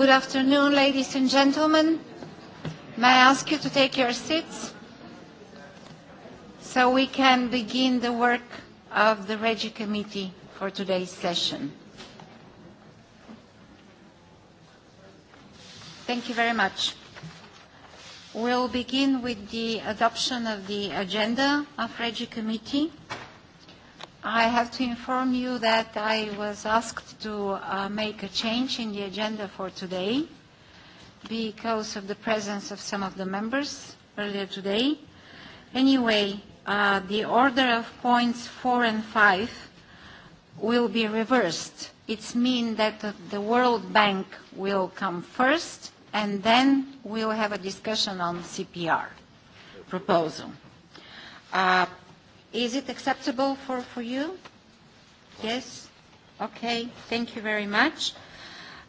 Good afternoon, ladies and gentlemen. May I ask you to take your seats so we can begin the work of the REGI Committee for today's session. Thank you very much. We'll begin with the adoption of the agenda of REGI Committee. I have to inform you that I was asked to uh, make a change in the agenda for today because of the presence of some of the members earlier today. Anyway, uh, the order of points four and five will be reversed. It means that the World Bank will come first and then we'll have a discussion on CPR proposal. Uh, Is it acceptable for, for you? Yes? Okay, thank you very much.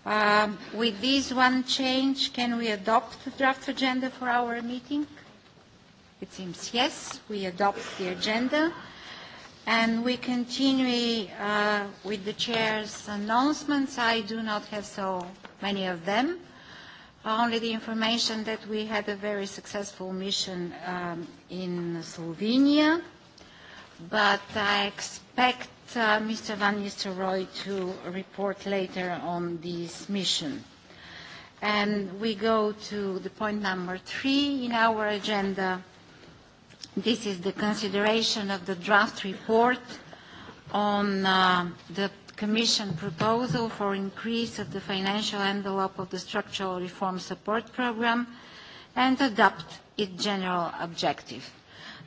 Um, with this one change, can we adopt the draft agenda for our meeting? It seems yes, we adopt the agenda. And we continue uh, with the chair's announcements. I do not have so many of them. Only the information that we had a very successful mission um, in Slovenia but I expect uh, Mr. Van Nistelrooy to report later on this mission. And we go to the point number three in our agenda. This is the consideration of the draft report on uh, the Commission proposal for increase of the financial envelope of the structural reform support program and adopt its general objective.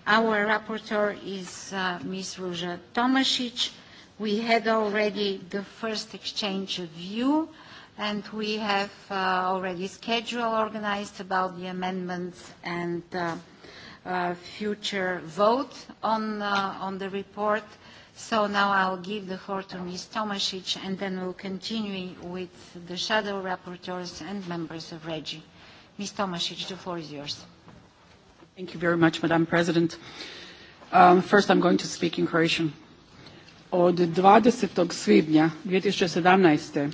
Our rapporteur is uh, Ms. Ruja Tomasic. We had already the first exchange of view, and we have uh, already schedule organized about the amendments and uh, uh, future vote on, uh, on the report. So now I'll give the floor to Ms. Tomasic, and then we'll continue with the shadow rapporteurs and members of REGI. Ms. Tomasic, the floor is yours. Thank you very much, Madam President. Um, first I'm going to speak in Croatian. Od 20. svibnja 2017.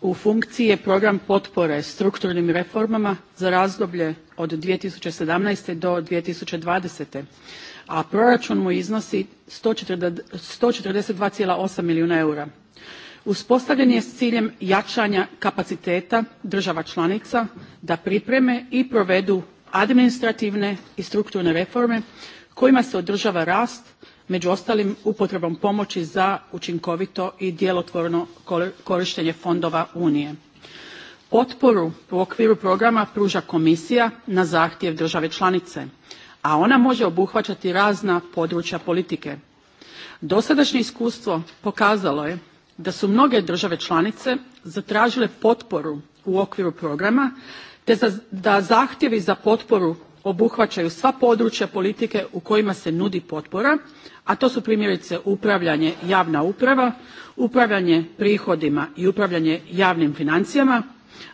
u funkciji je program potpore strukturnim reformama za razdoblje od 2017. do 2020. a proračun mu iznosi 142,8 milijuna eura. Uspostavljen je s ciljem jačanja kapaciteta država članica da pripreme i provedu administrativne i strukturne reforme kojima se održava rast, među ostalim upotrebom pomoći za učinkovito i djelotvorno korištenje fondova Unije. Potporu u okviru programa pruža komisija na zahtjev države članice, a ona može obuhvaćati razna područja politike. Dosadašnje iskustvo pokazalo je da su mnoge države članice zatražile potporu u okviru programa te da zahtjevi za potporu obuhvaćaju sva područja politike u kojima se nudi potpora, a to su primjerice upravljanje javna uprava, upravljanje prihodima i upravljanje javnim financijama,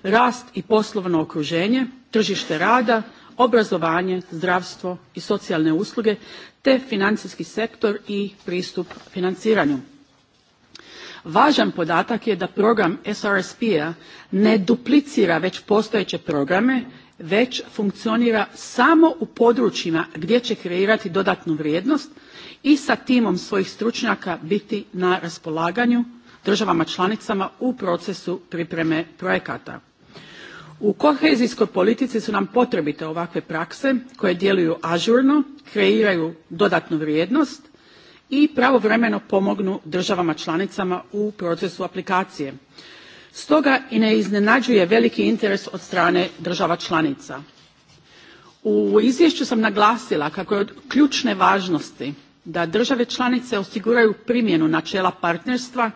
rast i poslovno okruženje, tržište rada, obrazovanje, zdravstvo i socijalne usluge te financijski sektor i pristup financiranju. Važan podatak je da program SRSP-a ne duplicira već postojeće programe, već funkcionira samo u područjima gdje će kreirati dodatnu vrijednost i sa timom svojih stručnjaka biti na raspolaganju državama članicama u procesu pripreme projekata. U kohezijskoj politici su nam potrebite ovakve prakse koje djeluju ažurno, kreiraju dodatnu vrijednost i pravovremeno pomognu državama članicama u procesu aplikacije. Stoga i ne iznenađuje veliki interes od strane država članica. U izvješću sam naglasila kako je od ključne važnosti da države članice osiguraju primjenu načela partnerstva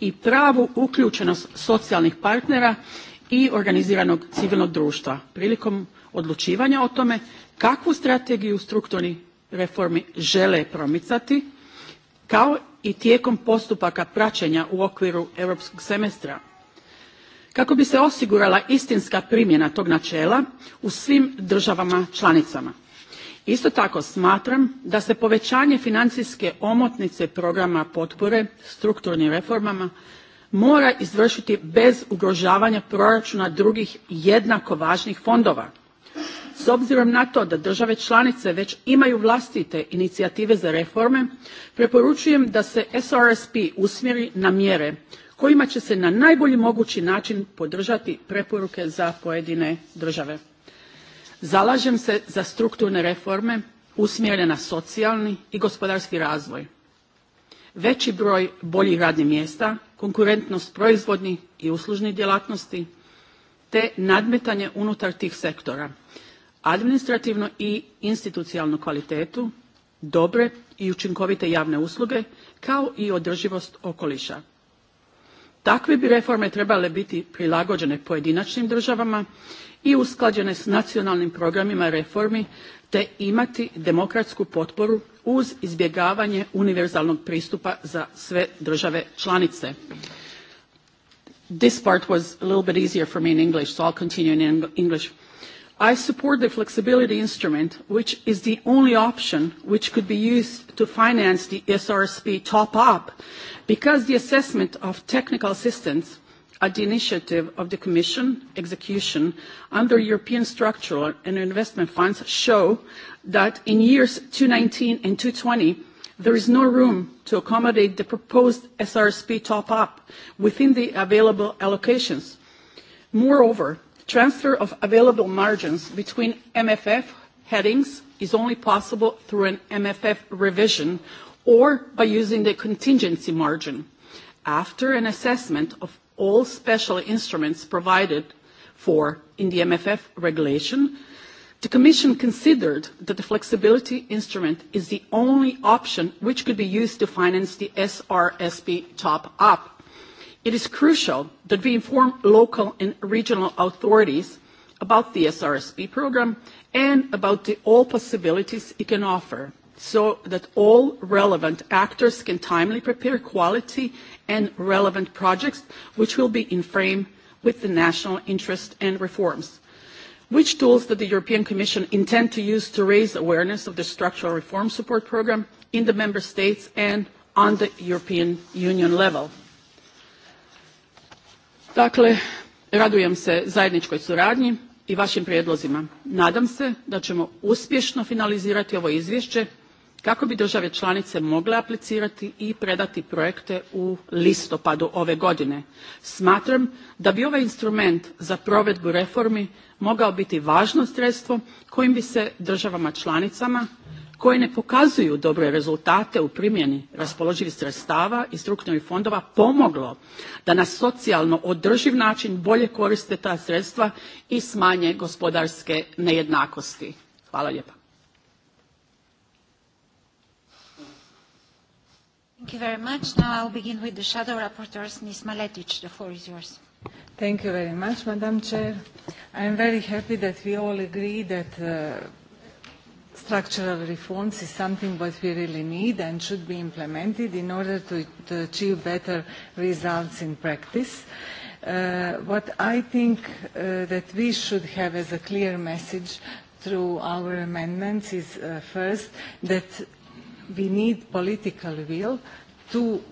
i pravu uključenost socijalnih partnera i organiziranog civilnog društva prilikom odlučivanja o tome kakvu strategiju strukturnih reformi žele promicati kao i tijekom postupaka praćenja u okviru europskog semestra. Kako bi se osigurala istinska primjena tog načela u svim državama članicama. Isto tako smatram da se povećanje financijske omotnice programa potpore strukturnim reformama mora izvršiti bez ugrožavanja proračuna drugih jednako važnih fondova s obzirom na to da države članice već imaju vlastite inicijative za reforme, preporučujem da se SRSP usmjeri na mjere kojima će se na najbolji mogući način podržati preporuke za pojedine države. Zalažem se za strukturne reforme usmjerene na socijalni i gospodarski razvoj. Veći broj boljih radnih mjesta, konkurentnost proizvodnih i uslužnih djelatnosti, te nadmetanje unutar tih sektora administrativnu i institucionalnu kvalitetu, dobre i učinkovite javne usluge, kao i održivost okoliša. Takve bi reforme trebale biti prilagođene pojedinačnim državama i usklađene s nacionalnim programima reformi te imati demokratsku potporu uz izbjegavanje univerzalnog pristupa za sve države članice. This part was a little bit easier for me in English, so I'll continue in English. I support the flexibility instrument, which is the only option which could be used to finance the SRSP top-up, because the assessment of technical assistance at the initiative of the Commission execution under European structural and investment funds show that in years nineteen and twenty there is no room to accommodate the proposed SRSP top-up within the available allocations. Moreover, Transfer of available margins between MFF headings is only possible through an MFF revision or by using the contingency margin after an assessment of all special instruments provided for in the MFF regulation, the Commission considered that the flexibility instrument is the only option which could be used to finance the SRSP top-up It is crucial that we inform local and regional authorities about the SRSP program and about the all possibilities it can offer so that all relevant actors can timely prepare quality and relevant projects which will be in frame with the national interest and reforms. Which tools does the European Commission intend to use to raise awareness of the structural reform support program in the member states and on the European Union level? Dakle, radujem se zajedničkoj suradnji i vašim prijedlozima. Nadam se da ćemo uspješno finalizirati ovo izvješće kako bi države članice mogle aplicirati i predati projekte u listopadu ove godine. Smatram da bi ovaj instrument za provedbu reformi mogao biti važno sredstvo kojim bi se državama članicama koje ne pokazuju dobre rezultate u primjeni raspoloživih sredstava i strukturnih fondova pomoglo da na socijalno održiv način bolje koriste ta sredstva i smanje gospodarske nejednakosti. Hvala lijepa. Thank you very much. Now I'll begin with the shadow rapporteurs. Ms. Maletic, the floor is yours. Thank you very much, Madam Chair. I am very happy that we all agree that uh, structural reforms is something what we really need and should be implemented in order to, to achieve better results in practice. Uh, what I think uh, that we should have as a clear message through our amendments is uh, first that we need political will to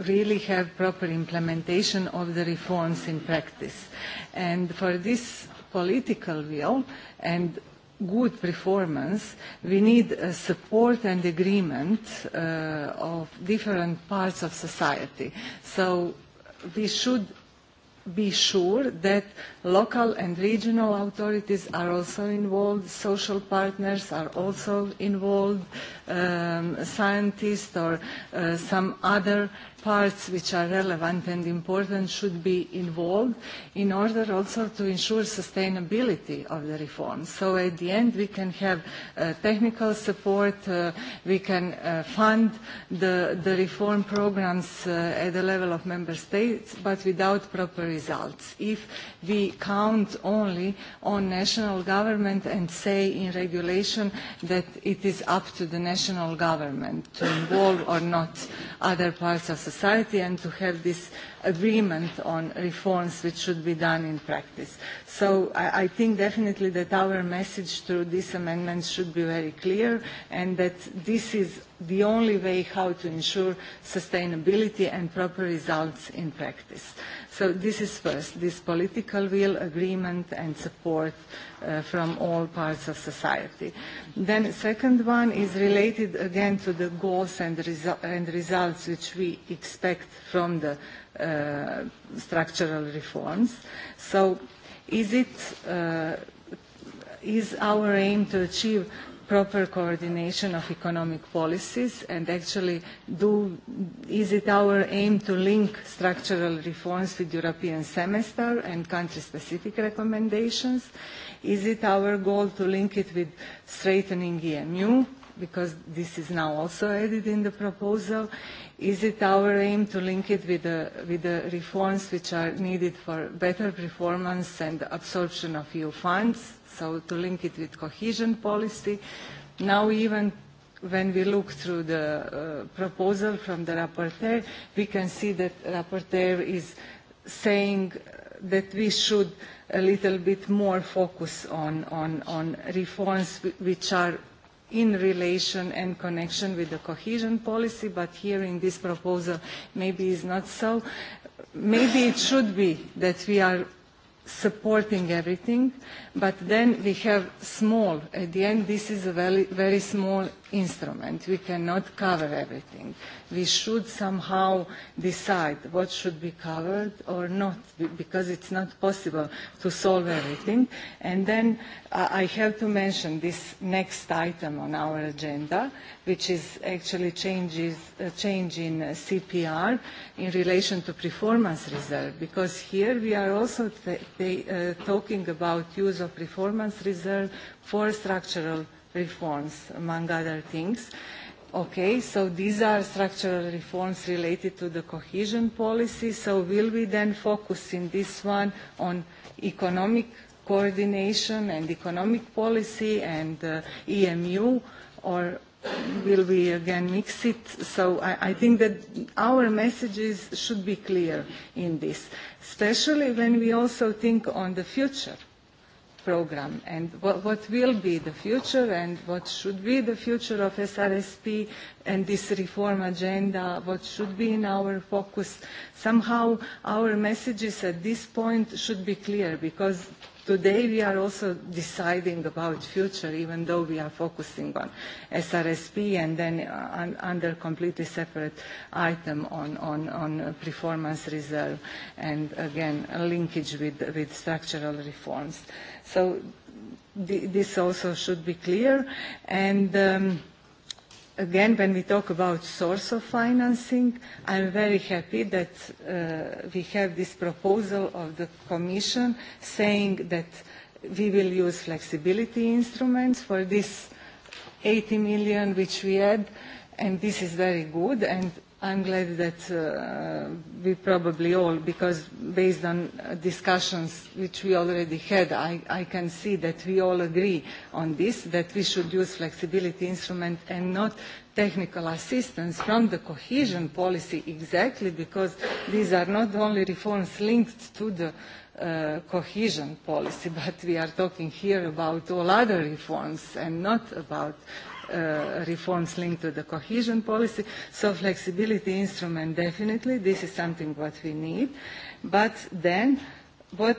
really have proper implementation of the reforms in practice. And for this political will and good performance, we need uh, support and agreement uh, of different parts of society. So we should be sure that Local and regional authorities are also involved, social partners are also involved, um, scientists or uh, some other parts which are relevant and important should be involved in order also to ensure sustainability of the reform. So at the end we can have uh, technical support, uh, we can uh, fund the, the reform programs uh, at the level of member states but without proper results if we count only on national government and say in regulation that it is up to the national government to involve or not other parts of society and to have this agreement on reforms which should be done in practice. So I, I think definitely that our message through this amendment should be very clear and that this is the only way how to ensure sustainability and proper results in practice. So this is first, this political will, agreement and support uh, from all parts of society. Then second one is related again to the goals and, resu and results which we expect from the uh, structural reforms. So is it uh, is our aim to achieve proper coordination of economic policies and actually do is it our aim to link structural reforms with European semester and country specific recommendations? Is it our goal to link it with strengthening EMU? because this is now also added in the proposal, is it our aim to link it with the, with the reforms which are needed for better performance and absorption of EU funds, so to link it with cohesion policy. Now even when we look through the uh, proposal from the rapporteur, we can see that the rapporteur is saying that we should a little bit more focus on, on, on reforms which are in relation and connection with the cohesion policy, but here in this proposal maybe is not so. Maybe it should be that we are supporting everything, uh, but then we have small, at the end this is a very, very small instrument. We cannot cover everything. We should somehow decide what should be covered or not, because it's not possible to solve everything. And then I have to mention this next item on our agenda, which is actually changes, a change in uh, CPR in relation to performance reserve, because here we are also uh, talking about use of of performance reserve for structural reforms, among other things. Okay, so these are structural reforms related to the cohesion policy. So will we then focus in this one on economic coordination and economic policy and uh, EMU, or will we again mix it? So I, I think that our messages should be clear in this, especially when we also think on the future program and what, what will be the future and what should be the future of SRSP and this reform agenda, what should be in our focus. Somehow our messages at this point should be clear because Today we are also deciding about future, even though we are focusing on SRSP and then uh, under completely separate item on, on, on uh, performance reserve and again a linkage with, with structural reforms. So th this also should be clear. And um, again, when we talk about source of financing, I'm very happy that uh, we have this proposal of the Commission saying that we will use flexibility instruments for this 80 million which we add, and this is very good. And I'm glad that uh, we probably all, because based on uh, discussions which we already had, I, I can see that we all agree on this, that we should use flexibility instrument and not technical assistance from the cohesion policy exactly because these are not only reforms linked to the uh, cohesion policy, but we are talking here about all other reforms and not about uh, reforms linked to the cohesion policy. So flexibility instrument, definitely, this is something what we need. But then, what,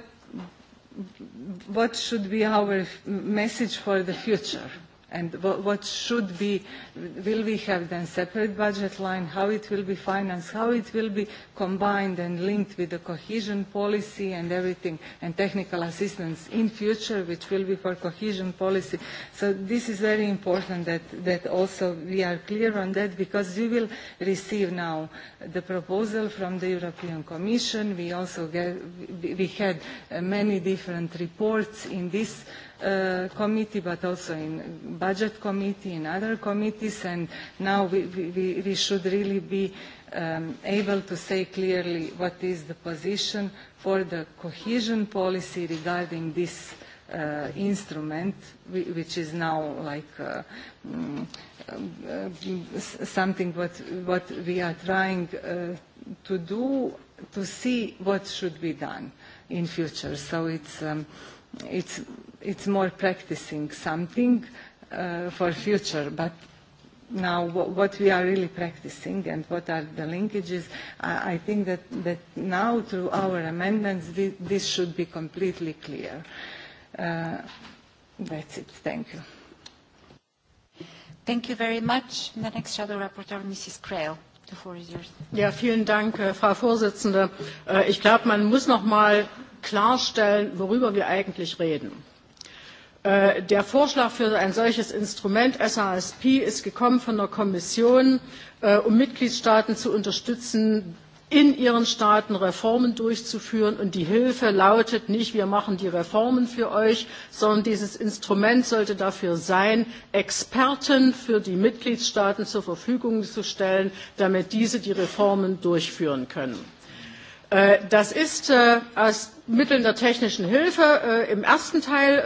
what should be our message for the future? and what what should be will we have then separate budget line how it will be financed how it will be combined and linked with the cohesion policy and everything and technical assistance in future which will be for cohesion policy so this is very important that that also we are clear on that because we will receive now the proposal from the European Commission we also get, we had uh, many different reports in this uh, committee, but also in budget committee, and other committees, and now we, we, we should really be um, able to say clearly what is the position for the cohesion policy regarding this uh, instrument, which is now like uh, mm, uh, something what, what we are trying uh, to do to see what should be done in future. So it's, um, it's it's more practicing something uh, for future, but now what we are really practicing and what are the linkages, I, I think that, that now through our amendments this, this should be completely clear. Uh, that's it. Thank you. Thank you very much. The next shadow rapporteur, Mrs. Creel. The floor is yours. Ja, vielen Dank, äh, Frau Vorsitzende. Äh, ich glaube, man muss noch mal klarstellen, worüber wir eigentlich reden. Äh, der Vorschlag für ein solches Instrument SASP ist gekommen von der Kommission, äh, um Mitgliedstaaten zu unterstützen, in ihren Staaten Reformen durchzuführen. Und die Hilfe lautet nicht, wir machen die Reformen für euch, sondern dieses Instrument sollte dafür sein, Experten für die Mitgliedstaaten zur Verfügung zu stellen, damit diese die Reformen durchführen können. Äh, das ist äh, aus Mitteln der technischen Hilfe äh, im ersten Teil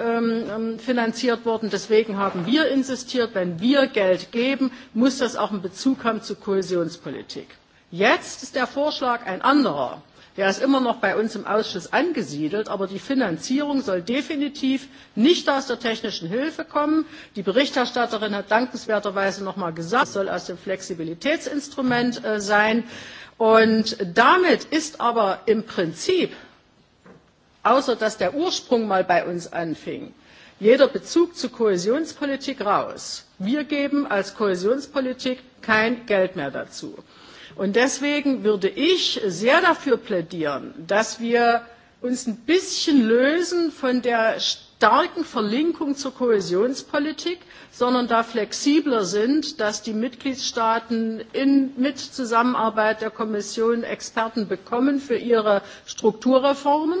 ähm, ähm, finanziert worden. Deswegen haben wir insistiert, wenn wir Geld geben, muss das auch einen Bezug haben zur Kohäsionspolitik. Jetzt ist der Vorschlag ein anderer. Der ist immer noch bei uns im Ausschuss angesiedelt, aber die Finanzierung soll definitiv nicht aus der technischen Hilfe kommen. Die Berichterstatterin hat dankenswerterweise noch einmal gesagt, es soll aus dem Flexibilitätsinstrument sein. Und damit ist aber im Prinzip, außer dass der Ursprung mal bei uns anfing, jeder Bezug zur Kohäsionspolitik raus. Wir geben als Kohäsionspolitik kein Geld mehr dazu. Und deswegen würde ich sehr dafür plädieren, dass wir uns ein bisschen lösen von der starken Verlinkung zur Kohäsionspolitik, sondern da flexibler sind, dass die Mitgliedstaaten in, mit Zusammenarbeit der Kommission Experten bekommen für ihre Strukturreformen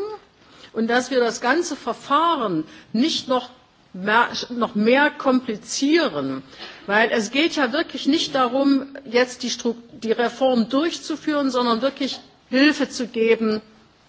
und dass wir das ganze Verfahren nicht noch mehr, noch mehr komplizieren. Weil es geht ja wirklich nicht darum, jetzt die, die Reform durchzuführen, sondern wirklich Hilfe zu geben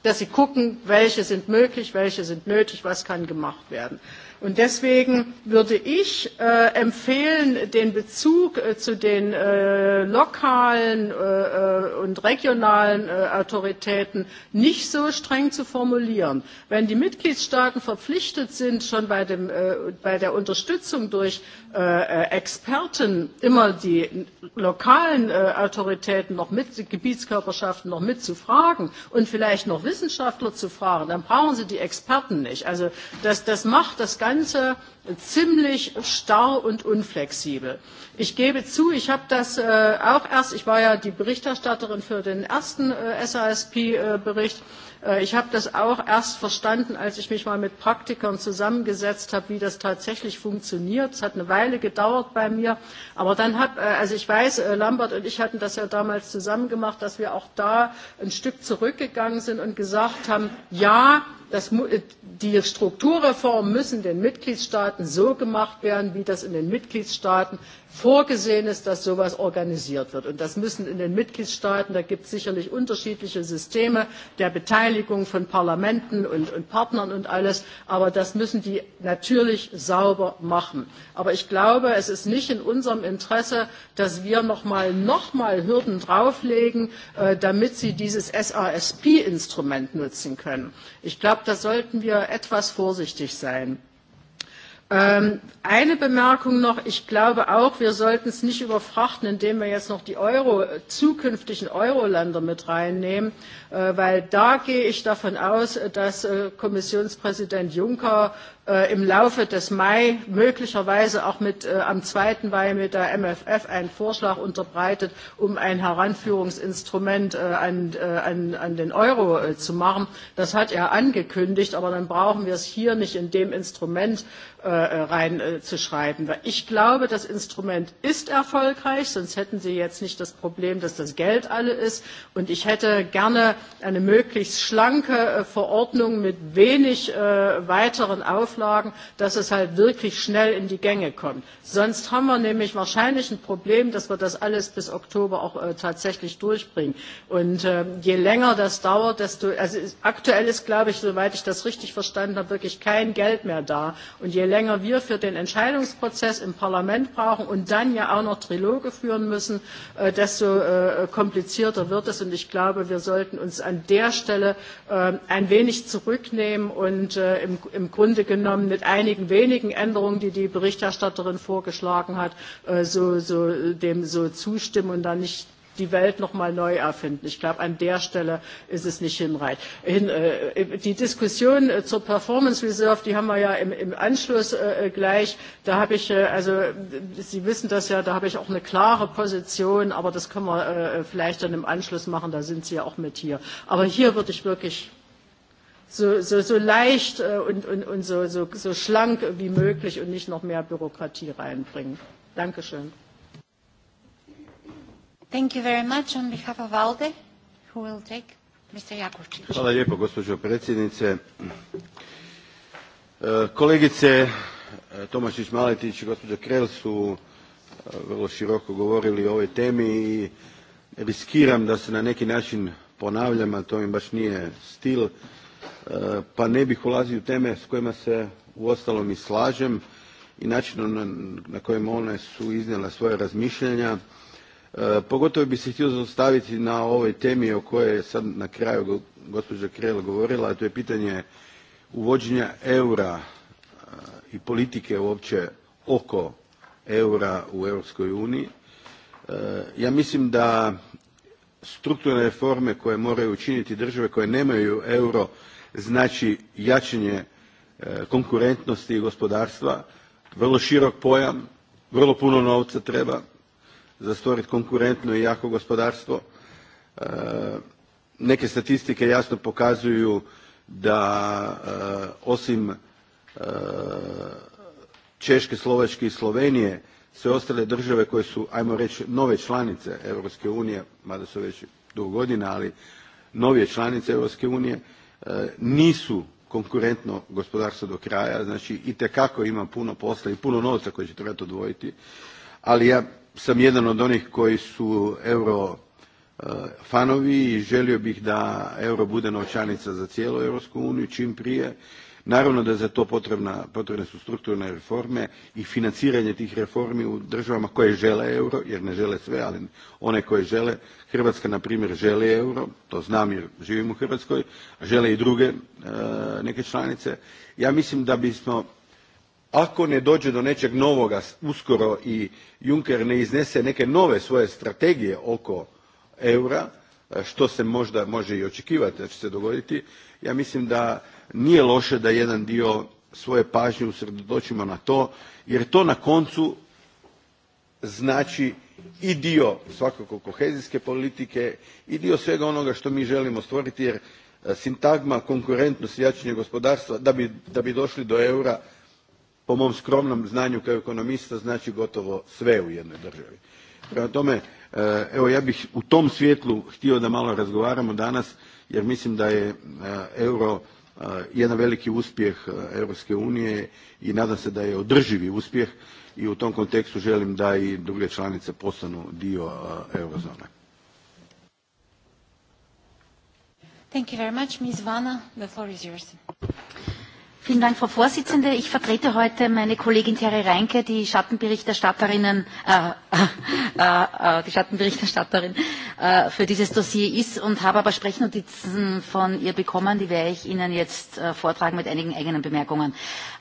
dass sie gucken, welche sind möglich, welche sind nötig, was kann gemacht werden. Und deswegen würde ich äh, empfehlen, den Bezug äh, zu den äh, lokalen äh, äh, und regionalen äh, Autoritäten nicht so streng zu formulieren. Wenn die Mitgliedstaaten verpflichtet sind, schon bei, dem, äh, bei der Unterstützung durch äh, Experten immer die lokalen äh, Autoritäten noch mit, die Gebietskörperschaften noch mitzufragen und vielleicht noch Wissenschaftler zu fragen, dann brauchen sie die Experten nicht. Also das, das macht das Ganze answer ziemlich starr und unflexibel. Ich gebe zu, ich habe das äh, auch erst, ich war ja die Berichterstatterin für den ersten äh, SASP-Bericht, äh, äh, ich habe das auch erst verstanden, als ich mich mal mit Praktikern zusammengesetzt habe, wie das tatsächlich funktioniert. Es hat eine Weile gedauert bei mir, aber dann habe, äh, also ich weiß, äh, Lambert und ich hatten das ja damals zusammen gemacht, dass wir auch da ein Stück zurückgegangen sind und gesagt haben, ja, das, die Strukturreformen müssen den Mitgliedstaaten mitgliedstaaten so gemacht werden wie das in den mitgliedstaaten vorgesehen ist dass so etwas organisiert wird. Und das müssen in den mitgliedstaaten da gibt es sicherlich unterschiedliche systeme der beteiligung von parlamenten und, partnern und alles aber das müssen die natürlich sauber machen. aber ich glaube es ist nicht in unserem interesse dass wir noch mal, noch mal hürden drauflegen äh, damit sie dieses sasp instrument nutzen können. ich glaube da sollten wir etwas vorsichtig sein. Ähm, eine Bemerkung noch. Ich glaube auch, wir sollten es nicht überfrachten, indem wir jetzt noch die Euro, äh, zukünftigen Euro-Länder mit reinnehmen, äh, weil da gehe ich davon aus, äh, dass äh, Kommissionspräsident Juncker Äh, im Laufe des Mai möglicherweise auch mit, äh, am zweiten Mai mit der MFF einen Vorschlag unterbreitet, um ein Heranführungsinstrument äh, an, äh, an, an den Euro äh, zu machen. Das hat er angekündigt, aber dann brauchen wir es hier nicht in dem Instrument äh, reinzuschreiben. Äh, ich glaube, das Instrument ist erfolgreich, sonst hätten Sie jetzt nicht das Problem, dass das Geld alle ist. Und ich hätte gerne eine möglichst schlanke äh, Verordnung mit wenig äh, weiteren Aufwand auflagen dass es halt wirklich schnell in die gänge kommt. sonst haben wir nämlich wahrscheinlich ein problem dass wir das alles bis oktober auch äh, tatsächlich durchbringen. und äh, je länger das dauert desto also ist, aktuell ist glaube ich soweit ich das richtig verstanden habe wirklich kein geld mehr da. und je länger wir für den entscheidungsprozess im parlament brauchen und dann ja auch noch triloge führen müssen äh, desto äh, komplizierter wird es. und ich glaube wir sollten uns an der stelle ähm, ein wenig zurücknehmen und äh, im, im grunde genommen angenommen mit einigen wenigen Änderungen, die die Berichterstatterin vorgeschlagen hat, äh, so, so, dem so zustimmen und dann nicht die Welt noch mal neu erfinden. Ich glaube, an der Stelle ist es nicht hinreichend. Äh, die Diskussion äh, zur Performance Reserve, die haben wir ja im, Anschluss gleich. Da habe ich, also Sie wissen das ja, da habe ich auch eine klare Position, aber das können wir vielleicht dann im Anschluss machen, da sind Sie ja auch mit hier. Aber hier würde ich wirklich so, so, so leicht äh, und, und, und so, so, so schlank wie möglich und nicht noch mehr Bürokratie reinbringen. Dankeschön. Thank you very much. On behalf of ALDE, who will take Mr. Jakovčić. Hvala lijepo, gospođo predsjednice. E, kolegice e, Tomašić Maletić i gospođo Krel su e, vrlo široko govorili o ovoj temi i riskiram da se na neki način ponavljam, a to im baš nije stil E, pa ne bih ulazio u teme s kojima se uostalom i slažem i načinom na, na kojem one su iznijela svoja razmišljanja. E, pogotovo bih se htio zaustaviti na ovoj temi o kojoj je sad na kraju gospođa Krel govorila, a to je pitanje uvođenja eura e, i politike uopće oko eura u Europskoj uniji. E, ja mislim da strukturne reforme koje moraju učiniti države koje nemaju euro znači jačanje e, konkurentnosti gospodarstva, vrlo širok pojam, vrlo puno novca treba za stvoriti konkurentno i jako gospodarstvo. E, neke statistike jasno pokazuju da e, osim Češke, Slovačke i Slovenije sve ostale države koje su, ajmo reći, nove članice Europske unije, mada su već dugo godina, ali novije članice Europske unije, E, nisu konkurentno gospodarstvo do kraja, znači itekako ima puno posla i puno novca koji će trebati odvojiti, ali ja sam jedan od onih koji su euro e, fanovi i želio bih da euro bude novčanica za cijelu Europsku uniju čim prije Naravno da za to potrebna, potrebne su strukturne reforme i financiranje tih reformi u državama koje žele euro, jer ne žele sve, ali one koje žele. Hrvatska, na primjer, želi euro, to znam jer živim u Hrvatskoj, a žele i druge e, neke članice. Ja mislim da bismo ako ne dođe do nečeg novoga uskoro i Juncker ne iznese neke nove svoje strategije oko eura, što se možda može i očekivati da će se dogoditi, ja mislim da nije loše da jedan dio svoje pažnje usredotočimo na to jer to na koncu znači i dio svakako kohezijske politike i dio svega onoga što mi želimo stvoriti jer e, sintagma konkurentnost i jačanje gospodarstva da bi, da bi došli do eura po mom skromnom znanju kao ekonomista znači gotovo sve u jednoj državi. Prema tome, e, evo ja bih u tom svjetlu htio da malo razgovaramo danas jer mislim da je e, euro jedan veliki uspjeh Europske unije i nadam se da je održivi uspjeh i u tom kontekstu želim da i druge članice postanu dio eurozone. Thank you very much. Ms. Vana, the floor is yours. Vielen Dank, Frau Vorsitzende. Ich vertrete heute meine Kollegin Terry Reinke, die Schattenberichterstatterinnen, äh, äh, äh, die Schattenberichterstatterin äh, für dieses Dossier ist und habe aber Sprechnotizen von ihr bekommen, die werde ich Ihnen jetzt äh, vortragen mit einigen eigenen Bemerkungen.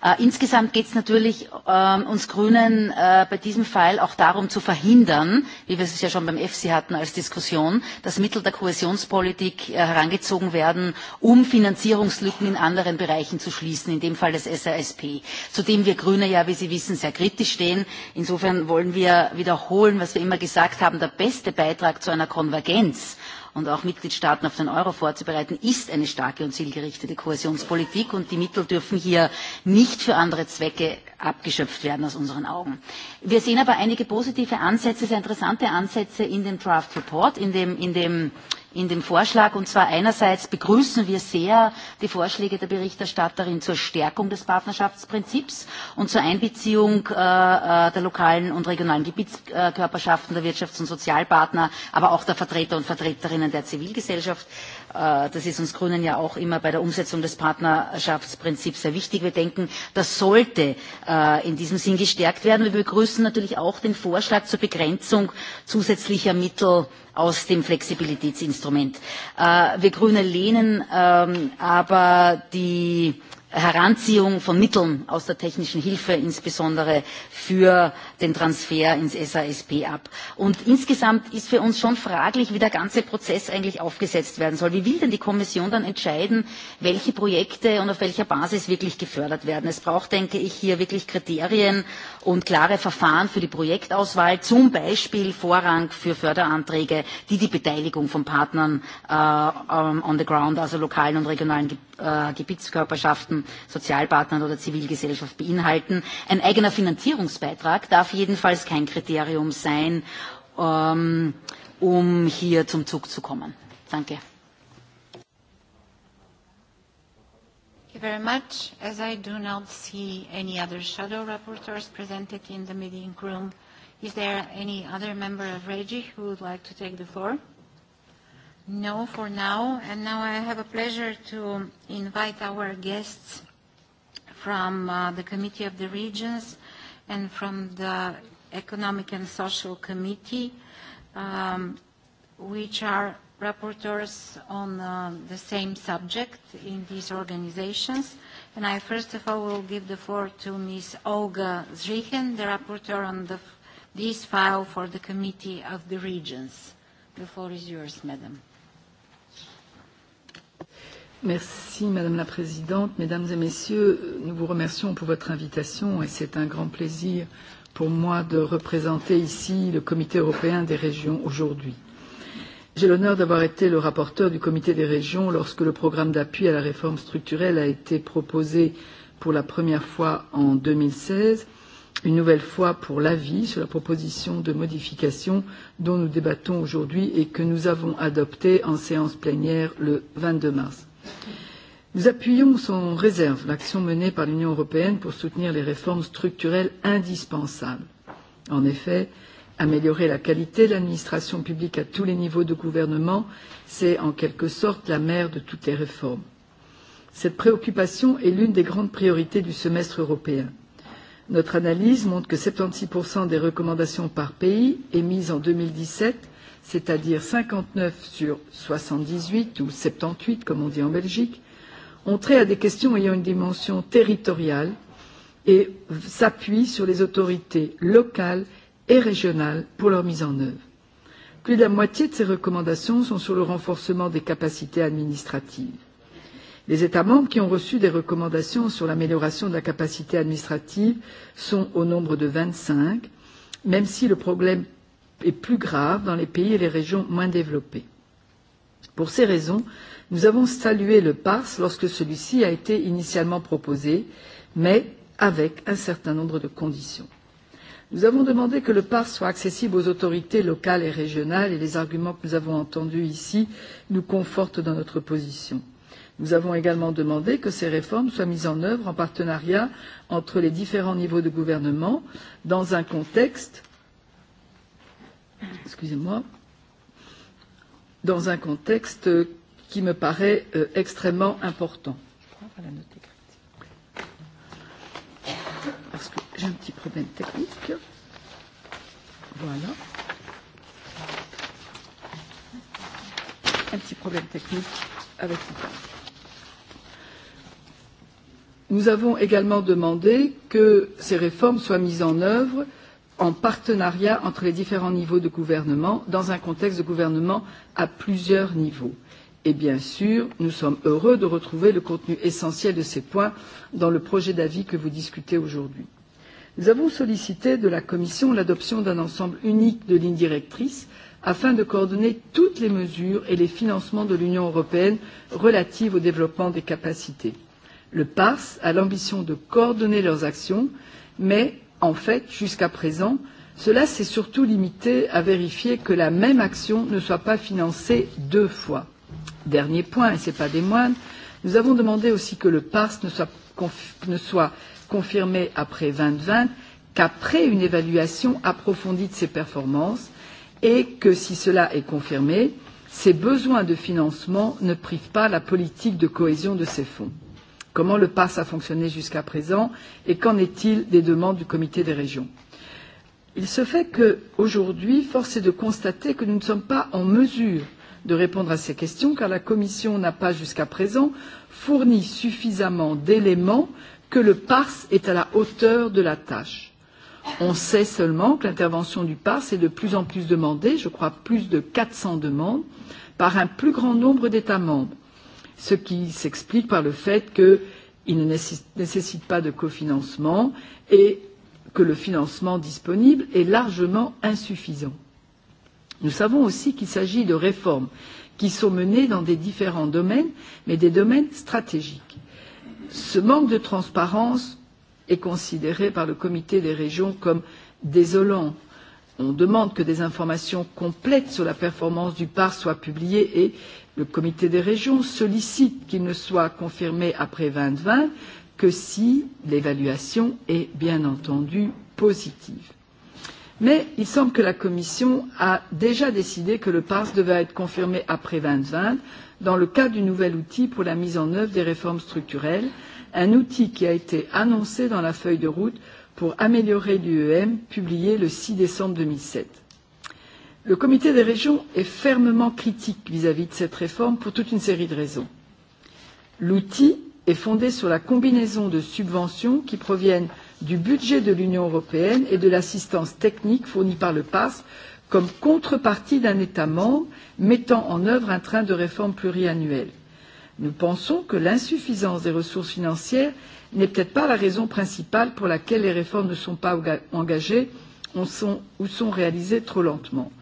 Äh, insgesamt geht es natürlich äh, uns Grünen äh, bei diesem Fall auch darum zu verhindern, wie wir es ja schon beim EFSI hatten als Diskussion, dass Mittel der Kohäsionspolitik äh, herangezogen werden, um Finanzierungslücken in anderen Bereichen zu schließen in dem Fall das SASP, zu dem wir Grüne ja, wie Sie wissen, sehr kritisch stehen. Insofern wollen wir wiederholen, was wir immer gesagt haben, der beste Beitrag zu einer Konvergenz und auch Mitgliedstaaten auf den Euro vorzubereiten, ist eine starke und zielgerichtete Kohäsionspolitik und die Mittel dürfen hier nicht für andere Zwecke abgeschöpft werden aus unseren Augen. Wir sehen aber einige positive Ansätze, sehr interessante Ansätze in dem Draft Report, in dem, in dem äh, in dem Vorschlag. Und zwar einerseits begrüßen wir sehr die Vorschläge der Berichterstatterin zur Stärkung des Partnerschaftsprinzips und zur Einbeziehung äh, äh der lokalen und regionalen Gebietskörperschaften der Wirtschafts- und Sozialpartner, aber auch der Vertreter und Vertreterinnen der Zivilgesellschaft. Äh, das ist uns Grünen ja auch immer bei der Umsetzung des Partnerschaftsprinzips sehr wichtig. Wir denken, das sollte äh, in diesem Sinn gestärkt werden. Wir begrüßen natürlich auch den Vorschlag zur Begrenzung zusätzlicher Mittel aus dem Flexibilitätsinstrument. Äh, wir Grüne lehnen ähm, aber die Heranziehung von Mitteln aus der technischen Hilfe, insbesondere für den Transfer ins SASP ab. Und insgesamt ist für uns schon fraglich, wie der ganze Prozess eigentlich aufgesetzt werden soll. Wie will denn die Kommission dann entscheiden, welche Projekte und auf welcher Basis wirklich gefördert werden? Es braucht, denke ich, hier wirklich Kriterien und klare Verfahren für die Projektauswahl, zum Beispiel Vorrang für Förderanträge, die die Beteiligung von Partnern äh, ähm, on the ground, also lokalen und regionalen Ge äh, Gebietskörperschaften, Sozialpartnern oder Zivilgesellschaft beinhalten. Ein eigener Finanzierungsbeitrag darf jedenfalls kein Kriterium sein, ähm, um hier zum Zug zu kommen. Danke. very much. As I do not see any other shadow rapporteurs presented in the meeting room, is there any other member of REGI who would like to take the floor? No, for now. And now I have a pleasure to invite our guests from uh, the Committee of the Regions and from the Economic and Social Committee, um, which are rapporteurs on uh, the same subject in these organizations. And I first of all will give the floor to Ms. Olga Zrichen, the rapporteur on the, this file for the Committee of the Regions. The floor is yours, madam. Merci Madame la Présidente, Mesdames et Messieurs, nous vous remercions pour votre invitation et c'est un grand plaisir pour moi de représenter ici le Comité européen des régions aujourd'hui. J'ai l'honneur d'avoir été le rapporteur du comité des régions lorsque le programme d'appui à la réforme structurelle a été proposé pour la première fois en 2016, une nouvelle fois pour l'avis sur la proposition de modification dont nous débattons aujourd'hui et que nous avons adoptée en séance plénière le 22 mars. Nous appuyons sans réserve l'action menée par l'Union européenne pour soutenir les réformes structurelles indispensables. En effet, Améliorer la qualité de l'administration publique à tous les niveaux de gouvernement, c'est en quelque sorte la mère de toutes les réformes. Cette préoccupation est l'une des grandes priorités du semestre européen. Notre analyse montre que 76% des recommandations par pays émises en 2017, c'est-à-dire 59 sur 78 ou 78 comme on dit en Belgique, ont trait à des questions ayant une dimension territoriale et s'appuient sur les autorités locales et régionales pour leur mise en œuvre. Plus de la moitié de ces recommandations sont sur le renforcement des capacités administratives. Les États membres qui ont reçu des recommandations sur l'amélioration de la capacité administrative sont au nombre de vingt cinq, même si le problème est plus grave dans les pays et les régions moins développées. Pour ces raisons, nous avons salué le PARS lorsque celui ci a été initialement proposé, mais avec un certain nombre de conditions. Nous avons demandé que le parc soit accessible aux autorités locales et régionales et les arguments que nous avons entendus ici nous confortent dans notre position. Nous avons également demandé que ces réformes soient mises en œuvre en partenariat entre les différents niveaux de gouvernement dans un contexte excusez-moi dans un contexte qui me paraît euh, extrêmement important. Je crois, voilà j'ai un petit problème technique. Voilà. Un petit problème technique avec l'Italie. Nous avons également demandé que ces réformes soient mises en œuvre en partenariat entre les différents niveaux de gouvernement, dans un contexte de gouvernement à plusieurs niveaux. Et bien sûr, nous sommes heureux de retrouver le contenu essentiel de ces points dans le projet d'avis que vous discutez aujourd'hui nous avons sollicité de la Commission l'adoption d'un ensemble unique de lignes directrices afin de coordonner toutes les mesures et les financements de l'Union européenne relatives au développement des capacités. Le PARS a l'ambition de coordonner leurs actions, mais en fait, jusqu'à présent, cela s'est surtout limité à vérifier que la même action ne soit pas financée deux fois. Dernier point, et ce n'est pas des moines, nous avons demandé aussi que le PARS ne soit, ne soit confirmé après 2020 qu'après une évaluation approfondie de ses performances et que si cela est confirmé, ses besoins de financement ne privent pas la politique de cohésion de ces fonds. Comment le PASS a fonctionné jusqu'à présent et qu'en est-il des demandes du comité des régions Il se fait qu'aujourd'hui, force est de constater que nous ne sommes pas en mesure de répondre à ces questions car la Commission n'a pas jusqu'à présent fourni suffisamment d'éléments que le PARS est à la hauteur de la tâche. On sait seulement que l'intervention du PARS est de plus en plus demandée, je crois plus de 400 demandes, par un plus grand nombre d'États membres, ce qui s'explique par le fait qu'il ne nécessite pas de cofinancement et que le financement disponible est largement insuffisant. Nous savons aussi qu'il s'agit de réformes qui sont menées dans des différents domaines, mais des domaines stratégiques. Ce manque de transparence est considéré par le comité des régions comme désolant. On demande que des informations complètes sur la performance du PAR soient publiées et le comité des régions sollicite qu'il ne soit confirmé après deux mille vingt que si l'évaluation est bien entendu positive. Mais il semble que la Commission a déjà décidé que le pass devait être confirmé après deux mille vingt dans le cadre du nouvel outil pour la mise en œuvre des réformes structurelles, un outil qui a été annoncé dans la feuille de route pour améliorer l'UEM publiée le 6 décembre 2007. Le comité des régions est fermement critique vis-à-vis -vis de cette réforme pour toute une série de raisons. L'outil est fondé sur la combinaison de subventions qui proviennent du budget de l'Union européenne et de l'assistance technique fournie par le PASS comme contrepartie d'un État membre mettant en œuvre un train de réformes pluriannuelles. Nous pensons que l'insuffisance des ressources financières n'est peut-être pas la raison principale pour laquelle les réformes ne sont pas engagées ou sont, ou sont réalisées trop lentement.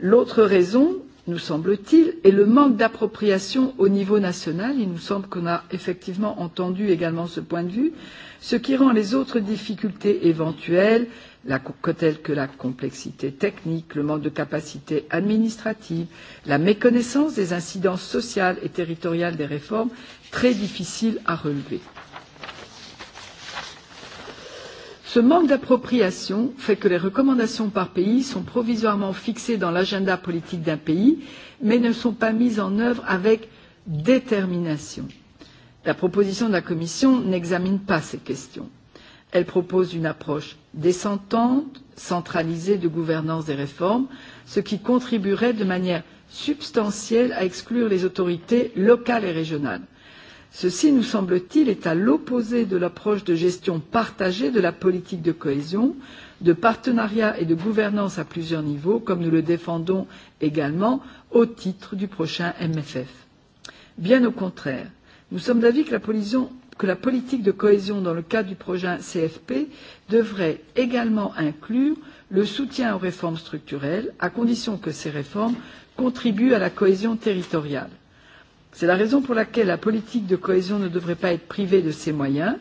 L'autre raison, nous semble-t-il, est le manque d'appropriation au niveau national. Il nous semble qu'on a effectivement entendu également ce point de vue, ce qui rend les autres difficultés éventuelles, la, telles que la complexité technique, le manque de capacité administrative, la méconnaissance des incidences sociales et territoriales des réformes, très difficiles à relever. Ce manque d'appropriation fait que les recommandations par pays sont provisoirement fixées dans l'agenda politique d'un pays, mais ne sont pas mises en œuvre avec détermination. La proposition de la Commission n'examine pas ces questions. Elle propose une approche descendante, centralisée de gouvernance des réformes, ce qui contribuerait de manière substantielle à exclure les autorités locales et régionales. Ceci, nous semble-t-il, est à l'opposé de l'approche de gestion partagée de la politique de cohésion, de partenariat et de gouvernance à plusieurs niveaux, comme nous le défendons également au titre du prochain MFF. Bien au contraire, nous sommes d'avis que la, que la politique de cohésion dans le cadre du projet CFP devrait également inclure le soutien aux réformes structurelles, à condition que ces réformes contribuent à la cohésion territoriale. C'est la raison pour laquelle la politique de cohésion ne devrait pas être privée de ses moyens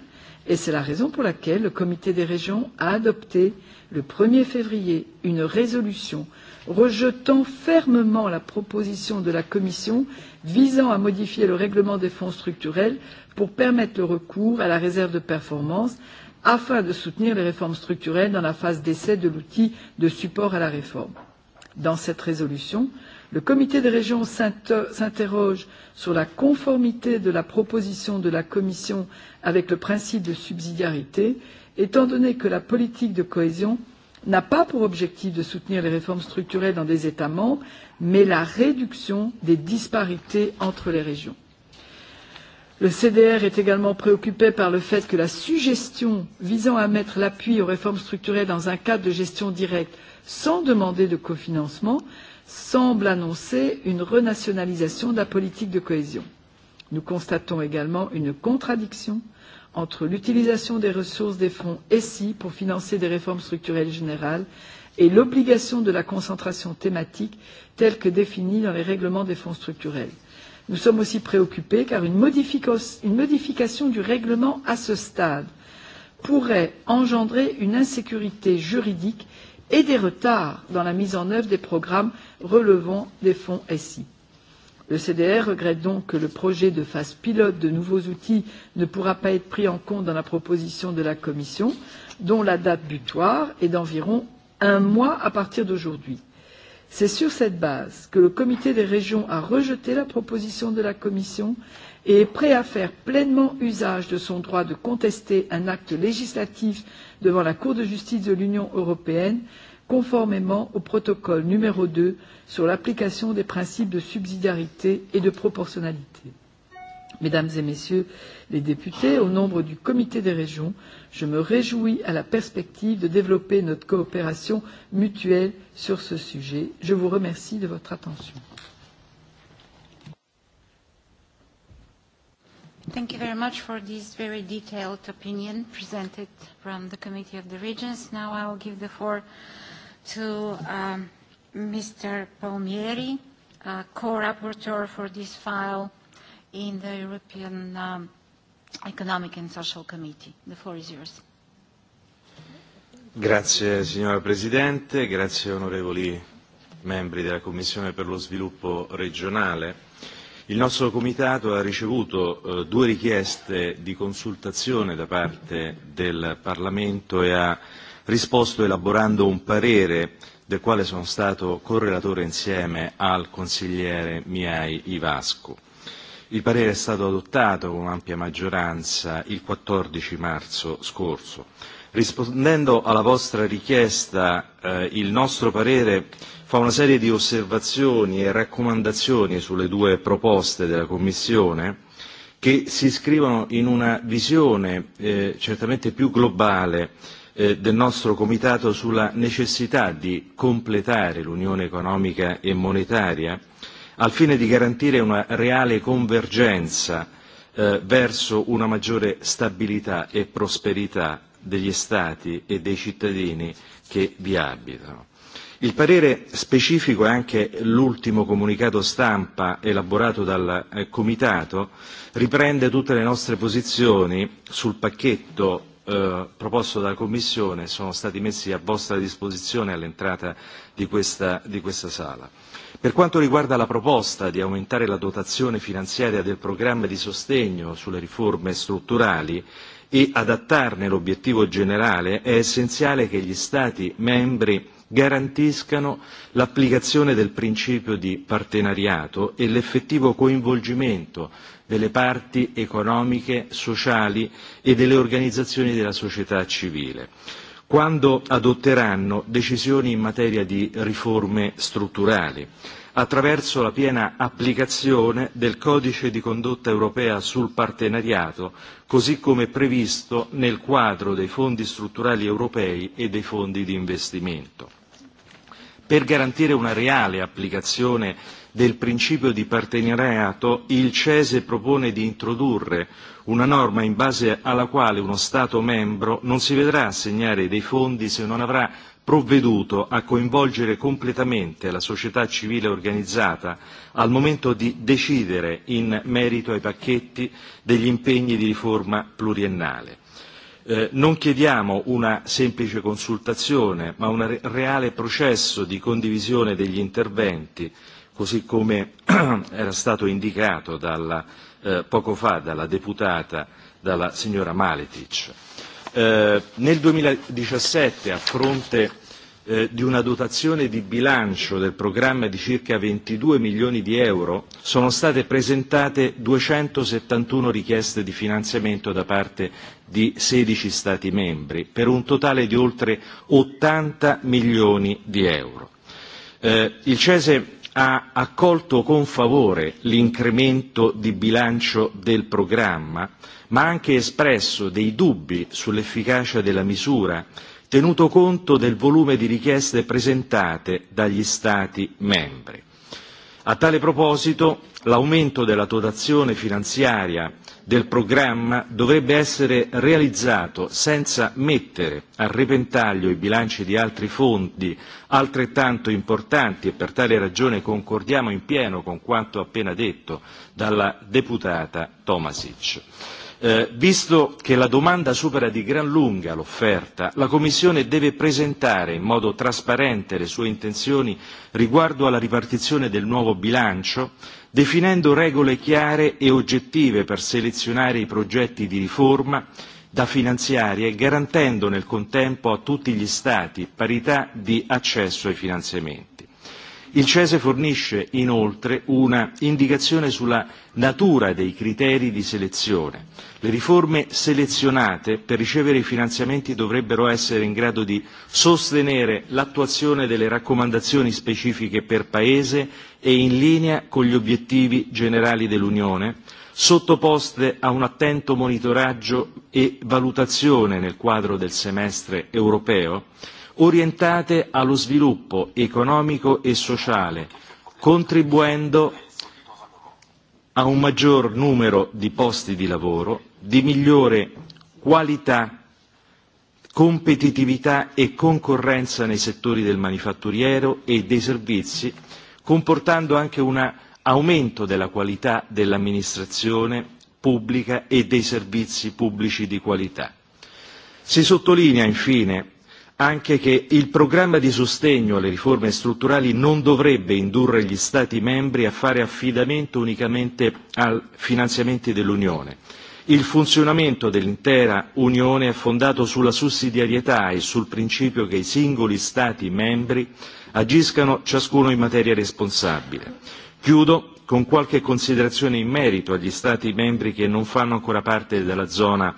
et c'est la raison pour laquelle le comité des régions a adopté le 1er février une résolution rejetant fermement la proposition de la Commission visant à modifier le règlement des fonds structurels pour permettre le recours à la réserve de performance afin de soutenir les réformes structurelles dans la phase d'essai de l'outil de support à la réforme. Dans cette résolution, le comité des régions s'interroge sur la conformité de la proposition de la Commission avec le principe de subsidiarité, étant donné que la politique de cohésion n'a pas pour objectif de soutenir les réformes structurelles dans des États membres, mais la réduction des disparités entre les régions. Le CDR est également préoccupé par le fait que la suggestion visant à mettre l'appui aux réformes structurelles dans un cadre de gestion directe sans demander de cofinancement semble annoncer une renationalisation de la politique de cohésion. Nous constatons également une contradiction entre l'utilisation des ressources des fonds ESI pour financer des réformes structurelles générales et l'obligation de la concentration thématique telle que définie dans les règlements des fonds structurels. Nous sommes aussi préoccupés car une, une modification du règlement à ce stade pourrait engendrer une insécurité juridique et des retards dans la mise en œuvre des programmes relevant des fonds SI. Le CDR regrette donc que le projet de phase pilote de nouveaux outils ne pourra pas être pris en compte dans la proposition de la Commission, dont la date butoir est d'environ un mois à partir d'aujourd'hui. C'est sur cette base que le comité des régions a rejeté la proposition de la Commission et est prêt à faire pleinement usage de son droit de contester un acte législatif devant la Cour de justice de l'Union européenne, conformément au protocole n deux sur l'application des principes de subsidiarité et de proportionnalité. Mesdames et Messieurs les députés, au nombre du Comité des régions, je me réjouis à la perspective de développer notre coopération mutuelle sur ce sujet. Je vous remercie de votre attention. Thank you very much for this very detailed opinion presented from the Committee of the Regions. Now I will give the floor to um, Mr. Palmieri, uh, co-rapporteur for this file in the European um, Economic and Social Committee. The floor is yours. Grazie signora Presidente, grazie onorevoli membri della Commissione per lo sviluppo regionale. Il nostro Comitato ha ricevuto eh, due richieste di consultazione da parte del Parlamento e ha risposto elaborando un parere del quale sono stato correlatore insieme al consigliere Miai Ivasco. Il parere è stato adottato con ampia maggioranza il 14 marzo scorso. Rispondendo alla vostra richiesta, eh, il nostro parere fa una serie di osservazioni e raccomandazioni sulle due proposte della Commissione che si iscrivono in una visione eh, certamente più globale eh, del nostro Comitato sulla necessità di completare l'unione economica e monetaria al fine di garantire una reale convergenza eh, verso una maggiore stabilità e prosperità degli Stati e dei cittadini che vi abitano. Il parere specifico e anche l'ultimo comunicato stampa elaborato dal eh, Comitato riprende tutte le nostre posizioni sul pacchetto eh, proposto dalla Commissione e sono stati messi a vostra disposizione all'entrata di questa, di questa sala. Per quanto riguarda la proposta di aumentare la dotazione finanziaria del programma di sostegno sulle riforme strutturali e adattarne l'obiettivo generale, è essenziale che gli Stati membri garantiscano l'applicazione del principio di partenariato e l'effettivo coinvolgimento delle parti economiche, sociali e delle organizzazioni della società civile quando adotteranno decisioni in materia di riforme strutturali attraverso la piena applicazione del codice di condotta europea sul partenariato, così come previsto nel quadro dei fondi strutturali europei e dei fondi di investimento. Per garantire una reale applicazione del principio di partenariato, il CESE propone di introdurre una norma in base alla quale uno Stato membro non si vedrà assegnare dei fondi se non avrà provveduto a coinvolgere completamente la società civile organizzata al momento di decidere in merito ai pacchetti degli impegni di riforma pluriennale. Eh, non chiediamo una semplice consultazione, ma un re reale processo di condivisione degli interventi, così come era stato indicato dalla Eh, poco fa dalla deputata, dalla signora Maletic. Eh, nel 2017, a fronte eh, di una dotazione di bilancio del programma di circa 22 milioni di euro, sono state presentate 271 richieste di finanziamento da parte di 16 Stati membri, per un totale di oltre 80 milioni di euro. Eh, il CESE ha accolto con favore l'incremento di bilancio del programma, ma ha anche espresso dei dubbi sull'efficacia della misura, tenuto conto del volume di richieste presentate dagli Stati membri. A tale proposito, l'aumento della dotazione finanziaria del programma dovrebbe essere realizzato senza mettere a repentaglio i bilanci di altri fondi altrettanto importanti e per tale ragione concordiamo in pieno con quanto appena detto dalla deputata Tomasic. Eh, visto che la domanda supera di gran lunga l'offerta, la Commissione deve presentare in modo trasparente le sue intenzioni riguardo alla ripartizione del nuovo bilancio, definendo regole chiare e oggettive per selezionare i progetti di riforma da finanziare e garantendo nel contempo a tutti gli Stati parità di accesso ai finanziamenti. Il CESE fornisce inoltre una indicazione sulla natura dei criteri di selezione. Le riforme selezionate per ricevere i finanziamenti dovrebbero essere in grado di sostenere l'attuazione delle raccomandazioni specifiche per Paese e in linea con gli obiettivi generali dell'Unione, sottoposte a un attento monitoraggio e valutazione nel quadro del semestre europeo, orientate allo sviluppo economico e sociale, contribuendo a un maggior numero di posti di lavoro, di migliore qualità, competitività e concorrenza nei settori del manifatturiero e dei servizi, comportando anche un aumento della qualità dell'amministrazione pubblica e dei servizi pubblici di qualità. Si sottolinea infine anche che il programma di sostegno alle riforme strutturali non dovrebbe indurre gli Stati membri a fare affidamento unicamente ai finanziamenti dell'Unione. Il funzionamento dell'intera Unione è fondato sulla sussidiarietà e sul principio che i singoli Stati membri agiscano ciascuno in materia responsabile. Chiudo con qualche considerazione in merito agli Stati membri che non fanno ancora parte della zona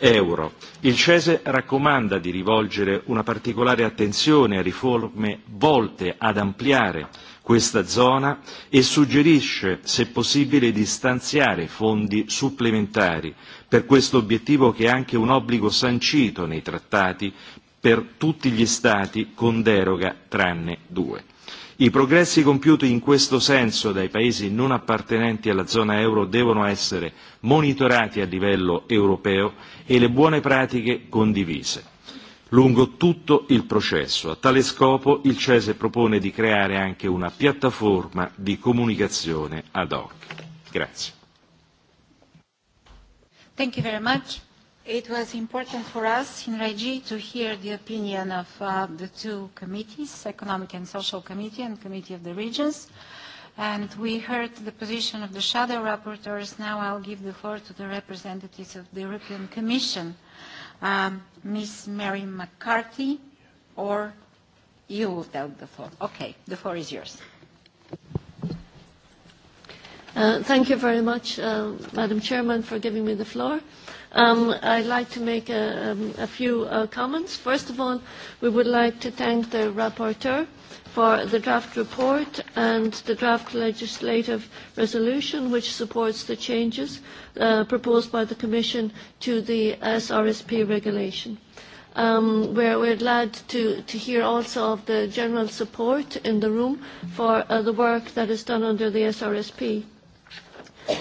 euro. Il CESE raccomanda di rivolgere una particolare attenzione a riforme volte ad ampliare questa zona e suggerisce, se possibile, di stanziare fondi supplementari per questo obiettivo che è anche un obbligo sancito nei trattati per tutti gli Stati con deroga tranne due. I progressi compiuti in questo senso dai Paesi non appartenenti alla zona euro devono essere monitorati a livello europeo e le buone pratiche condivise lungo tutto il processo. A tale scopo il CESE propone di creare anche una piattaforma di comunicazione ad hoc. Grazie. Thank you very much. It was important for us in REGI to hear the opinion of uh, the two committees, Economic and Social Committee and Committee of the Regions. And we heard the position of the shadow rapporteurs. Now I'll give the floor to the representatives of the European Commission, um, Ms. Mary McCarthy, or you will tell the floor. Okay, the floor is yours. Uh, thank you very much, uh, Madam Chairman, for giving me the floor. Uh, Um, I'd like to make a, um, a few uh, comments. First of all, we would like to thank the rapporteur for the draft report and the draft legislative resolution which supports the changes uh, proposed by the Commission to the SRSP regulation. Um, we're, we're glad to, to hear also of the general support in the room for uh, the work that is done under the SRSP.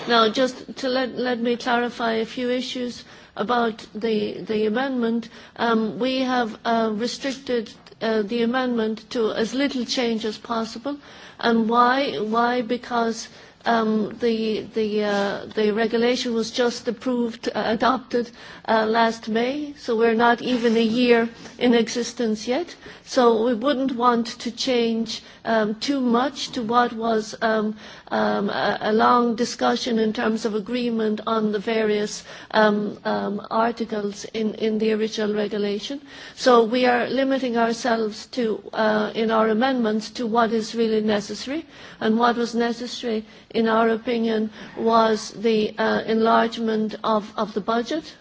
Now, just to let, let me clarify a few issues about the, the amendment. Um, we have uh, restricted uh, the amendment to as little change as possible. And why? Why? Because um, the, the, uh, the regulation was just approved, uh, adopted uh, last May, so we're not even a year in existence yet. So we wouldn't want to change um, too much to what was um, um, a, a long discussion in terms of agreement on the various um, um, articles in, in the original regulation. So we are limiting ourselves to, uh, in our amendments to what is really necessary, and what was necessary in in our opinion, was the uh, enlargement of, of the budget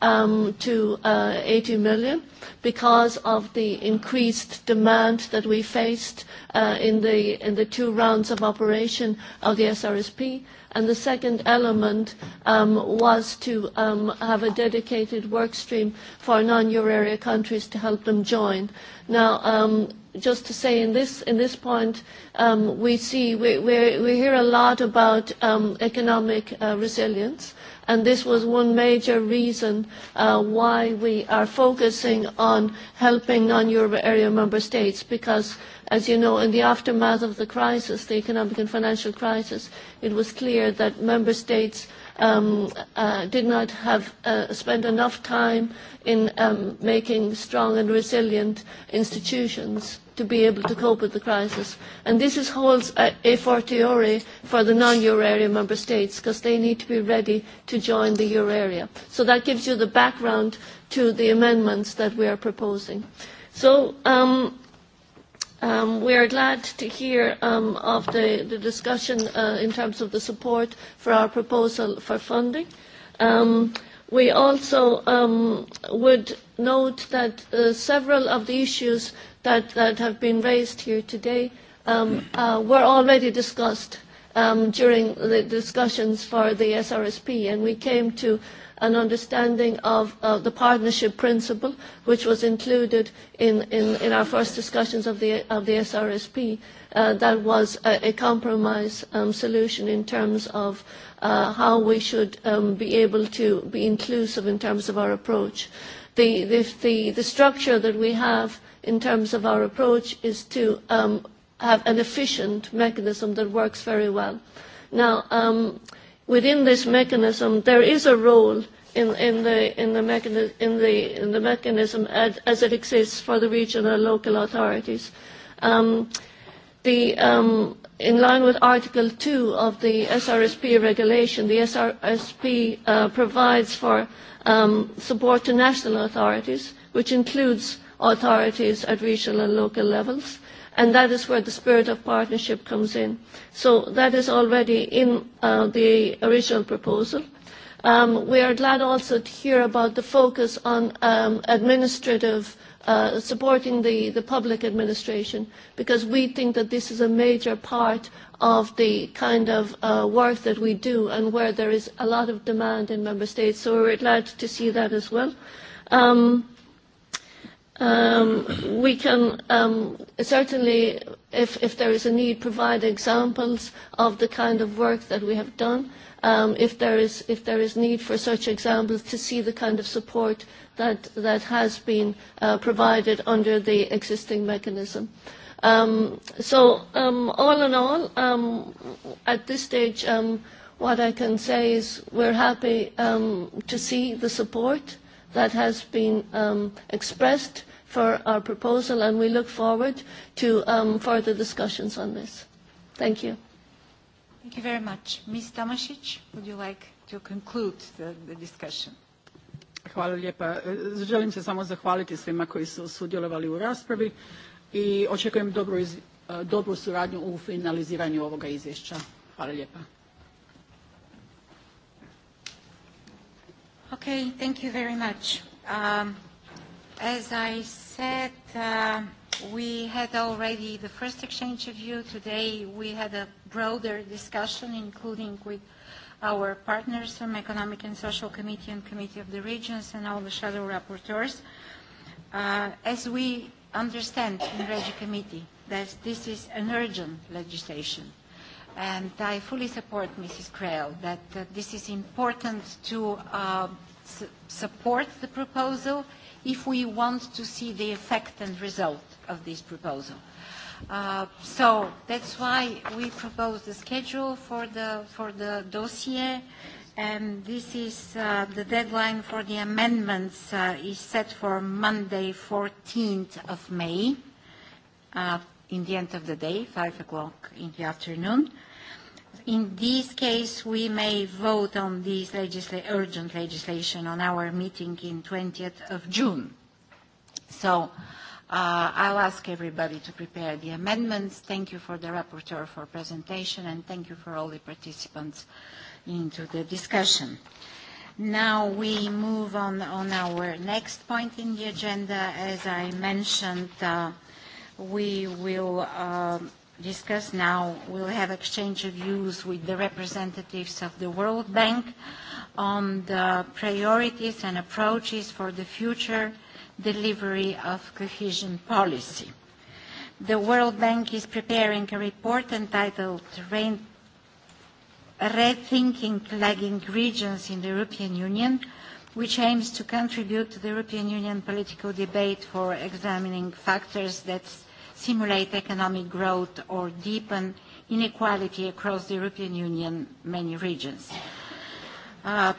um, to uh, 80 million because of the increased demand that we faced uh, in, the, in the two rounds of operation of the SRSP. And the second element um, was to um, have a dedicated work stream for non-euro area countries to help them join. Now, um, just to say in this in this point, um, we see we we we hear a lot about um, economic uh, resilience, and this was one major reason uh, why we are focusing on helping non-euro area member states because. As you know, in the aftermath of the crisis, the economic and financial crisis, it was clear that member states um, uh, did not have uh, spent enough time in um, making strong and resilient institutions to be able to cope with the crisis. And this is holds a, a fortiori for the non-euro area member states because they need to be ready to join the euro area. So that gives you the background to the amendments that we are proposing. So um, Um, we are glad to hear um, of the, the discussion uh, in terms of the support for our proposal for funding. Um, We also um, would note that uh, several of the issues that, that have been raised here today um, uh, were already discussed um, during the discussions for the SRSP, and we came to an understanding of, of uh, the partnership principle, which was included in, in, in our first discussions of the, of the SRSP. Uh, that was a, a compromise um, solution in terms of uh, how we should um, be able to be inclusive in terms of our approach. The, the, the, the structure that we have in terms of our approach is to um, have an efficient mechanism that works very well. Now, um, within this mechanism, there is a role in, in, the, in, the, mechani- in, the, in the mechanism as, as it exists for the regional and local authorities. Um, the, um, in line with Article 2 of the SRSP regulation, the SRSP uh, provides for um, support to national authorities, which includes authorities at regional and local levels. And that is where the spirit of partnership comes in. So that is already in uh, the original proposal. Um, we are glad also to hear about the focus on um, administrative uh, supporting the, the public administration because we think that this is a major part of the kind of uh, work that we do and where there is a lot of demand in member states. So we're glad to see that as well. Um, um, we can um, certainly, if, if there is a need, provide examples of the kind of work that we have done um, if, there is, if there is need for such examples to see the kind of support that, that has been uh, provided under the existing mechanism. Um, so um, all in all, um, at this stage, um, what I can say is we're happy um, to see the support that has been um, expressed for our proposal and we look forward to um, further discussions on this. Thank you. Thank you very much. Ms. Tomasic, would you like to conclude the, the discussion? Hvala lijepa. Želim se samo zahvaliti svima koji su sudjelovali u raspravi i očekujem dobru, iz, dobru suradnju u finaliziranju ovoga izvješća. Hvala lijepa. Okay, thank you very much. Um, As I said, uh, we had already the first exchange of view. Today we had a broader discussion, including with our partners from Economic and Social Committee and Committee of the Regions and all the shadow rapporteurs. Uh, as we understand in Regi Committee, that this is an urgent legislation. And I fully support Mrs. Krehl that uh, this is important to uh, su support the proposal if we want to see the effect and result of this proposal. Uh, so that's why we propose the schedule for the, for the dossier, and this is uh, the deadline for the amendments uh, is set for Monday, 14th of May, uh, in the end of the day, 5 o'clock in the afternoon. In this case, we may vote on this legisla urgent legislation on our meeting in 20th of June. So uh, I'll ask everybody to prepare the amendments. Thank you for the rapporteur for presentation, and thank you for all the participants into the discussion. Now we move on, on our next point in the agenda. As I mentioned, uh, we will um, discuss now. We'll have exchange of views with the representatives of the World Bank on the priorities and approaches for the future delivery of cohesion policy. The World Bank is preparing a report entitled Rethinking Lagging Regions in the European Union, which aims to contribute to the European Union political debate for examining factors that stimulate economic growth or deepen inequality across the European Union many regions. Uh,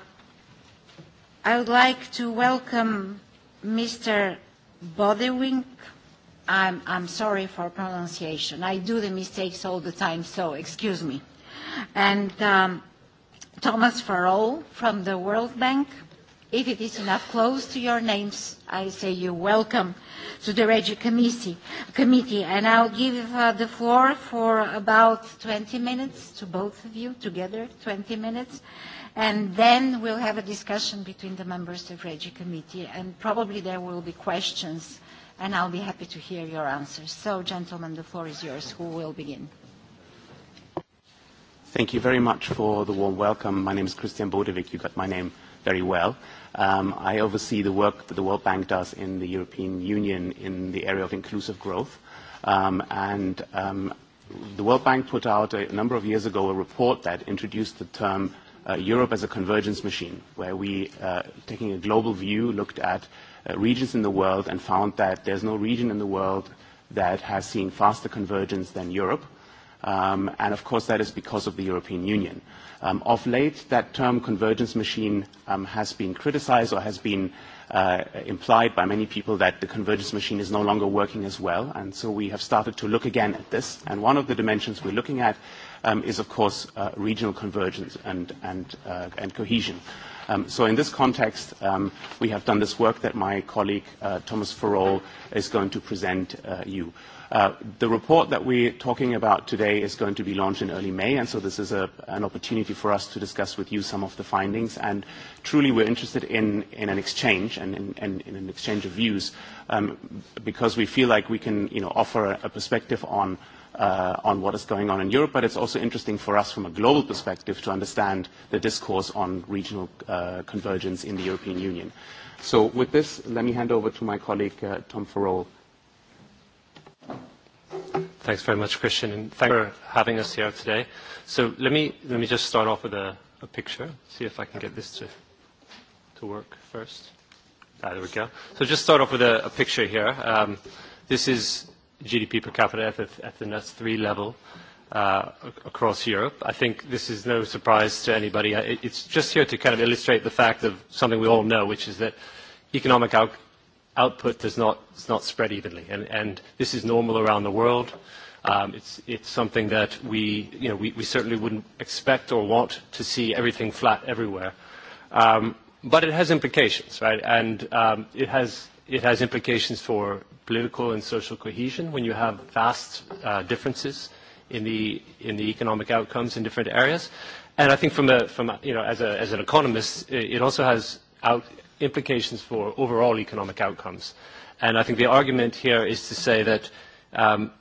I would like to welcome Mr. Bodewink. I'm, I'm sorry for pronunciation. I do the mistakes all the time, so excuse me. And um, Thomas Farrell from the World Bank. If it is enough close to your names, I say you welcome to the Regi Committee. committee. And I'll give uh, the floor for about 20 minutes to both of you, together 20 minutes. And then we'll have a discussion between the members of Regi Committee. And probably there will be questions, and I'll be happy to hear your answers. So, gentlemen, the floor is yours. Who will begin? Thank you very much for the warm welcome. My name is Christian Bodevic. You got my name very well. Um, I oversee the work that the World Bank does in the European Union in the area of inclusive growth. Um, and um, the World Bank put out a, a number of years ago a report that introduced the term uh, Europe as a convergence machine, where we, uh, taking a global view, looked at uh, regions in the world and found that there's no region in the world that has seen faster convergence than Europe. Um, and of course, that is because of the European Union. Um, of late, that term convergence machine um, has been criticized or has been uh, implied by many people that the convergence machine is no longer working as well. And so we have started to look again at this. And one of the dimensions we're looking at um, is, of course, uh, regional convergence and, and, uh, and cohesion. Um, so in this context, um, we have done this work that my colleague uh, Thomas Farrell is going to present uh, you. Uh, the report that we're talking about today is going to be launched in early May, and so this is a, an opportunity for us to discuss with you some of the findings. And truly, we're interested in, in an exchange and in, and in an exchange of views um, because we feel like we can you know, offer a, a perspective on uh, on what is going on in Europe, but it's also interesting for us from a global perspective to understand the discourse on regional uh, convergence in the European Union. So with this, let me hand over to my colleague, uh, Tom Farrell, Thanks very much, Christian, and thanks for having us here today. So let me, let me just start off with a, a picture, see if I can get this to, to work first. Ah, there we go. So just start off with a, a picture here. Um, this is GDP per capita at the, at the NUTS 3 level uh, across Europe. I think this is no surprise to anybody. It, it's just here to kind of illustrate the fact of something we all know, which is that economic out output does not, is not spread evenly. And, and this is normal around the world. Um, it's, it's something that we, you know, we, we certainly wouldn't expect or want to see everything flat everywhere. Um, but it has implications, right? And um, it, has, it has implications for political and social cohesion when you have vast uh, differences in the, in the economic outcomes in different areas. And I think from a, from a, you know, as, a, as an economist, it also has out, implications for overall economic outcomes. And I think the argument here is to say that um,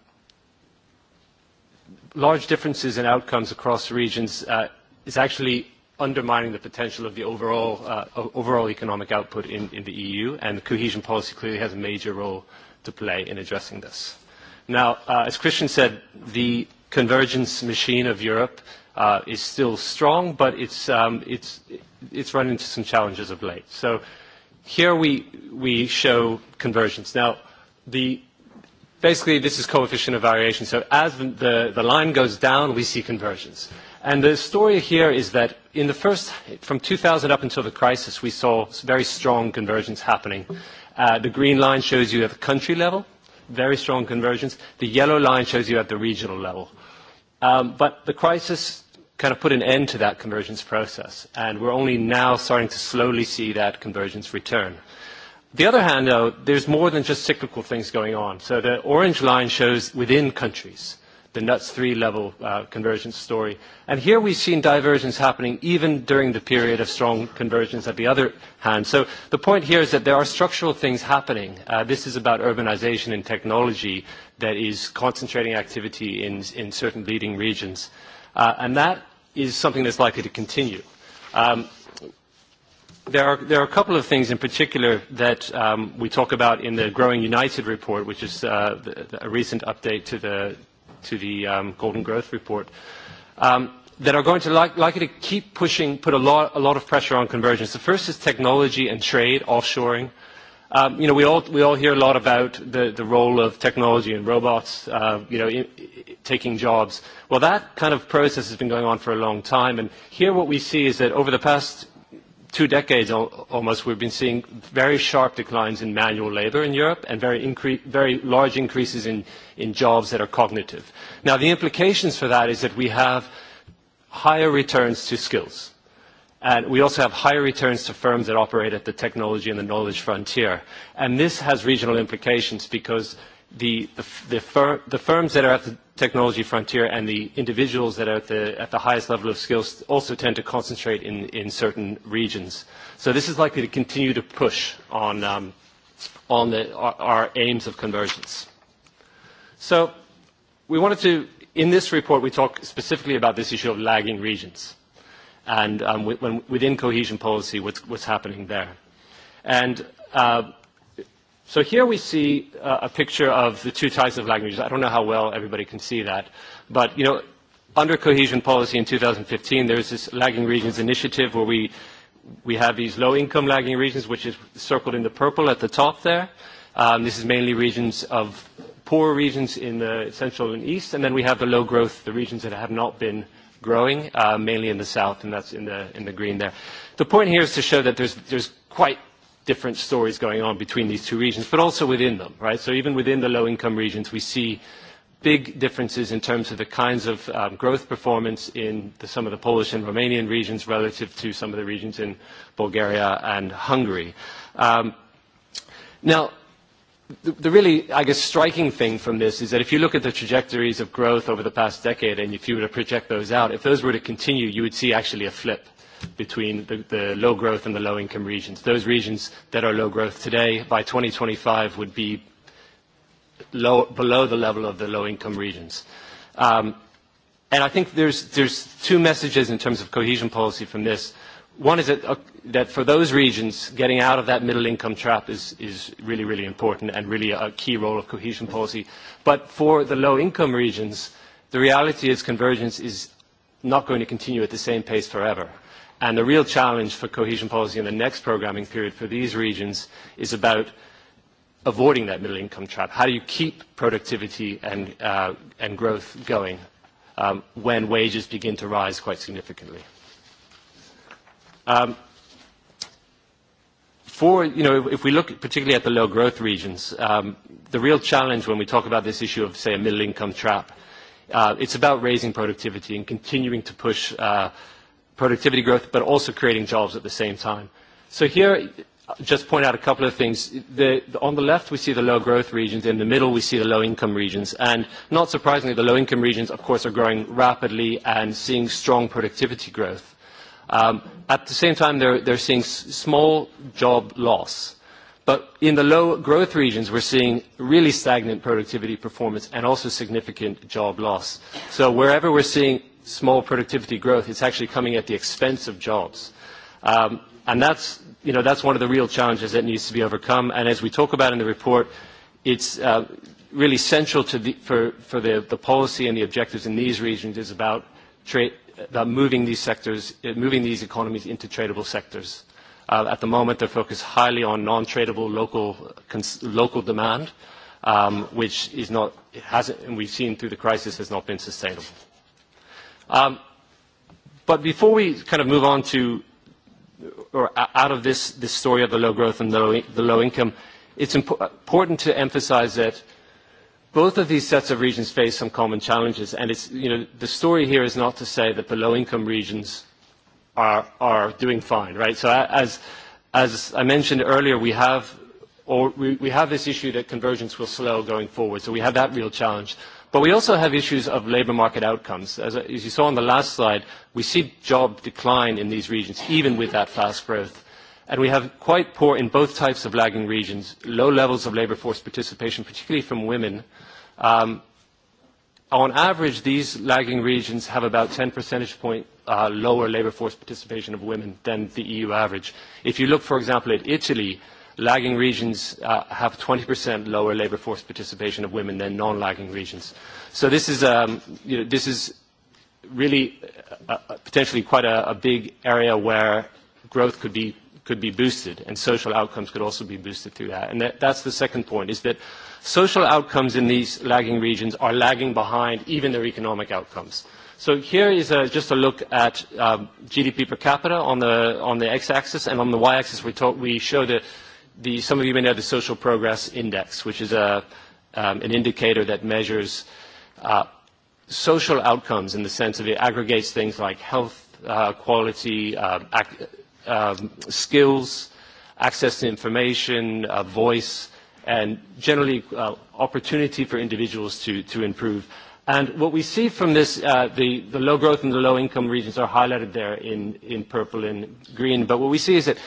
large differences in outcomes across regions uh, is actually undermining the potential of the overall, uh, overall economic output in, in the EU, and the cohesion policy clearly has a major role to play in addressing this. Now, uh, as Christian said, the convergence machine of Europe uh, is still strong, but it's, um, it's, it's run into some challenges of late. So here we, we show convergence. Now, the, basically this is coefficient of variation. So as the, the the line goes down, we see convergence. And the story here is that in the first, from 2000 up until the crisis, we saw very strong convergence happening. Uh, the green line shows you at the country level, very strong convergence. The yellow line shows you at the regional level. Um, but the crisis kind of put an end to that convergence process. And we're only now starting to slowly see that convergence return. The other hand, though, there's more than just cyclical things going on. So the orange line shows within countries the NUTS 3 level uh, convergence story. And here we've seen divergence happening even during the period of strong convergence at the other hand. So the point here is that there are structural things happening. Uh, this is about urbanization and technology that is concentrating activity in, in certain leading regions. Uh, and that is something that's likely to continue. Um, there are, there are a couple of things in particular that um, we talk about in the Growing United report, which is uh, the, the, a recent update to the, to the um, Golden Growth report, um, that are going to like, likely to keep pushing, put a lot, a lot of pressure on convergence. The first is technology and trade, offshoring. Um, you know, we all, we all hear a lot about the, the role of technology and robots, uh, you know, in, in, taking jobs. Well, that kind of process has been going on for a long time. And here what we see is that over the past two decades al almost, we've been seeing very sharp declines in manual labor in Europe and very, incre very large increases in, in jobs that are cognitive. Now, the implications for that is that we have higher returns to skills And we also have higher returns to firms that operate at the technology and the knowledge frontier. And this has regional implications because the, firms that are at the technology frontier and the individuals that are at the, highest level of skills also tend to concentrate in, certain regions. So this is likely to continue to push on, um, our, our aims of convergence. So we wanted to, in this report, we talk specifically about this issue of lagging regions and um, when, within cohesion policy, what's, what's happening there. And uh, so here we see uh, a picture of the two types of languages. I don't know how well everybody can see that, but you know, under cohesion policy in 2015, there's this lagging regions initiative where we we have these low-income lagging regions, which is circled in the purple at the top there. Um, this is mainly regions of poor regions in the central and east, and then we have the low growth, the regions that have not been growing, uh, mainly in the south, and that's in the, in the green there. The point here is to show that there's, there's quite different stories going on between these two regions, but also within them, right? So even within the low-income regions, we see big differences in terms of the kinds of um, growth performance in the, some of the Polish and Romanian regions relative to some of the regions in Bulgaria and Hungary. Um, now, the, the really, I guess, striking thing from this is that if you look at the trajectories of growth over the past decade and if you were to project those out, if those were to continue, you would see actually a flip between the, the low growth and the low income regions. Those regions that are low growth today by 2025 would be low, below the level of the low income regions. Um, and I think there's, there's two messages in terms of cohesion policy from this. One is that uh, that for those regions, getting out of that middle income trap is, is really, really important and really a key role of cohesion policy. But for the low income regions, the reality is convergence is not going to continue at the same pace forever. And the real challenge for cohesion policy in the next programming period for these regions is about avoiding that middle income trap. How do you keep productivity and, uh, and growth going um, when wages begin to rise quite significantly? Um, for, you know, if, we look particularly at the low growth regions, um, the real challenge when we talk about this issue of, say, a middle income trap, uh, it's about raising productivity and continuing to push uh, productivity growth, but also creating jobs at the same time. So here, I'll just point out a couple of things. The, the, on the left, we see the low growth regions. In the middle, we see the low income regions. And not surprisingly, the low income regions, of course, are growing rapidly and seeing strong productivity growth. Um, at the same time, they're, they're seeing s small job loss. But in the low growth regions, we're seeing really stagnant productivity performance and also significant job loss. So wherever we're seeing small productivity growth, it's actually coming at the expense of jobs. Um, and that's, you know, that's one of the real challenges that needs to be overcome. And as we talk about in the report, it's uh, really central to the, for, for the, the policy and the objectives in these regions is about trade about moving these sectors, uh, moving these economies into tradable sectors. Uh, at the moment, they're focused highly on non-tradable local, cons local demand, um, which is not, it hasn't, and we've seen through the crisis, has not been sustainable. Um, but before we kind of move on to, or out of this, this story of the low growth and the low, the low income, it's impo important to emphasize that Both of these sets of regions face some common challenges, and it's, you know, the story here is not to say that the low-income regions are, are doing fine, right? So as, as I mentioned earlier, we have, or we, we have this issue that convergence will slow going forward, so we have that real challenge. But we also have issues of labour market outcomes. As, as you saw on the last slide, we see job decline in these regions, even with that fast growth. And we have quite poor, in both types of lagging regions, low levels of labour force participation, particularly from women, Um, on average, these lagging regions have about 10 percentage point uh, lower labour force participation of women than the EU average. If you look, for example, at Italy, lagging regions uh, have 20% lower labour force participation of women than non-lagging regions. So this is, um, you know, this is really uh, uh, potentially quite a, a big area where growth could be, could be boosted and social outcomes could also be boosted through that. And that, that's the second point, is that Social outcomes in these lagging regions are lagging behind even their economic outcomes. So here is a, just a look at um, GDP per capita on the, on the x-axis, and on the y-axis we, talk, we show the, the, some of you may know the Social Progress Index, which is a, um, an indicator that measures uh, social outcomes in the sense that it aggregates things like health uh, quality, uh, ac- uh skills, access to information, uh, voice, and generally uh, opportunity for individuals to, to improve. And what we see from this, uh, the, the low growth and the low income regions are highlighted there in, in purple and green. But what we see is that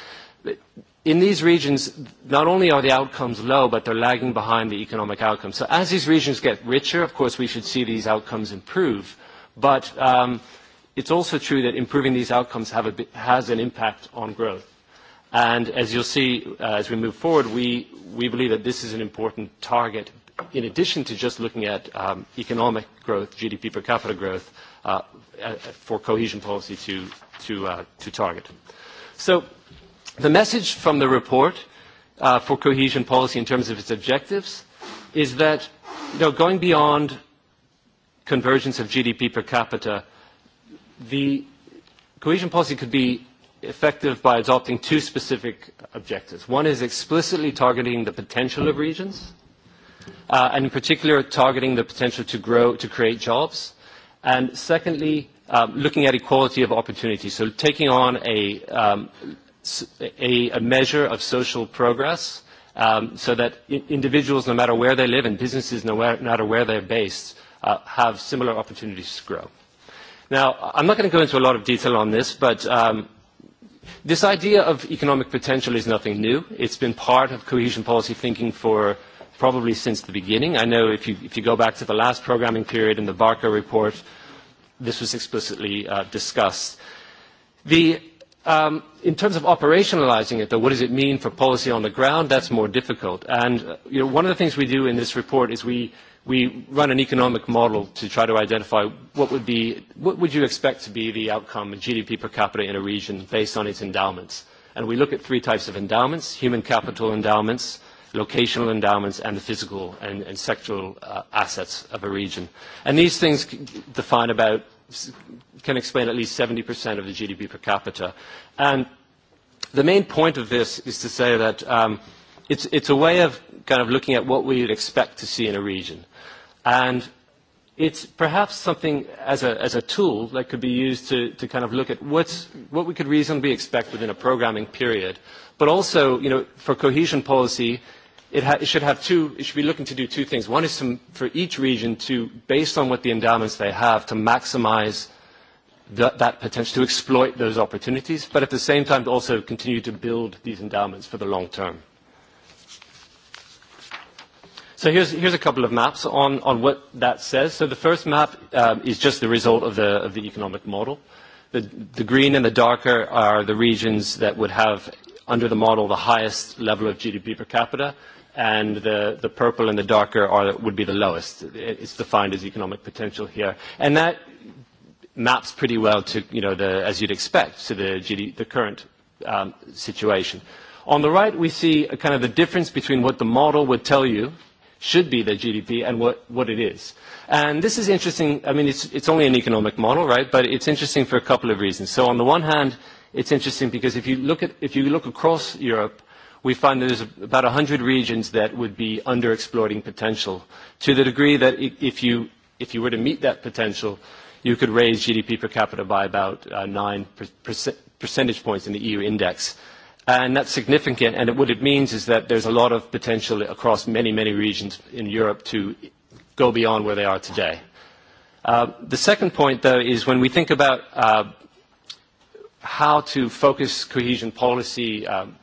in these regions, not only are the outcomes low, but they're lagging behind the economic outcomes. So as these regions get richer, of course, we should see these outcomes improve. But um, it's also true that improving these outcomes have a, has an impact on growth. And as you'll see uh, as we move forward, we, we believe that this is an important target in addition to just looking at um, economic growth, GDP per capita growth, uh, uh, for cohesion policy to, to, uh, to target. So the message from the report uh, for cohesion policy in terms of its objectives is that you know, going beyond convergence of GDP per capita, the cohesion policy could be effective by adopting two specific objectives. One is explicitly targeting the potential of regions, uh, and in particular targeting the potential to grow, to create jobs. And secondly, um, looking at equality of opportunity, so taking on a, um, a, a measure of social progress um, so that I individuals, no matter where they live, and businesses, no, no matter where they're based, uh, have similar opportunities to grow. Now, I'm not going to go into a lot of detail on this, but um, this idea of economic potential is nothing new. It's been part of cohesion policy thinking for probably since the beginning. I know if you, if you go back to the last programming period in the Barker report, this was explicitly uh, discussed. The, um, in terms of operationalizing it, though, what does it mean for policy on the ground? That's more difficult. And uh, you know, one of the things we do in this report is we we run an economic model to try to identify what would be what would you expect to be the outcome of GDP per capita in a region based on its endowments. And we look at three types of endowments: human capital endowments, locational endowments, and the physical and, and sectoral uh, assets of a region. And these things define about can explain at least 70% of the GDP per capita. And the main point of this is to say that um, it's, it's a way of kind of looking at what we would expect to see in a region. And it's perhaps something as a, as a tool that could be used to, to kind of look at what's, what we could reasonably expect within a programming period. But also, you know, for cohesion policy, it, ha- it should have two, it should be looking to do two things. One is to, for each region to, based on what the endowments they have, to maximize th- that potential, to exploit those opportunities, but at the same time to also continue to build these endowments for the long term. So here's, here's a couple of maps on, on what that says. So the first map um, is just the result of the, of the economic model. The, the green and the darker are the regions that would have, under the model, the highest level of GDP per capita, and the, the purple and the darker are, would be the lowest. It's defined as economic potential here. And that maps pretty well to, you know, the, as you'd expect, to the, GD, the current um, situation. On the right, we see a kind of the difference between what the model would tell you should be the GDP and what, what it is. And this is interesting. I mean, it's, it's only an economic model, right? But it's interesting for a couple of reasons. So on the one hand, it's interesting because if you look, at, if you look across Europe, we find that there's about 100 regions that would be underexploiting potential to the degree that if you, if you were to meet that potential, you could raise GDP per capita by about uh, 9 per, percentage points in the EU index. Uh, and that's significant. And what it means is that there's a lot of potential across many, many regions in Europe to go beyond where they are today. Uh, the second point, though, is when we think about uh, how to focus cohesion policy um,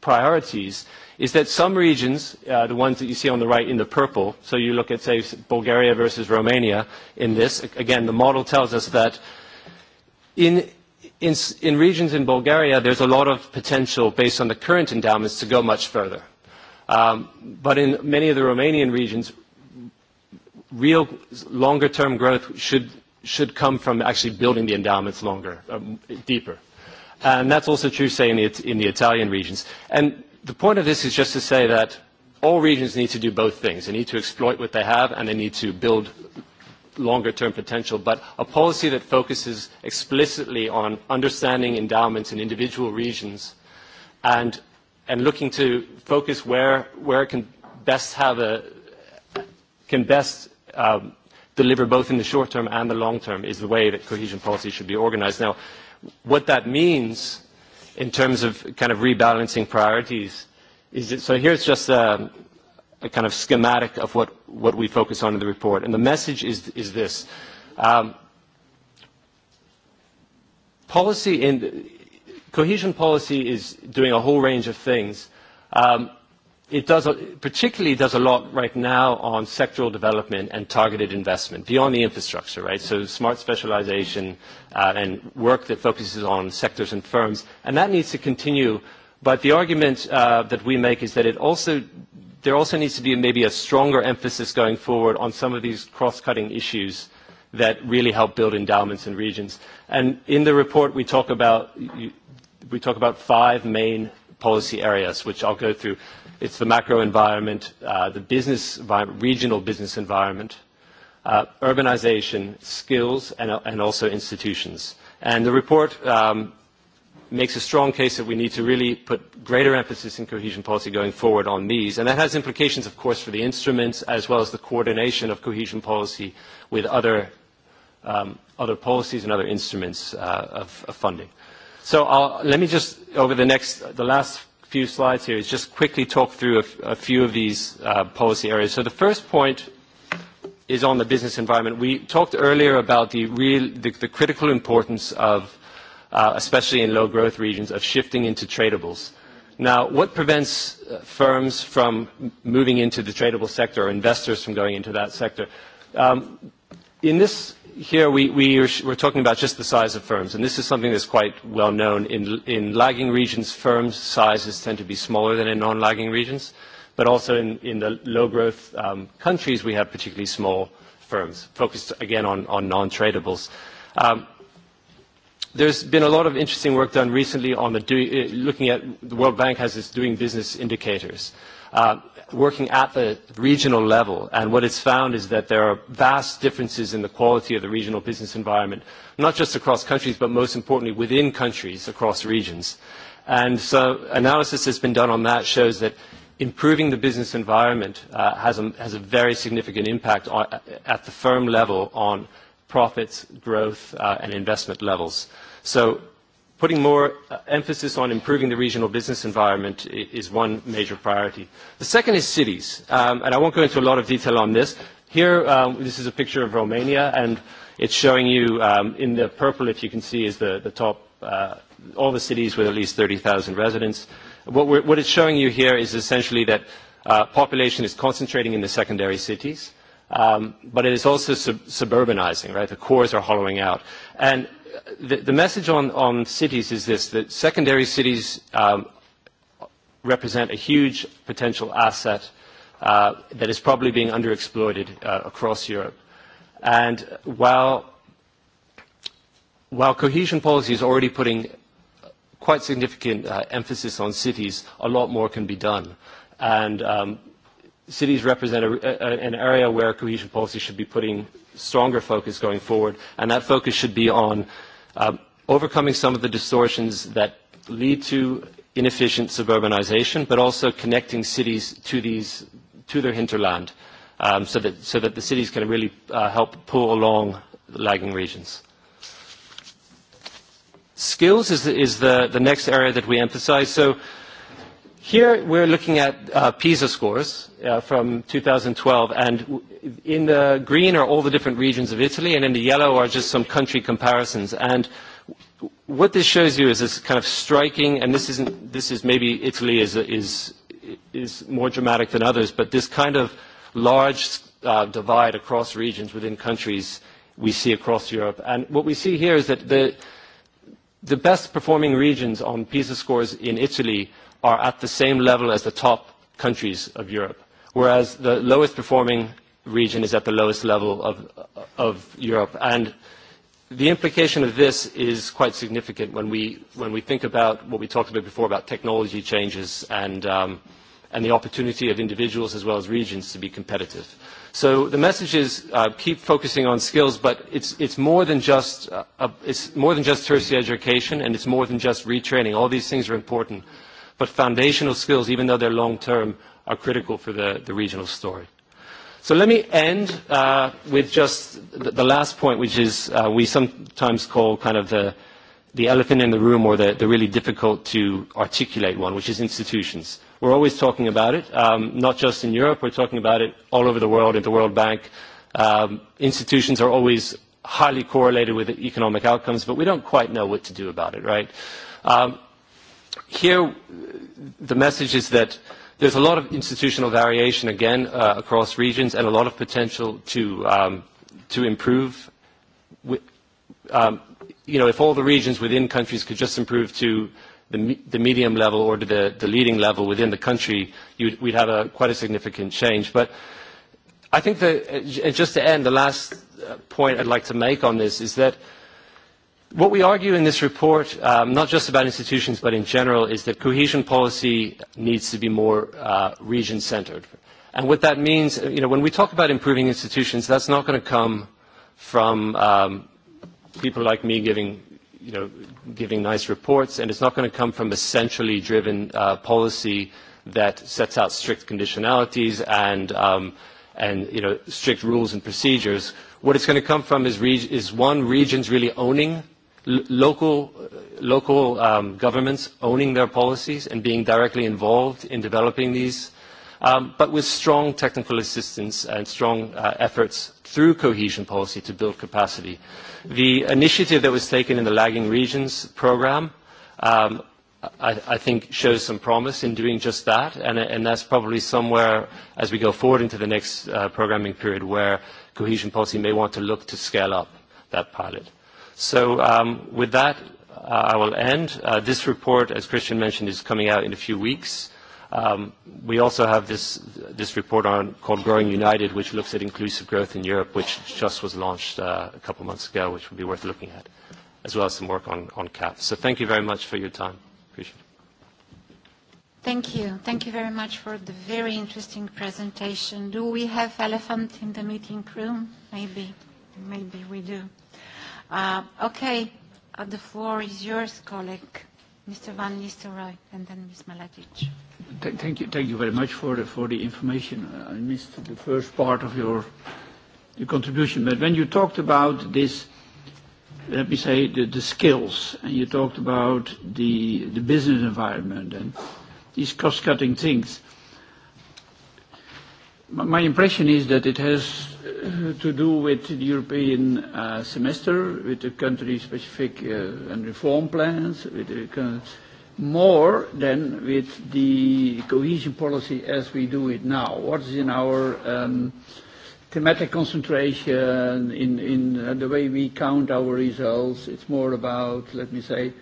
priorities, is that some regions, uh, the ones that you see on the right in the purple, so you look at, say, Bulgaria versus Romania in this, again, the model tells us that in in, in regions in Bulgaria, there's a lot of potential based on the current endowments to go much further. Um, but in many of the Romanian regions, real longer-term growth should, should come from actually building the endowments longer, um, deeper. And that's also true, say, in the, in the Italian regions. And the point of this is just to say that all regions need to do both things. They need to exploit what they have, and they need to build longer term potential, but a policy that focuses explicitly on understanding endowments in individual regions and, and looking to focus where, where it can best have a, can best um, deliver both in the short term and the long term is the way that cohesion policy should be organized. Now, what that means in terms of kind of rebalancing priorities is it, so here's just a, um, a kind of schematic of what, what we focus on in the report. And the message is, is this. Um, policy in, cohesion policy is doing a whole range of things. Um, it does a, particularly does a lot right now on sectoral development and targeted investment beyond the infrastructure, right? So smart specialization uh, and work that focuses on sectors and firms, and that needs to continue. But the argument uh, that we make is that it also there also needs to be maybe a stronger emphasis going forward on some of these cross-cutting issues that really help build endowments in regions. And in the report, we talk about we talk about five main policy areas, which I'll go through. It's the macro environment, uh, the business environment, regional business environment, uh, urbanization, skills, and, and also institutions. And the report um, makes a strong case that we need to really put greater emphasis in cohesion policy going forward on these. And that has implications, of course, for the instruments as well as the coordination of cohesion policy with other, um, other policies and other instruments uh, of, of funding. So I'll, let me just, over the next, the last few slides here, is just quickly talk through a, a few of these uh, policy areas. So the first point is on the business environment. We talked earlier about the, real, the, the critical importance of uh, especially in low growth regions, of shifting into tradables. Now, what prevents uh, firms from moving into the tradable sector or investors from going into that sector? Um, in this here, we, we are, we're talking about just the size of firms, and this is something that's quite well known. In, in lagging regions, firm sizes tend to be smaller than in non-lagging regions, but also in, in the low-growth um, countries, we have particularly small firms, focused again on, on non-tradables. Um, There's been a lot of interesting work done recently on the do, uh, looking at the World Bank has its doing business indicators, uh, working at the regional level. And what it's found is that there are vast differences in the quality of the regional business environment, not just across countries, but most importantly within countries across regions. And so analysis that's been done on that shows that improving the business environment uh, has, a, has a very significant impact on, at the firm level on profits, growth, uh, and investment levels. So putting more uh, emphasis on improving the regional business environment is one major priority. The second is cities, um, and I won't go into a lot of detail on this. Here, um, this is a picture of Romania, and it's showing you um, in the purple, if you can see, is the, the top, uh, all the cities with at least 30,000 residents. What, it's showing you here is essentially that population is concentrating in the secondary cities um, but it is also sub- suburbanizing, right? The cores are hollowing out. And the, the message on, on cities is this, that secondary cities um, represent a huge potential asset uh, that is probably being underexploited uh, across Europe. And while, while cohesion policy is already putting quite significant uh, emphasis on cities, a lot more can be done. And um, cities represent a, a, an area where cohesion policy should be putting stronger focus going forward, and that focus should be on um, overcoming some of the distortions that lead to inefficient suburbanization, but also connecting cities to, these, to their hinterland um, so, that, so that the cities can really uh, help pull along lagging regions. Skills is, the, is the, the next area that we emphasize. So Here we're looking at uh, PISA scores uh, from 2012, and in the green are all the different regions of Italy, and in the yellow are just some country comparisons. And what this shows you is this kind of striking, and this, isn't, this is maybe Italy is, is, is more dramatic than others, but this kind of large uh, divide across regions within countries we see across Europe. And what we see here is that the, the best performing regions on PISA scores in Italy are at the same level as the top countries of Europe, whereas the lowest performing region is at the lowest level of, of Europe. And the implication of this is quite significant when we, when we think about what we talked about before about technology changes and, um, and the opportunity of individuals as well as regions to be competitive. So the message is uh, keep focusing on skills, but it's, it's, more than just, uh, uh it's more than just tertiary education and it's more than just retraining. All these things are important. But foundational skills, even though they're long-term, are critical for the, the regional story. So let me end uh, with just the, the last point, which is uh, we sometimes call kind of the, the elephant in the room or the, the really difficult to articulate one, which is institutions. We're always talking about it, um, not just in Europe, we're talking about it all over the world at the World Bank. Um, institutions are always highly correlated with economic outcomes, but we don't quite know what to do about it, right? Um, Here, uh, the message is that there's a lot of institutional variation, again, uh, across regions and a lot of potential to, um, to improve. With, um, you know, if all the regions within countries could just improve to the, me the medium level or to the, the leading level within the country, you'd, we'd have a, quite a significant change. But I think that, and uh, just to end, the last uh, point I'd like to make on this is that – What we argue in this report, um, not just about institutions but in general, is that cohesion policy needs to be more uh, region-centered. And what that means, uh, you know, when we talk about improving institutions, that's not going to come from um, people like me giving, you know, giving nice reports, and it's not going to come from a centrally driven uh, policy that sets out strict conditionalities and, um, and you know, strict rules and procedures. What it's going to come from is, reg- is one, regions really owning local, local um, governments owning their policies and being directly involved in developing these, um, but with strong technical assistance and strong uh, efforts through cohesion policy to build capacity. The initiative that was taken in the lagging regions program um, i, I think shows some promise in doing just that, and, and that's probably somewhere as we go forward into the next uh, programming period where cohesion policy may want to look to scale up that pilot. So um, with that, uh, I will end. Uh, this report, as Christian mentioned, is coming out in a few weeks. Um, we also have this, this report on, called Growing United, which looks at inclusive growth in Europe, which just was launched uh, a couple months ago, which would be worth looking at, as well as some work on, on CAP. So thank you very much for your time. Appreciate it. Thank you. Thank you very much for the very interesting presentation. Do we have elephant in the meeting room? Maybe. Maybe we do. Uh, okay, uh, the floor is yours, colleague. Mr. Van Nistelrooy, and then Ms. Maladic. Th thank you, thank you very much for the, for the information. Uh, I missed the first part of your, your contribution, but when you talked about this, let me say, the, the skills, and you talked about the, the business environment and these cost-cutting things, my, my impression is that it has to do with the European uh, semester, with the country-specific uh, and reform plans, with the, more than with the cohesion policy as we do it now. What is in our um, thematic concentration, in, in uh, the way we count our results, it's more about, let me say,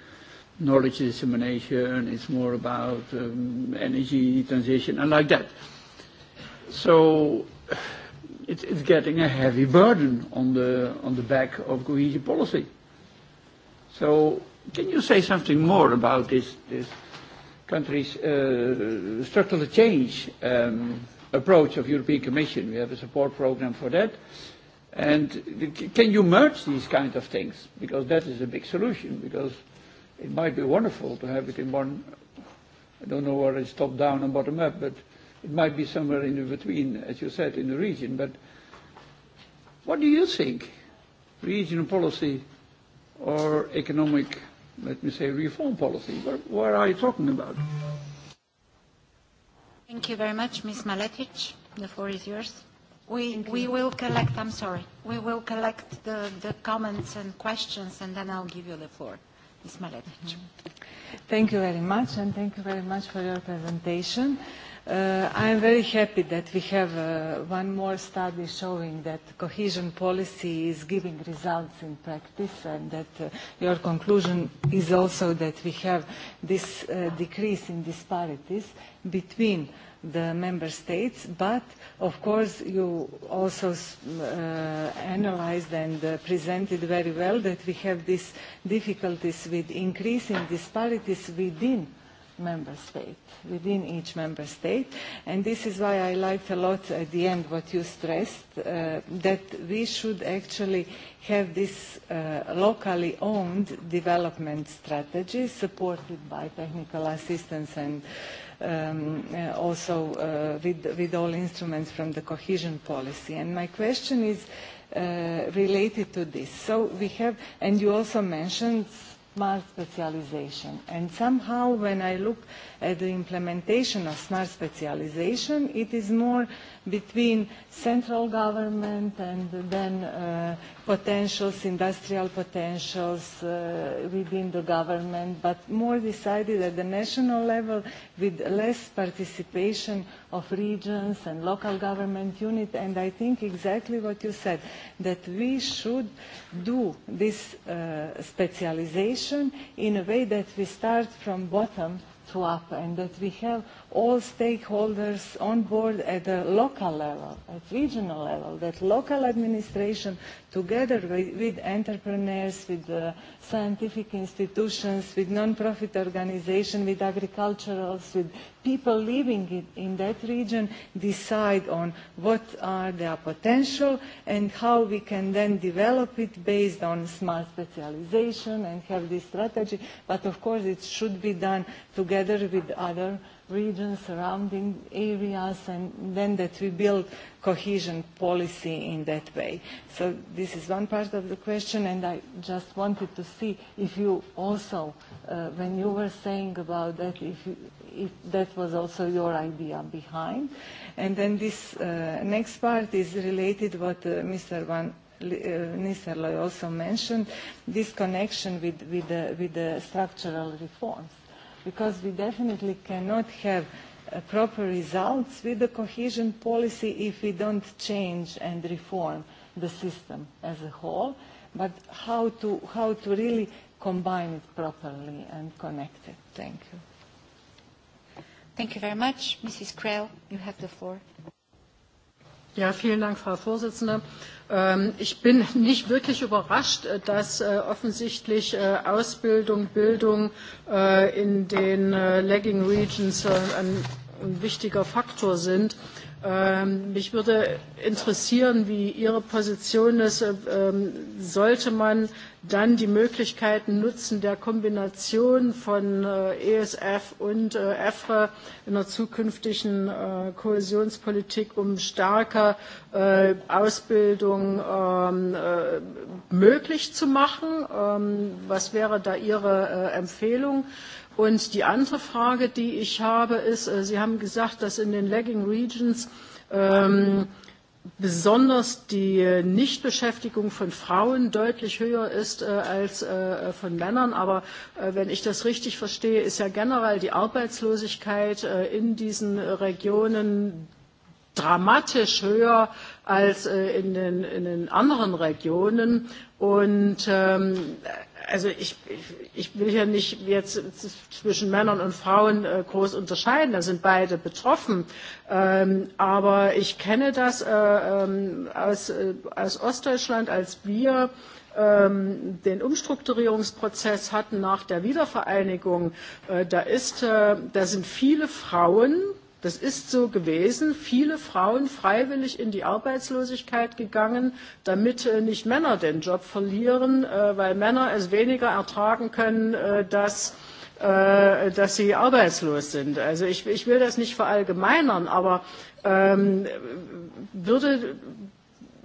knowledge dissemination, it's more about um, energy transition and like that. So it's, it's getting a heavy burden on the, on the back of cohesion policy. So can you say something more about this, this country's uh, structural change um, approach of European Commission? We have a support program for that. And can you merge these kind of things? Because that is a big solution, because it might be wonderful to have it in one, I don't know whether it's top down and bottom up, but It might be somewhere in between, as you said, in the region, but what do you think? Regional policy or economic, let me say, reform policy? What what are you talking about? Thank you very much, Ms. Maletic. The floor is yours. We, you. we will collect, I'm sorry, we will collect the, the comments and questions and then I'll give you the floor. Ms. Maletic. Thank you very much and thank you very much for your presentation. Uh, Uh, I am very happy that we have uh, one more study showing that cohesion policy is giving results in practice and that uh, your conclusion is also that we have this uh, decrease in disparities between the member states, but of course you also uh, analyzed and uh, presented very well that we have these difficulties with increasing disparities within member state, within each member state. And this is why I liked a lot at the end what you stressed, uh, that we should actually have this uh, locally owned development strategy supported by technical assistance and um, uh, also uh, with, with all instruments from the cohesion policy. And my question is uh, related to this. So we have, and you also mentioned smart specialization. And somehow when I look at the implementation of smart specialization, it is more between central government and then uh, potentials, industrial potentials uh, within the government, but more decided at the national level with less participation of regions and local government units. And I think exactly what you said, that we should do this uh, specialization in a way that we start from bottom to up and that we have all stakeholders on board at the local level, at regional level, that local administration, together with, with entrepreneurs, with uh, scientific institutions, with non-profit organizations, with agriculturals, with people living in, in that region, decide on what are their potential and how we can then develop it based on smart specialization and have this strategy. But of course, it should be done together with other regions, surrounding areas, and then that we build cohesion policy in that way. So this is one part of the question, and I just wanted to see if you also, uh, when you were saying about that, if, you, if that was also your idea behind. And then this uh, next part is related to what uh, Mr. Van uh, Nisserloy also mentioned, this connection with, with, the, with the structural reforms because we definitely cannot have uh, proper results with the cohesion policy if we don't change and reform the system as a whole, but how to, how to really combine it properly and connect it. Thank you. Thank you very much. Mrs. Krell, you have the floor. Frau Vorsitzende. Ähm, ich bin nicht wirklich überrascht, äh, dass äh, offensichtlich äh, Ausbildung, Bildung in den Lagging Regions ein wichtiger Faktor sind Ähm, mich würde interessieren, wie Ihre Position ist. Ähm, sollte man dann die Möglichkeiten nutzen der Kombination von äh, ESF und äh, EFRE e in der zukünftigen äh, Kohäsionspolitik, um stärker äh, Ausbildung ähm, äh, möglich zu machen? Ähm, was wäre da Ihre äh, Empfehlung? Und die andere Frage, die ich habe, ist, äh, Sie haben gesagt, dass in den Lagging Regions ähm, besonders die äh, Nichtbeschäftigung von Frauen deutlich höher ist äh, als äh, von Männern. Aber äh, wenn ich das richtig verstehe, ist ja generell die Arbeitslosigkeit äh, in diesen Regionen dramatisch höher als in den, in den anderen Regionen. Und ähm, also ich, ich will hier nicht jetzt zwischen Männern und Frauen äh, groß unterscheiden, da sind beide betroffen. Ähm, aber ich kenne das äh, ähm, aus, äh, aus Ostdeutschland, als wir ähm, den Umstrukturierungsprozess hatten nach der Wiedervereinigung. da, ist, da sind viele Frauen, Das ist so gewesen. Viele Frauen freiwillig in die Arbeitslosigkeit gegangen, damit äh, nicht Männer den Job verlieren, äh, weil Männer es weniger ertragen können, äh, dass dass sie arbeitslos sind. Also ich, ich will das nicht verallgemeinern, aber ähm, würde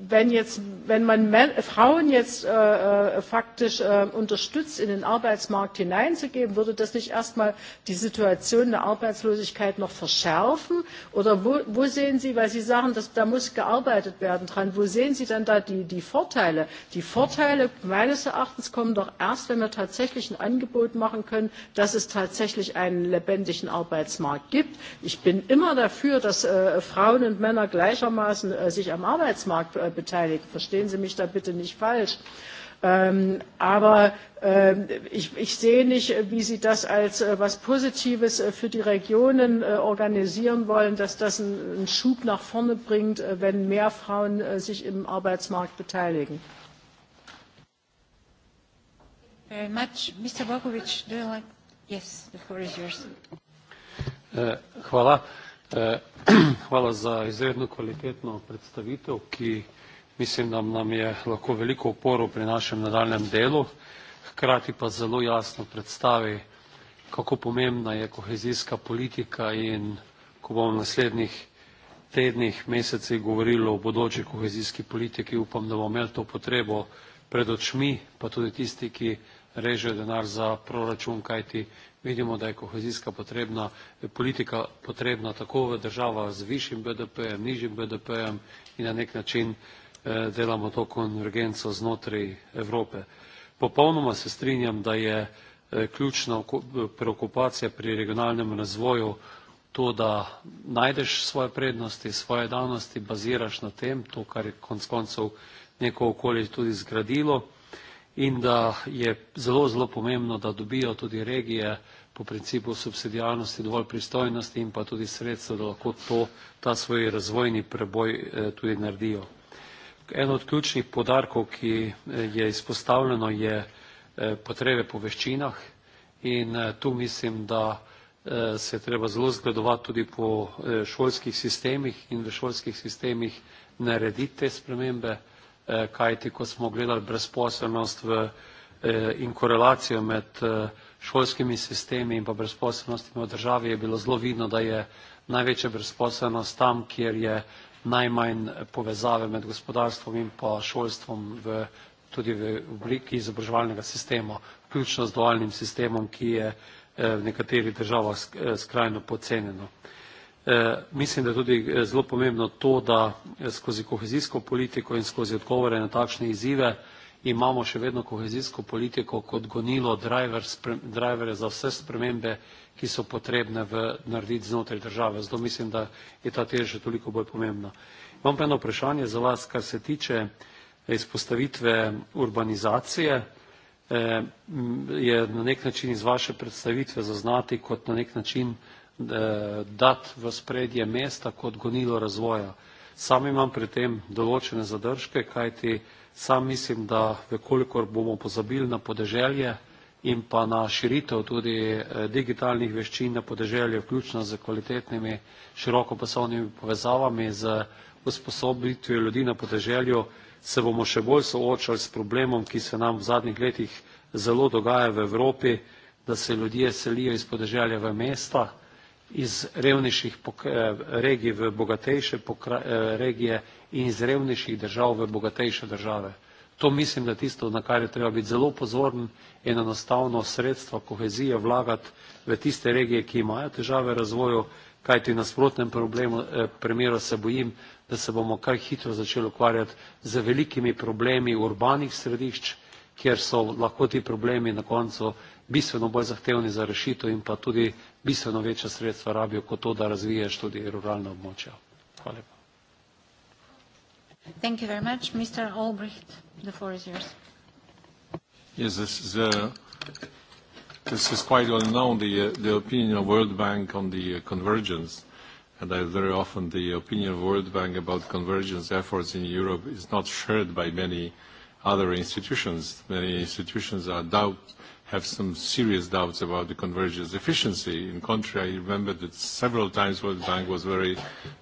wenn, jetzt, wenn man Frauen jetzt äh, äh, faktisch äh, unterstützt, in den Arbeitsmarkt hineinzugeben, würde das nicht erstmal die Situation der Arbeitslosigkeit noch verschärfen? Oder wo, wo sehen Sie, weil Sie sagen, dass, da muss gearbeitet werden dran, wo sehen Sie dann da die, die Vorteile? Die Vorteile meines Erachtens kommen doch erst, wenn wir tatsächlich ein Angebot machen können, dass es tatsächlich einen lebendigen Arbeitsmarkt gibt. Ich bin immer dafür, dass äh, Frauen und Männer gleichermaßen äh, sich am Arbeitsmarkt äh, beteiligt. Verstehen Sie mich da bitte nicht falsch. Ähm, aber ähm, ich, ich sehe nicht, äh, wie Sie das als etwas äh, Positives äh, für die Regionen äh, organisieren wollen, dass das einen, einen Schub nach vorne bringt, äh, wenn mehr Frauen sich im Arbeitsmarkt beteiligen. Hvala. E, hvala za izredno kvalitetno predstavitev, ki mislim, da nam je lahko veliko oporo pri našem nadaljem delu, hkrati pa zelo jasno predstavi, kako pomembna je kohezijska politika in ko bomo v naslednjih tednih, mesecih govorili o bodoči kohezijski politiki, upam, da bomo imeli to potrebo pred očmi, pa tudi tisti, ki režejo denar za proračun, kajti Vidimo da je kohezijska potrebna, politika potrebna tako v državah z višjim BDP-jem, nižjim BDP-jem in na nek način eh, delamo to konvergenco znotraj Evrope. Popolnoma se strinjam, da je eh, ključna preokupacija pri regionalnem razvoju to, da najdeš svoje prednosti, svoje danosti, baziraš na tem, to, kar je konc koncev neko okolje tudi zgradilo in da je zelo, zelo pomembno, da dobijo tudi regije po principu subsidijarnosti dovolj pristojnosti in pa tudi sredstva, da lahko to, ta svoj razvojni preboj eh, tudi naredijo. En od ključnih podarkov, ki eh, je izpostavljeno, je eh, potrebe po veščinah in tu mislim, da se je treba zelo zgledovati tudi po šolskih sistemih in v šolskih sistemih narediti te spremembe E, kajti ko smo gledali brezposelnost v, e, in korelacijo med šolskimi e, sistemi in pa brezposelnostmi v državi, je bilo zelo vidno, da je največja brezposelnost tam, kjer je najmanj povezave med gospodarstvom in pa šolstvom v, tudi v obliki izobraževalnega sistema, vključno z dualnim sistemom, ki je v nekaterih državah skrajno podcenjeno. E, mislim, da je tudi e, zelo pomembno to, da e, skozi kohezijsko politiko in skozi odgovore na takšne izzive imamo še vedno kohezijsko politiko kot gonilo driver, za vse spremembe, ki so potrebne v, narediti znotraj države. Zato mislim, da je ta tež že toliko bolj pomembna. Imam pa eno vprašanje za vas, kar se tiče izpostavitve urbanizacije. je na nek način iz vaše predstavitve zaznati kot na nek način Eh, dati v spredje mesta kot gonilo razvoja. Sam imam pri tem določene zadržke, kajti sam mislim, da vekolikor bomo pozabili na podeželje in pa na širitev tudi eh, digitalnih veščin na podeželje, vključno z kvalitetnimi širokopasovnimi povezavami, z usposobitvijo ljudi na podeželju, se bomo še bolj soočali s problemom, ki se nam v zadnjih letih zelo dogaja v Evropi, da se ljudje selijo iz podeželja v mesta, iz revnejših regij v bogatejše regije in iz revnejših držav v bogatejše države. To mislim, da je tisto, na kar je treba biti zelo pozoren in enostavno sredstva kohezije vlagati v tiste regije, ki imajo težave v razvoju, kajti v nasprotnem problemu, primeru se bojim, da se bomo kaj hitro začeli ukvarjati z velikimi problemi urbanih središč, kjer so lahko ti problemi na koncu bistveno bolj zahtevni za rešitev in pa tudi bistveno večja sredstva rabijo kot to, da razvijaš tudi ruralne območja. Hvala lepa. Thank you very much. Mr. Albrecht, the floor is yours. Yes, this is, uh, this is quite well known, the, uh, the opinion of World Bank on the uh, convergence. And I, very often the opinion of World Bank about convergence efforts in Europe is not shared by many other institutions. Many institutions are doubt, have some serious doubts about the convergence efficiency. In contrary, I remember that several times World Bank was very,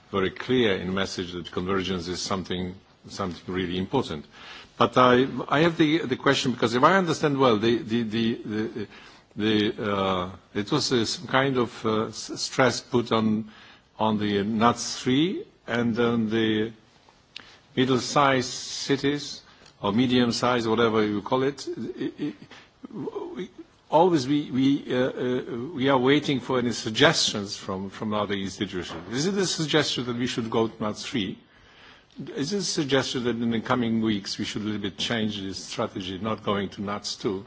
very clear in message that convergence is something, something really important. But I, I have the, the question because if I understand well, the, the, the, the, the, uh, it was a, uh, some kind of uh, stress put on, on the NUTS 3 and on the middle-sized cities or medium-sized, whatever you call it. it, it always we, we, uh, uh, we are waiting for any suggestions from, from other institutions. Is it a suggestion that we should go to Nord three? Is it a suggestion that in the coming weeks we should a little bit change this strategy, not going to NUTS 2,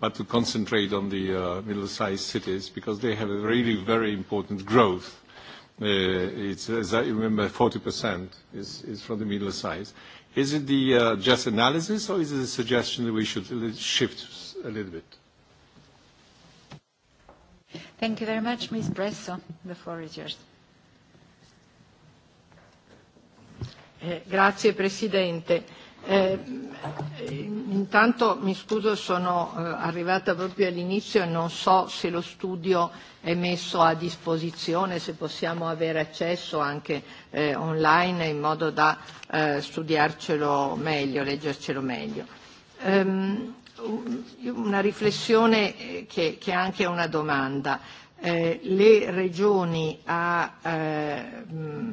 but to concentrate on the uh, middle-sized cities because they have a really very important growth. Uh, it's, as I remember, 40% is, is from the middle size. Is it the uh, just analysis or is it a suggestion that we should shift a little bit. Thank you very much. Ms. Bresso, the floor is yours. Eh, grazie Presidente. Eh, intanto mi scuso, sono eh, arrivata proprio all'inizio e non so se lo studio è messo a disposizione, se possiamo avere accesso anche eh, online in modo da eh, studiarcelo meglio, leggercelo meglio. Eh, una riflessione eh, che, che è anche una domanda. Eh, le regioni a eh, mm,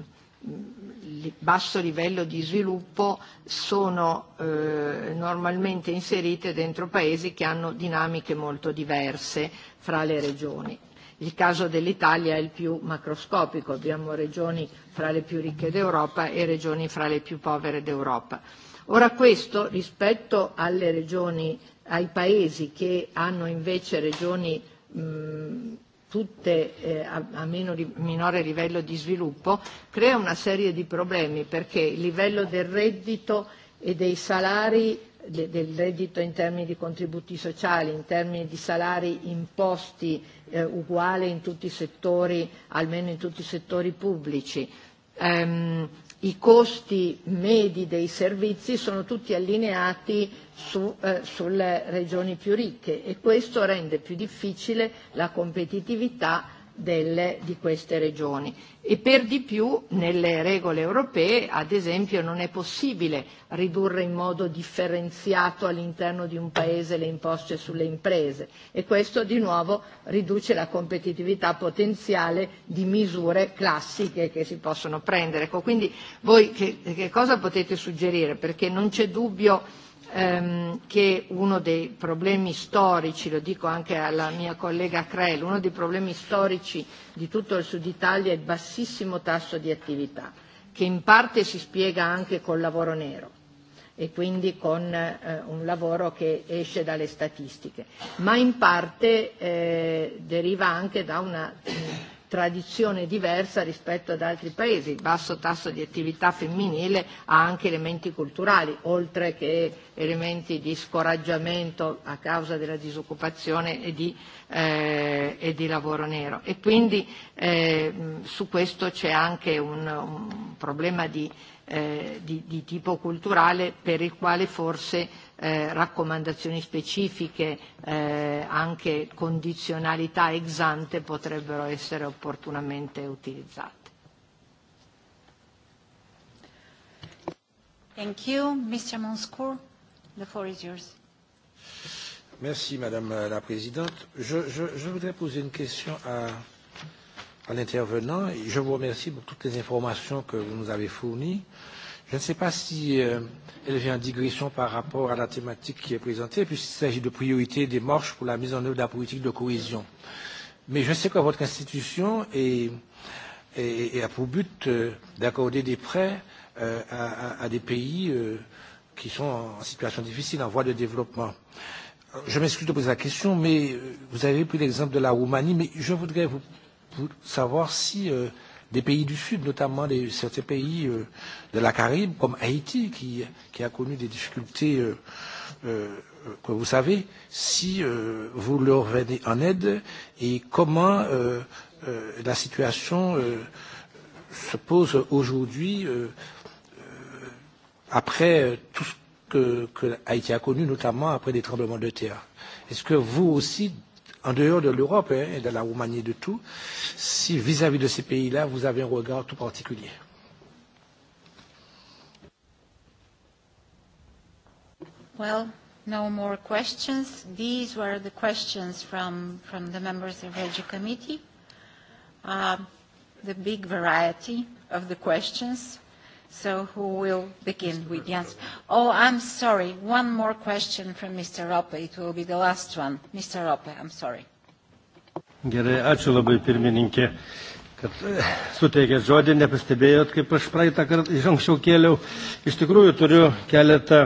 basso livello di sviluppo sono eh, normalmente inserite dentro paesi che hanno dinamiche molto diverse fra le regioni. Il caso dell'Italia è il più macroscopico, abbiamo regioni fra le più ricche d'Europa e regioni fra le più povere d'Europa. Ora questo rispetto alle regioni ai paesi che hanno invece regioni mh, tutte eh, a, a meno, minore livello di sviluppo, crea una serie di problemi perché il livello del reddito e dei salari del reddito in termini di contributi sociali, in termini di salari imposti eh, uguale in tutti i settori, almeno in tutti i settori pubblici, ehm, i costi medi dei servizi sono tutti allineati su, eh, sulle regioni più ricche e questo rende più difficile la competitività delle, di queste regioni e per di più nelle regole europee ad esempio non è possibile ridurre in modo differenziato all'interno di un paese le imposte sulle imprese e questo di nuovo riduce la competitività potenziale di misure classiche che si possono prendere. Ecco, quindi voi che, che cosa potete suggerire? Perché non c'è dubbio ehm, che uno dei problemi storici, lo dico anche alla mia collega Creel, uno dei problemi storici di tutto il Sud Italia è il bassissimo tasso di attività, che in parte si spiega anche col lavoro nero e quindi con eh, un lavoro che esce dalle statistiche, ma in parte eh, deriva anche da una tradizione diversa rispetto ad altri paesi. Il basso tasso di attività femminile ha anche elementi culturali, oltre che elementi di scoraggiamento a causa della disoccupazione e di, eh, e di lavoro nero. E quindi eh, su questo c'è anche un, un problema di, eh, di, di tipo culturale per il quale forse Eh, raccomandazioni specifiche, eh, anche condizionalità ex ante potrebbero essere opportunamente utilizzate. Thank you. Mr. Monscourt, the floor is yours. Merci, Madame la Présidente. Je, je, je voudrais poser une question à, à l'intervenant. Je vous remercie pour toutes les informations que vous nous avez fournies. Je ne sais pas si euh, elle vient en digression par rapport à la thématique qui est présentée, puisqu'il s'agit de priorités des marches pour la mise en œuvre de la politique de cohésion. Mais je sais que votre institution est, est, est a pour but euh, d'accorder des prêts euh, à, à, à des pays euh, qui sont en situation difficile, en voie de développement. Je m'excuse de poser la question, mais euh, vous avez pris l'exemple de la Roumanie, mais je voudrais vous, vous savoir si euh, des pays du Sud, notamment des, certains pays euh, de la Caraïbe, comme Haïti, qui, qui a connu des difficultés euh, euh, euh, que vous savez, si euh, vous leur venez en aide et comment euh, euh, la situation euh, se pose aujourd'hui euh, euh, après euh, tout ce que, que Haïti a connu, notamment après des tremblements de terre. Est-ce que vous aussi, en dehors de l'Europe hein, et de la Roumanie de tout, si vis-à-vis -vis de ces pays-là, vous avez un regard tout particulier Well, no more questions. These were the questions from, from the members of the Regi Committee. Uh, the big variety of the questions. So who will begin with Jens? Oh, I'm sorry. One more question from Mr. Rope. It will be the last one. Mr. Rope, I'm sorry. Gerai, ačiū labai pirmininkė, kad e, suteikė žodį, nepastebėjot, kaip aš praeitą kartą iš anksčiau kėliau. Iš tikrųjų turiu keletą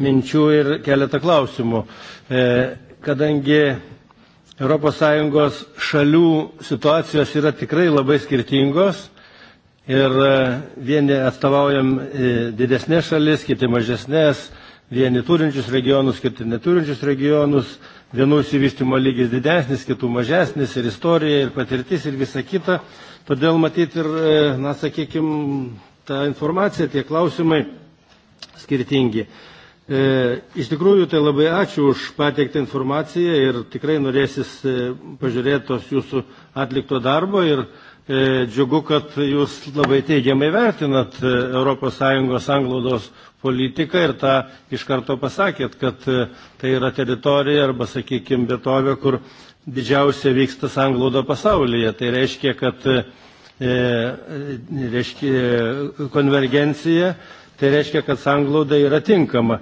minčių ir keletą klausimų. E, kadangi ES šalių situacijos yra tikrai labai skirtingos, Ir e, vieni atstovaujam e, didesnės šalis, kiti mažesnės, vieni turinčius regionus, kiti neturinčius regionus, vienų įsivystimo lygis didesnis, kitų mažesnis, ir istorija, ir patirtis, ir visa kita. Todėl matyti ir, e, na, sakykime, ta informacija, tie klausimai skirtingi. iš tikrųjų, tai labai ačiū už pateiktą informaciją ir tikrai norėsis pažiūrėti tos jūsų atlikto darbo ir E, džiugu, kad jūs labai teigiamai vertinat ES anglaudos politiką ir tą iš karto pasakėt, kad e, tai yra teritorija arba, sakykime, vietovė, kur didžiausia vyksta sanglauda pasaulyje. Tai reiškia, kad e, reiškia, konvergencija, tai reiškia, kad sanglauda yra tinkama.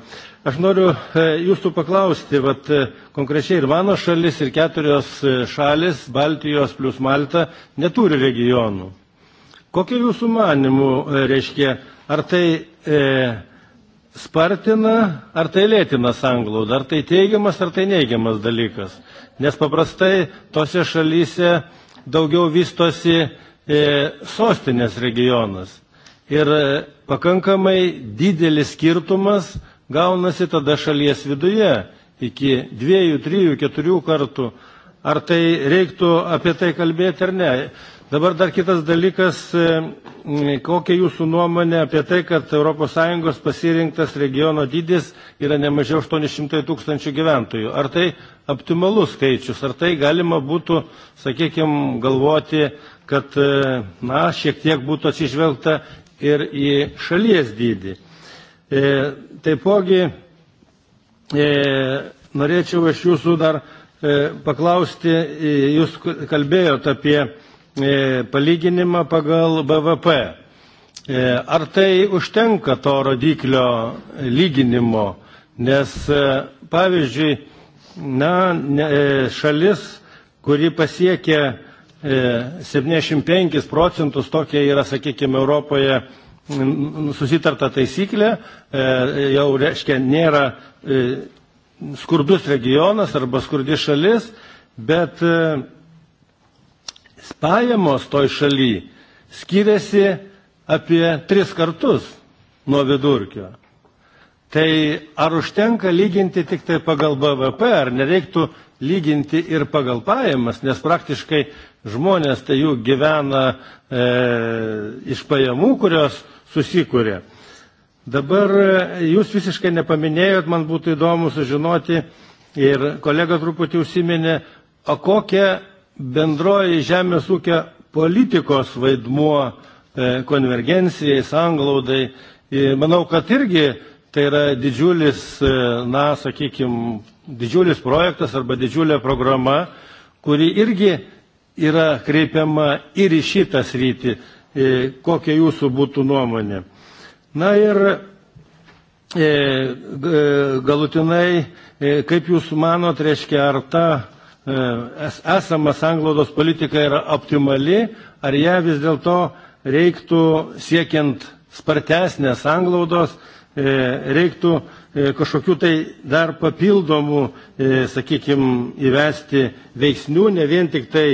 Aš noriu e, jūsų paklausti, vat, e, konkrečiai ir mano šalis, ir keturios e, šalis, Baltijos plus Malta, neturi regionų. Kokia jūsų manimų reiškia, ar tai e, spartina, ar tai lėtina sanglaudą, ar tai teigiamas, ar tai neigiamas dalykas. Nes paprastai tose šalyse daugiau vystosi e, sostinės regionas. Ir pakankamai didelis skirtumas gaunasi tada šalies viduje iki dviejų, trijų, keturių kartų. Ar tai reiktų apie tai kalbėti ar ne? Dabar dar kitas dalykas, e, kokia jūsų nuomonė apie tai, kad ES pasirinktas regiono dydis yra ne mažiau 800 tūkstančių gyventojų. Ar tai optimalus skaičius, ar tai galima būtų, sakykime, galvoti, kad e, na, šiek tiek būtų atsižvelgta ir į šalies dydį. E, Taipogi e, norėčiau iš jūsų dar e, paklausti, e, jūs kalbėjote apie e, palyginimą pagal BVP. E, ar tai užtenka to rodiklio lyginimo? Nes e, pavyzdžiui, na, ne, e, šalis, kuri pasiekė 75 e, procentus, tokia yra, sakykime, Europoje susitarta taisyklė jau reiškia nėra skurdus regionas arba skurdi šalis, bet pajamos toj šaly skiriasi apie tris kartus nuo vidurkio. Tai ar užtenka lyginti tik tai pagal BVP, ar nereiktų lyginti ir pagal pajamas, nes praktiškai žmonės tai jų gyvena e, iš pajamų, kurios susikuria. Dabar e, jūs visiškai nepaminėjot, man būtų įdomu sužinoti ir kolega truputį užsiminė, o kokia bendroji žemės ūkio politikos vaidmuo e, konvergencijai, sanglaudai. E, manau, kad irgi tai yra didžiulis, na, sakykime, didžiulis projektas arba didžiulė programa, kuri irgi yra kreipiama ir į šitą sritį kokia jūsų būtų nuomonė. Na ir galutinai, kaip jūs manot, reiškia, ar ta esama sanglaudos politika yra optimali, ar ją vis dėlto reiktų siekiant spartesnės sanglaudos, reiktų kažkokių tai dar papildomų, sakykime, įvesti veiksnių, ne vien tik tai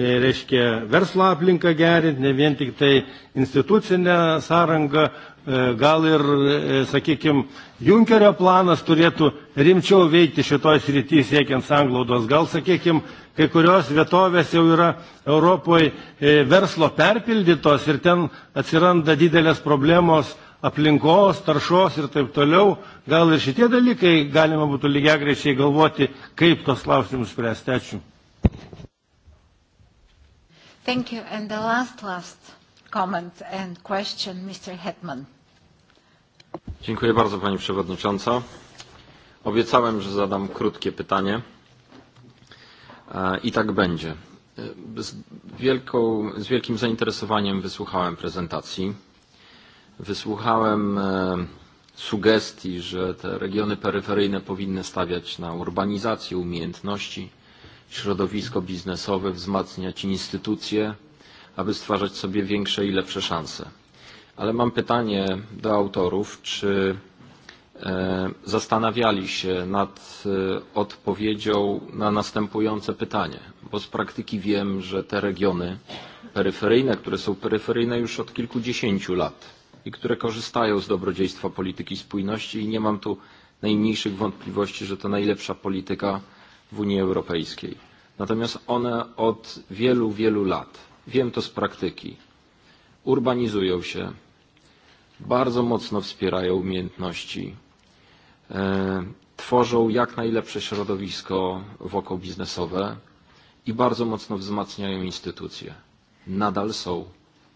reiškia verslo aplinką gerinti, ne vien tik tai institucinę sąrangą, e, gal ir, e, sakykime, Junkerio planas turėtų rimčiau veikti šitoj srity siekiant sanglaudos. Gal, sakykime, kai kurios vietovės jau yra Europoje verslo perpildytos ir ten atsiranda didelės problemos aplinkos, taršos ir taip toliau. Gal ir šitie dalykai galima būtų lygiagrečiai galvoti, kaip tos klausimus spręsti. Ačiū. Thank you. And the last, last comment and question, Mr. Hetman. Dziękuję bardzo, Pani Przewodnicząca. Obiecałem, że zadam krótkie pytanie e, i tak będzie. E, z, wielką, z wielkim zainteresowaniem wysłuchałem prezentacji. Wysłuchałem e, sugestii, że te regiony peryferyjne powinny stawiać na urbanizację, umiejętności, środowisko biznesowe, wzmacniać instytucje, aby stwarzać sobie większe i lepsze szanse. Ale mam pytanie do autorów, czy e, zastanawiali się nad e, odpowiedzią na następujące pytanie, bo z praktyki wiem, że te regiony peryferyjne, które są peryferyjne już od kilkudziesięciu lat i które korzystają z dobrodziejstwa polityki spójności i nie mam tu najmniejszych wątpliwości, że to najlepsza polityka w Unii Europejskiej. Natomiast one od wielu, wielu lat, wiem to z praktyki, urbanizują się, bardzo mocno wspierają umiejętności, e, tworzą jak najlepsze środowisko wokół biznesowe i bardzo mocno wzmacniają instytucje. Nadal są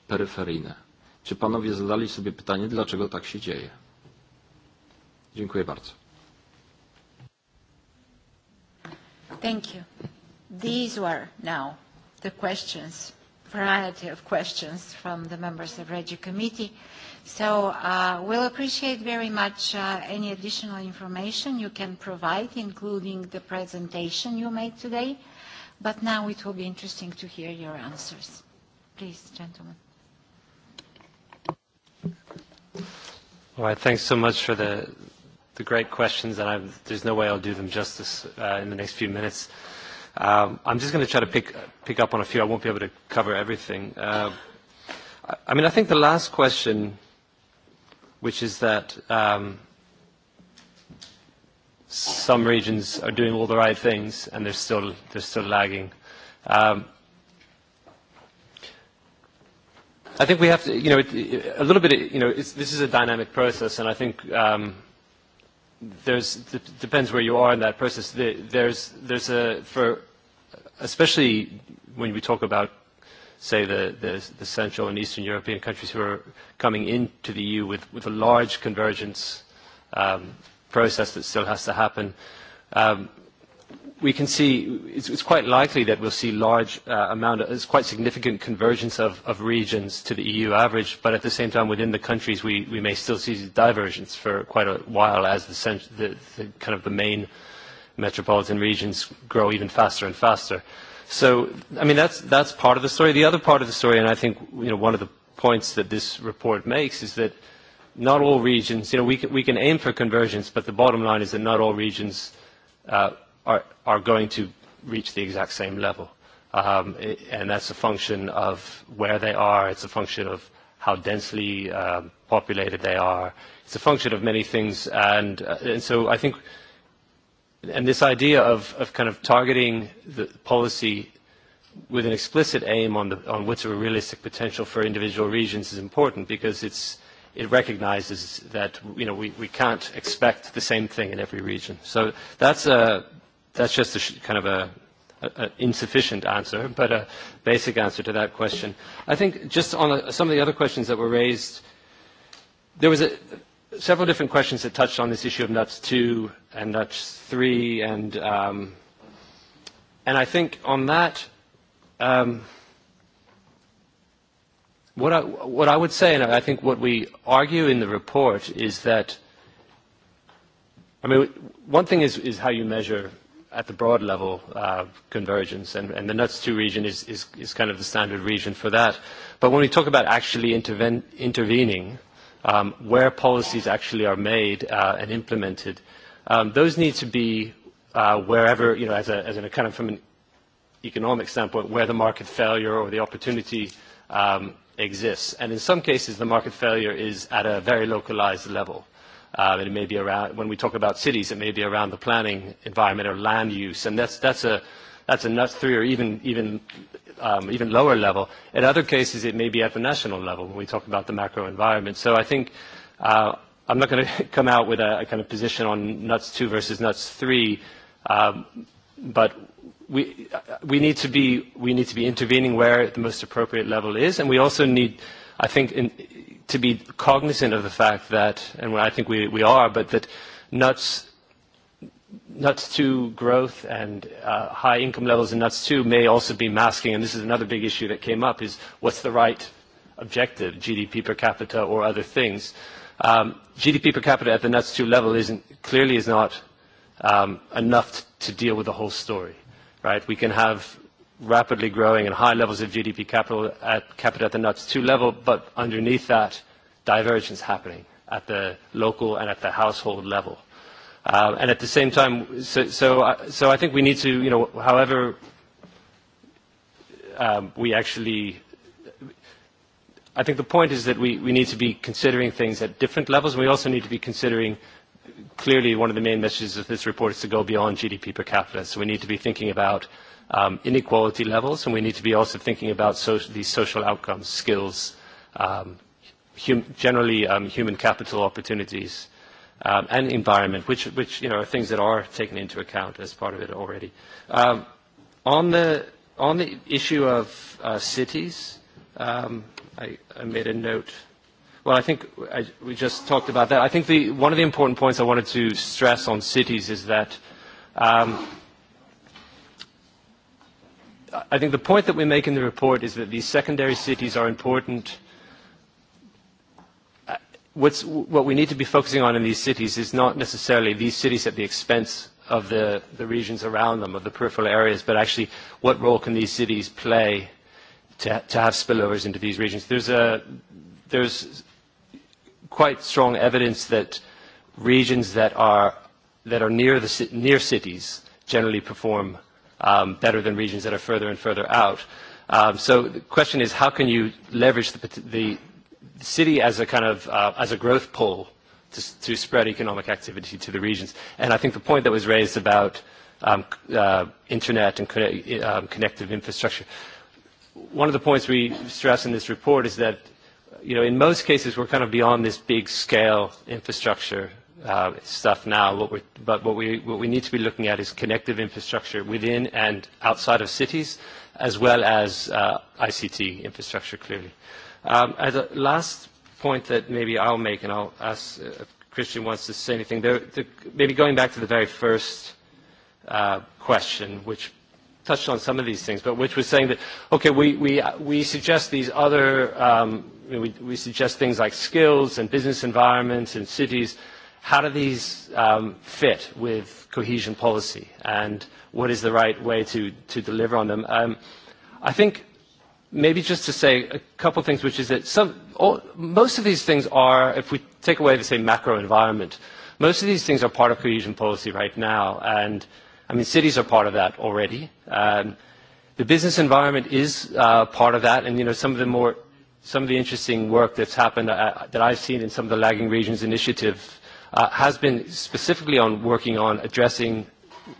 peryferyjne. Czy panowie zadali sobie pytanie, dlaczego tak się dzieje? Dziękuję bardzo. Thank you. These were now the questions, variety of questions from the members of Regi Committee. So uh, we'll appreciate very much uh, any additional information you can provide, including the presentation you made today. But now it will be interesting to hear your answers. Please, gentlemen. All right, thanks so much for the, the great questions, and I'm, there's no way I'll do them justice uh, in the next few minutes. Um, I'm just going to try to pick, pick up on a few. I won't be able to cover everything. Uh, I, I mean, I think the last question, which is that um, some regions are doing all the right things and they're still, they're still lagging. Um, I think we have to, you know, it, a little bit, you know, it's, this is a dynamic process, and I think um, there's d depends where you are in that process. there's there's a for especially when we talk about say the, the the Central and Eastern European countries who are coming into the EU with with a large convergence um, process that still has to happen. Um, we can see it's, it's quite likely that we'll see large uh, amount, of, it's quite significant convergence of, of regions to the EU average, but at the same time within the countries we, we may still see divergence for quite a while as the, cent the, the kind of the main metropolitan regions grow even faster and faster. So, I mean, that's, that's part of the story. The other part of the story, and I think you know, one of the points that this report makes is that not all regions, you know, we can, we can aim for convergence, but the bottom line is that not all regions uh, are, are going to reach the exact same level. Um, it, and that's a function of where they are. It's a function of how densely um, populated they are. It's a function of many things. And, uh, and so I think, and this idea of, of kind of targeting the policy with an explicit aim on, the, on what's a realistic potential for individual regions is important because it's, it recognizes that you know, we, we can't expect the same thing in every region. So that's a, that's just a sh kind of a, a insufficient answer, but a basic answer to that question. I think just on a, some of the other questions that were raised, there was a, several different questions that touched on this issue of NUTS two and NUTS three and, um, and I think on that, um, what, I, what I would say, and I think what we argue in the report, is that, I mean, one thing is, is how you measure at the broad level uh, convergence, and, and the NUTS 2 region is, is, is kind of the standard region for that. But when we talk about actually interven- intervening, um, where policies actually are made uh, and implemented, um, those need to be uh, wherever, you know, as, a, as an, kind of from an economic standpoint, where the market failure or the opportunity um, exists. And in some cases, the market failure is at a very localized level. Uh, it may be around, when we talk about cities, it may be around the planning environment or land use. And that's, that's a, that's a nut three or even, even, um, even lower level. In other cases, it may be at the national level when we talk about the macro environment. So I think uh, I'm not going to come out with a, a kind of position on nuts two versus nuts three, um, but we, we, need to be, we need to be intervening where the most appropriate level is, and we also need, I think, in, to be cognizant of the fact that, and I think we, we are, but that nuts, nuts to growth and uh, high income levels in nuts two may also be masking, and this is another big issue that came up, is what's the right objective, GDP per capita or other things. Um, GDP per capita at the nuts two level isn't, clearly is not um, enough to deal with the whole story, right? We can have rapidly growing and high levels of GDP capital at capital at the nuts two level, but underneath that, divergence happening at the local and at the household level. Uh, and at the same time, so, so, I, uh, so I think we need to, you know, however um, we actually, I think the point is that we, we need to be considering things at different levels, and we also need to be considering clearly one of the main messages of this report is to go beyond GDP per capita. So we need to be thinking about um, inequality levels, and we need to be also thinking about so these social outcomes, skills, um, hum generally um, human capital opportunities, um, and environment, which, which you know, are things that are taken into account as part of it already. Um, on, the, on the issue of uh, cities, um, I, I made a note. Well, I think I, we just talked about that. I think the, one of the important points I wanted to stress on cities is that um, i think the point that we make in the report is that these secondary cities are important. Uh, what's, what we need to be focusing on in these cities is not necessarily these cities at the expense of the, the regions around them, of the peripheral areas, but actually what role can these cities play to, to have spillovers into these regions. There's, a, there's quite strong evidence that regions that are, that are near, the, near cities generally perform – um, better than regions that are further and further out. Um, so the question is, how can you leverage the, the city as a kind of uh, as a growth pole to, to spread economic activity to the regions? And I think the point that was raised about um, uh, internet and conne- um, connective infrastructure. One of the points we stress in this report is that, you know, in most cases we're kind of beyond this big scale infrastructure uh, stuff now, what we're, but what we, what we need to be looking at is connective infrastructure within and outside of cities, as well as uh, ICT infrastructure, clearly. Um, as a last point that maybe I'll make, and I'll ask uh, if Christian wants to say anything, there, the, maybe going back to the very first uh, question, which touched on some of these things, but which was saying that, okay, we, we, we suggest these other, um, we, we suggest things like skills and business environments and cities, how do these um, fit with cohesion policy and what is the right way to, to deliver on them? Um, I think maybe just to say a couple of things, which is that some, all, most of these things are, if we take away the, say, macro environment, most of these things are part of cohesion policy right now. And, I mean, cities are part of that already. Um, the business environment is uh, part of that. And, you know, some of the more, some of the interesting work that's happened uh, that I've seen in some of the lagging regions initiative uh, has been specifically on working on addressing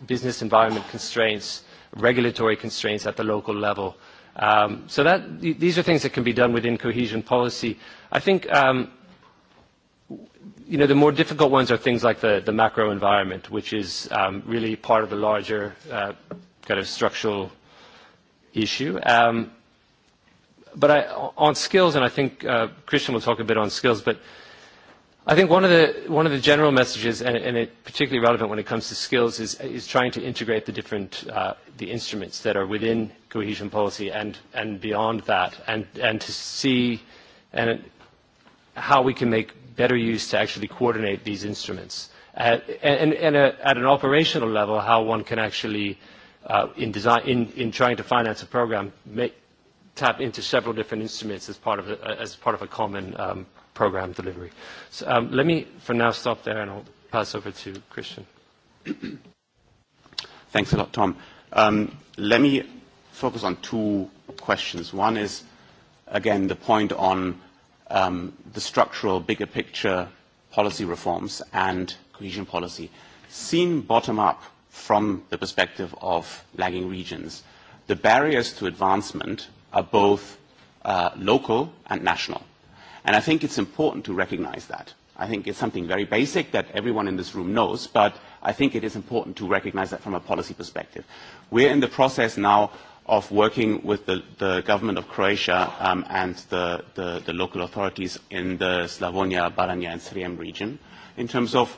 business environment constraints, regulatory constraints at the local level. Um, so that, these are things that can be done within cohesion policy. I think um, you know, the more difficult ones are things like the, the macro environment, which is um, really part of the larger uh, kind of structural issue. Um, but I, on skills, and I think uh, Christian will talk a bit on skills, but i think one of the, one of the general messages, and, and it particularly relevant when it comes to skills, is, is trying to integrate the different uh, the instruments that are within cohesion policy and, and beyond that, and, and to see and how we can make better use to actually coordinate these instruments. Uh, and and a, uh, at an operational level, how one can actually, uh, in, design, in, in trying to finance a program, make, tap into several different instruments as part of a, as part of a common um, program delivery. So, um, let me for now stop there and I'll pass over to Christian. Thanks a lot, Tom. Um, let me focus on two questions. One is, again, the point on um, the structural, bigger picture policy reforms and cohesion policy. Seen bottom up from the perspective of lagging regions, the barriers to advancement are both uh, local and national. And I think it's important to recognize that. I think it's something very basic that everyone in this room knows, but I think it is important to recognize that from a policy perspective. We're in the process now of working with the, the government of Croatia um, and the, the, the local authorities in the Slavonia, Balanya and Srijem region in terms of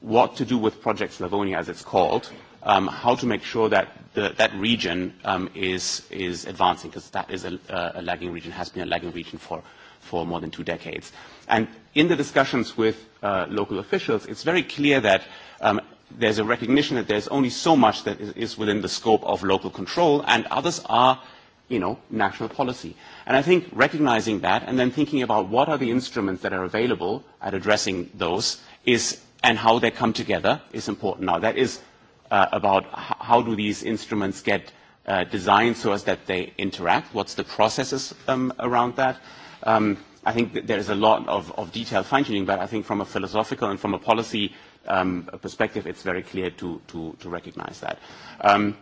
what to do with Project Slavonia, as it's called, um, how to make sure that the, that region um, is, is advancing, because that is a, a lagging region, has been a lagging region for for more than two decades. And in the discussions with uh, local officials, it's very clear that um, there's a recognition that there's only so much that is, is within the scope of local control, and others are, you know, national policy. And I think recognizing that and then thinking about what are the instruments that are available at addressing those is and how they come together is important. Now, that is uh, about how do these instruments get uh, designed so as that they interact, what's the processes um, around that, Um, I think that there is a lot of, of detailed fine-tuning, but I think from a philosophical and from a policy um, perspective, it's very clear to, to, to recognize that. Um,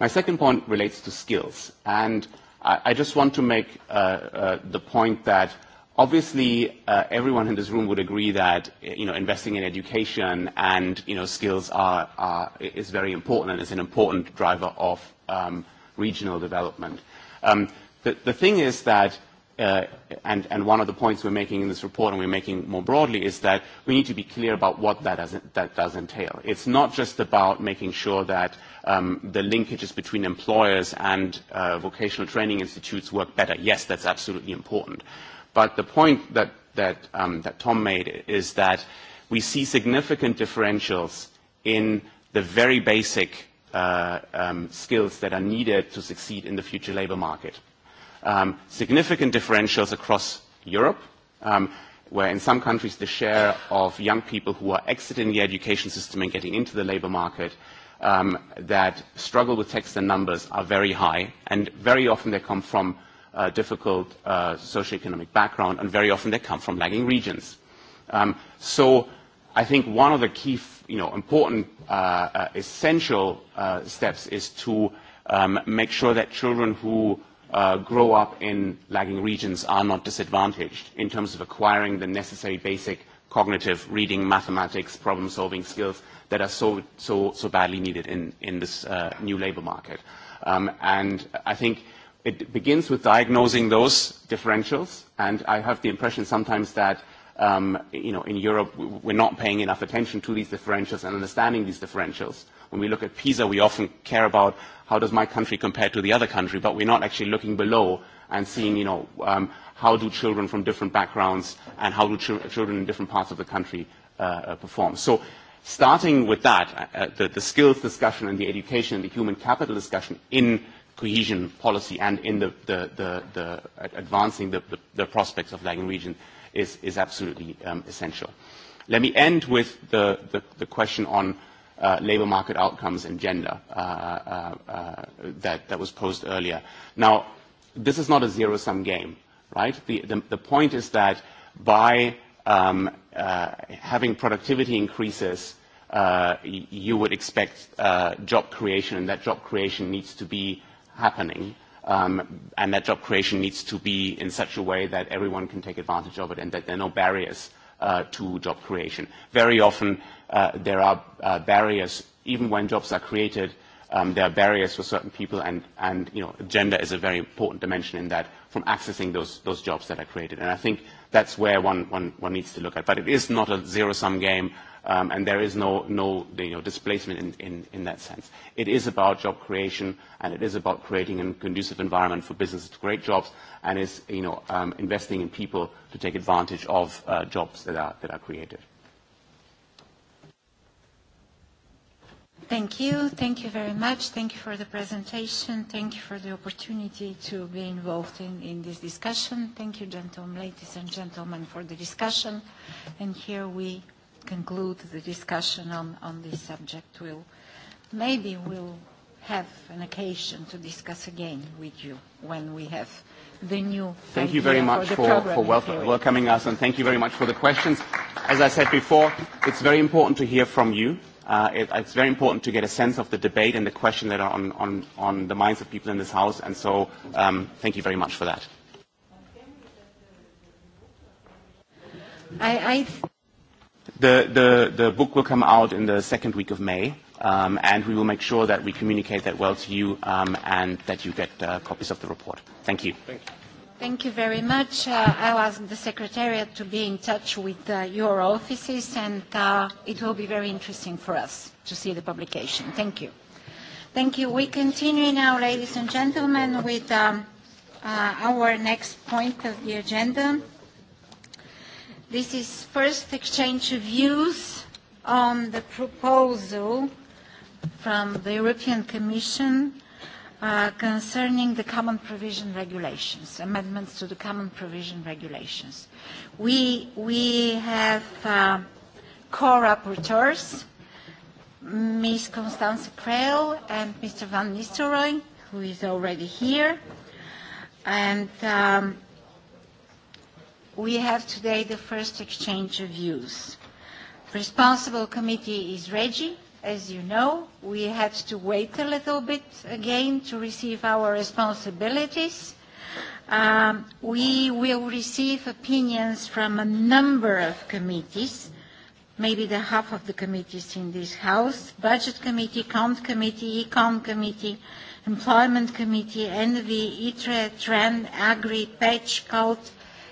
my second point relates to skills, and I, I just want to make uh, uh, the point that obviously uh, everyone in this room would agree that you know investing in education and you know skills are, are is very important and is an important driver of um, regional development. Um, the, the thing is that uh, and, and one of the points we're making in this report and we're making more broadly is that we need to be clear about what that does, that does entail. It's not just about making sure that um, the linkages between employers and uh, vocational training institutes work better. Yes, that's absolutely important. But the point that, that, um, that Tom made is that we see significant differentials in the very basic uh, um, skills that are needed to succeed in the future labor market um, significant differentials across Europe, um, where in some countries the share of young people who are exiting the education system and getting into the labor market um, that struggle with text and numbers are very high, and very often they come from uh, difficult uh, socioeconomic background, and very often they come from lagging regions. Um, so I think one of the key, f you know, important uh, uh, essential uh, steps is to um, make sure that children who uh, grow up in lagging regions are not disadvantaged in terms of acquiring the necessary basic cognitive reading, mathematics, problem-solving skills that are so, so, so badly needed in, in this uh, new labor market. Um, and I think it begins with diagnosing those differentials, and I have the impression sometimes that um, you know, in Europe, we're not paying enough attention to these differentials and understanding these differentials. When we look at PISA, we often care about how does my country compare to the other country, but we're not actually looking below and seeing, you know, um, how do children from different backgrounds and how do ch- children in different parts of the country uh, uh, perform. So starting with that, uh, uh the, the skills discussion and the education and the human capital discussion in cohesion policy and in the, the, the, the advancing the, the, the prospects of lagging region is, is absolutely um, essential. Let me end with the, the, the question on uh, labor market outcomes and gender uh, uh, uh, that, that was posed earlier. Now, this is not a zero-sum game, right? The, the, the point is that by um, uh, having productivity increases, uh, you would expect uh, job creation, and that job creation needs to be happening. Um, and that job creation needs to be in such a way that everyone can take advantage of it and that there are no barriers uh, to job creation. Very often, uh, there are uh, barriers, even when jobs are created, um, there are barriers for certain people, and, and you know, gender is a very important dimension in that from accessing those, those jobs that are created. And I think that's where one, one, one needs to look at. But it is not a zero-sum game, um, and there is no, no you know, displacement in, in, in that sense. It is about job creation, and it is about creating a conducive environment for businesses to create jobs, and is you know, um, investing in people to take advantage of uh, jobs that are, that are created. Thank you. Thank you very much. Thank you for the presentation. Thank you for the opportunity to be involved in, in this discussion. Thank you, gentlemen, ladies and gentlemen, for the discussion. And here we conclude the discussion on, on this subject. We'll, maybe we'll have an occasion to discuss again with you when we have the new Thank you very much for, for, for welcome, welcoming us and thank you very much for the questions. As I said before, it's very important to hear from you. Uh, it, it's very important to get a sense of the debate and the questions that are on, on, on the minds of people in this House, and so um, thank you very much for that. I, I The, the, the book will come out in the second week of May, um, and we will make sure that we communicate that well to you um, and that you get uh, copies of the report. Thank you. Thank you. Thank you very much. Uh, I'll ask the Secretariat to be in touch with uh, your offices, and uh, it will be very interesting for us to see the publication. Thank you. Thank you. We continue now, ladies and gentlemen, with um, uh, our next point of the agenda. This is first exchange of views on the proposal from the European Commission uh, concerning the Common Provision Regulations, amendments to the Common Provision Regulations. We, we have uh, co-rapporteurs, Ms. Constanze Krell and Mr. Van Nistelrooy, who is already here. And um, we have today the first exchange of views. Responsible committee is ready, As you know, we had to wait a little bit again to receive our responsibilities. Um, we will receive opinions from a number of committees, maybe the half of the committees in this House, Budget Committee, Comp Committee, Econ Committee, Employment Committee, Envy, ITRE, TRAN, e AGRI, PETCH, COLT,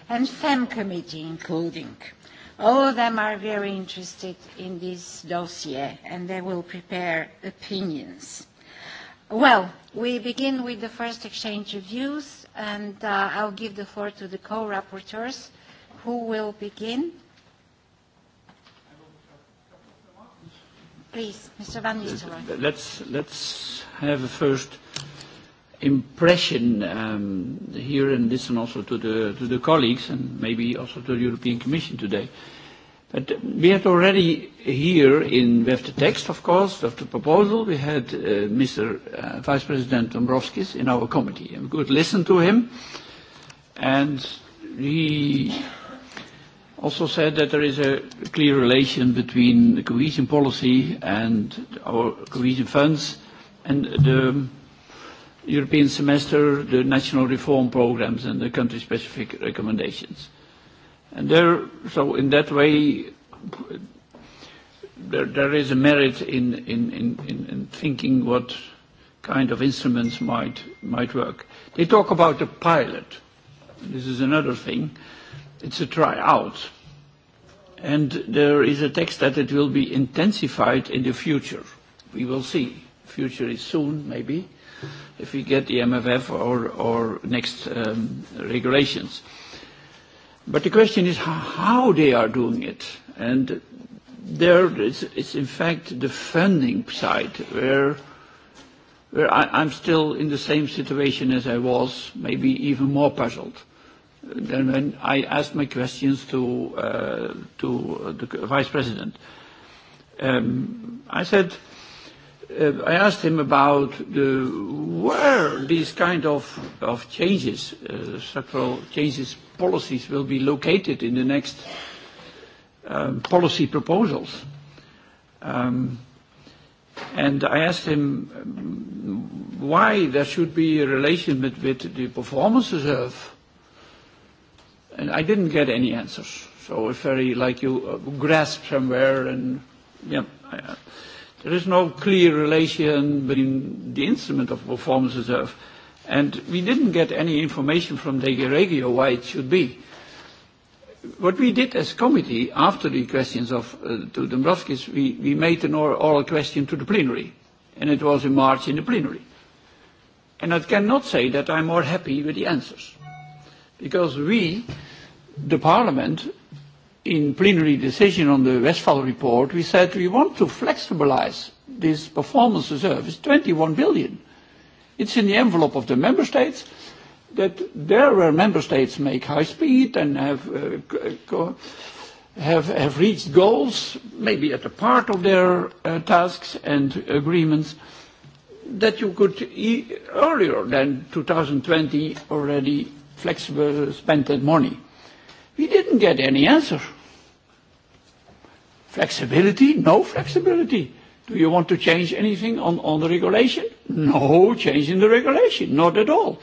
and FEM committee including. All of them are very interested in this dossier and they will prepare opinions. Well, we begin with the first exchange of views and uh, I'll give the floor to the co-rapporteurs who will begin. Please, Mr. Van Nistelrooy. Let's, let's have a first impression um, here and listen also to the, to the colleagues and maybe also to the European Commission today. But we had already here in, we have the text, of course, we have the proposal. We had uh, Mr. Uh, Vice President Dombrovskis in our committee, and we could listen to him. And he also said that there is a clear relation between the cohesion policy and our cohesion funds and the European semester, the national reform programs, and the country-specific recommendations. And there, so in that way, there, there is a merit in, in, in, in, in thinking what kind of instruments might, might work. They talk about a pilot. This is another thing. It's a tryout. And there is a text that it will be intensified in the future. We will see. Future is soon, maybe if we get the MFF or, or next um, regulations. But the question is how they are doing it. And there it's, it's in fact the funding side where, where I, I'm still in the same situation as I was, maybe even more puzzled. Then when I asked my questions to, uh, to the Vice President, um, I said, uh, I asked him about the, where these kind of, of changes, uh, structural changes, policies will be located in the next um, policy proposals. Um, and I asked him um, why there should be a relation with, with the performance reserve. And I didn't get any answers. So it's very like you uh, grasp somewhere and, yeah. I, uh, There is no clear relation between the instrument of performance reserve and we didn't get any information from the Regio why it should be. What we did as committee after the questions of uh, to Dombrovskis, we, we made an oral question to the plenary, and it was in March in the plenary. And I cannot say that I'm more happy with the answers, because we, the Parliament, in plenary decision on the Westphal report, we said we want to flexibilize this performance reserve. It's 21 billion. It's in the envelope of the member states that there where member states make high speed and have, uh, have, have reached goals, maybe at a part of their uh, tasks and agreements, that you could e earlier than 2020 already flexible spend that money. We didn't get any answer. Flexibility? No flexibility. Do you want to change anything on, on the regulation? No change in the regulation, not at all.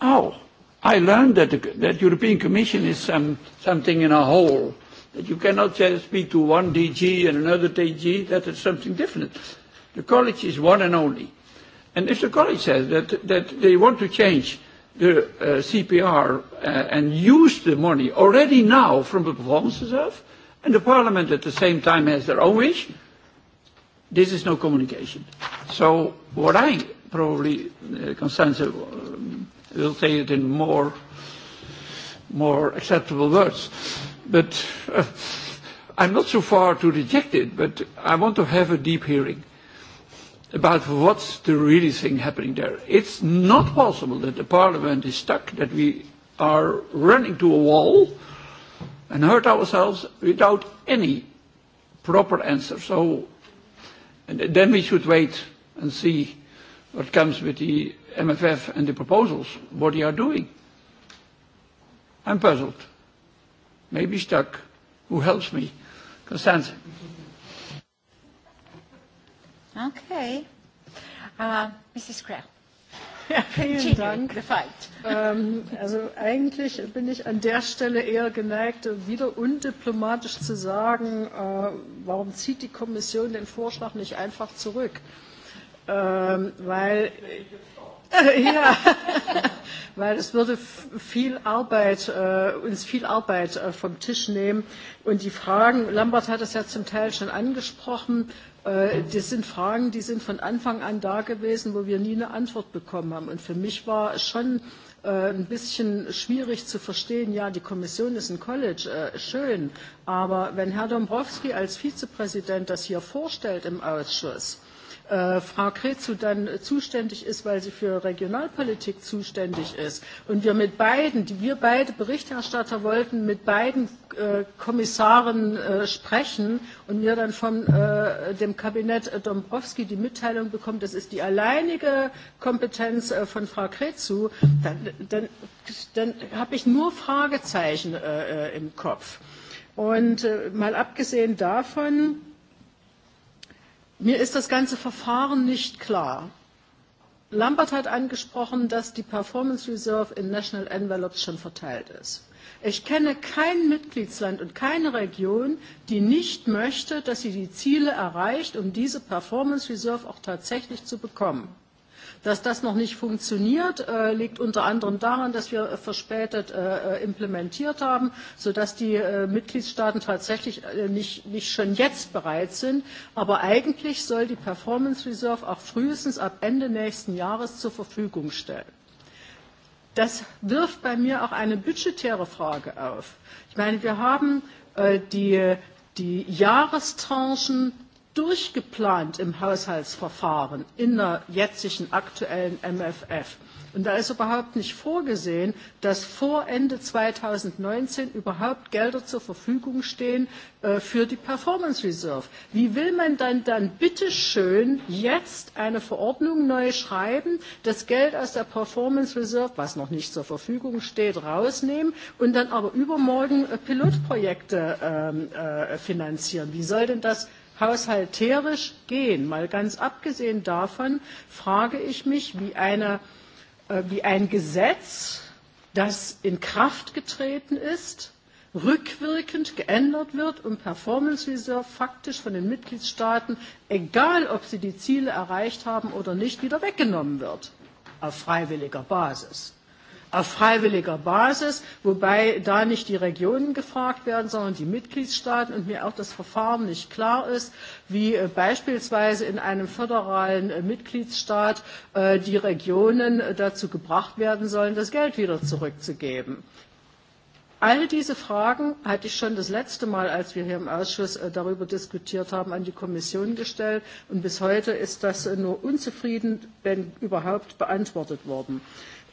Oh, I learned that the that European Commission is some, something in a whole. That you cannot just speak to one DG and another DG, that is something different. The college is one and only. And if the college says that, that they want to change the uh, CPR uh, and use the money already now from the performance reserve, And the parliament at the same time has their own wish. This is no communication. So what I probably, uh, Constanze, um, will say it in more, more acceptable words. But uh, I'm not so far to reject it, but I want to have a deep hearing about what's the really thing happening there. It's not possible that the parliament is stuck, that we are running to a wall, and hurt ourselves without any proper answer. So and then we should wait and see what comes with the MFF and the proposals, what they are doing. I'm puzzled, maybe stuck. Who helps me? Constanze. Okay. Uh, Mrs. Krell vielen Dank. Ähm, also eigentlich bin ich an der Stelle eher geneigt, wieder undiplomatisch zu sagen, äh, warum zieht die Kommission den Vorschlag nicht einfach zurück? Ähm, weil ja, weil es würde viel Arbeit, äh, uns viel Arbeit äh, vom Tisch nehmen. Und die Fragen, Lambert hat es ja zum Teil schon angesprochen, Äh, das sind Fragen, die sind von Anfang an da gewesen, wo wir nie eine Antwort bekommen haben. Und für mich war es schon äh, ein bisschen schwierig zu verstehen, ja, die Kommission ist ein College, äh, schön, aber wenn Herr Dombrovski als Vizepräsident das hier vorstellt im Ausschuss, Äh, Frau Kretzu dann zuständig ist, weil sie für Regionalpolitik zuständig ist und wir mit beiden, die wir beide Berichterstatter wollten, mit beiden äh, Kommissaren äh, sprechen und mir dann von äh, dem Kabinett Dombrovski die Mitteilung bekommt, das ist die alleinige Kompetenz äh, von Frau Kretzu, dann, dann, dann habe ich nur Fragezeichen im Kopf. Und mal abgesehen davon, Mir ist das ganze Verfahren nicht klar. Lambert hat angesprochen, dass die Performance Reserve in National Envelopes schon verteilt ist. Ich kenne kein Mitgliedsland und keine Region, die nicht möchte, dass sie die Ziele erreicht, um diese Performance Reserve auch tatsächlich zu bekommen. Dass das noch nicht funktioniert, äh, liegt unter anderem daran, dass wir verspätet äh, äh, implementiert haben, sodass die Mitgliedstaaten tatsächlich nicht, nicht schon jetzt bereit sind. Aber eigentlich soll die Performance Reserve auch frühestens ab Ende nächsten Jahres zur Verfügung stellen. Das wirft bei mir auch eine budgetäre Frage auf. Ich meine, wir haben die, die Jahrestranchen durchgeplant im Haushaltsverfahren in der jetzigen aktuellen MFF. Und da ist überhaupt nicht vorgesehen, dass vor Ende 2019 überhaupt Gelder zur Verfügung stehen äh, für die Performance Reserve. Wie will man dann, dann bitte schön jetzt eine Verordnung neu schreiben, das Geld aus der Performance Reserve, was noch nicht zur Verfügung steht, rausnehmen und dann aber übermorgen äh, Pilotprojekte ähm, äh, finanzieren? Wie soll denn das haushalterisch gehen? Mal ganz abgesehen davon frage ich mich, wie, eine, äh, wie ein Gesetz, das in Kraft getreten ist, rückwirkend geändert wird und Performance Reserve faktisch von den Mitgliedstaaten, egal ob sie die Ziele erreicht haben oder nicht, wieder weggenommen wird auf freiwilliger Basis auf freiwilliger Basis, wobei da nicht die Regionen gefragt werden, sondern die Mitgliedstaaten und mir auch das Verfahren nicht klar ist, wie äh, beispielsweise in einem föderalen äh, Mitgliedstaat äh, die Regionen dazu gebracht werden sollen, das Geld wieder zurückzugeben. All diese Fragen hatte ich schon das letzte Mal, als wir hier im Ausschuss darüber diskutiert haben, an die Kommission gestellt. Und bis heute ist das nur unzufrieden, wenn überhaupt, beantwortet worden.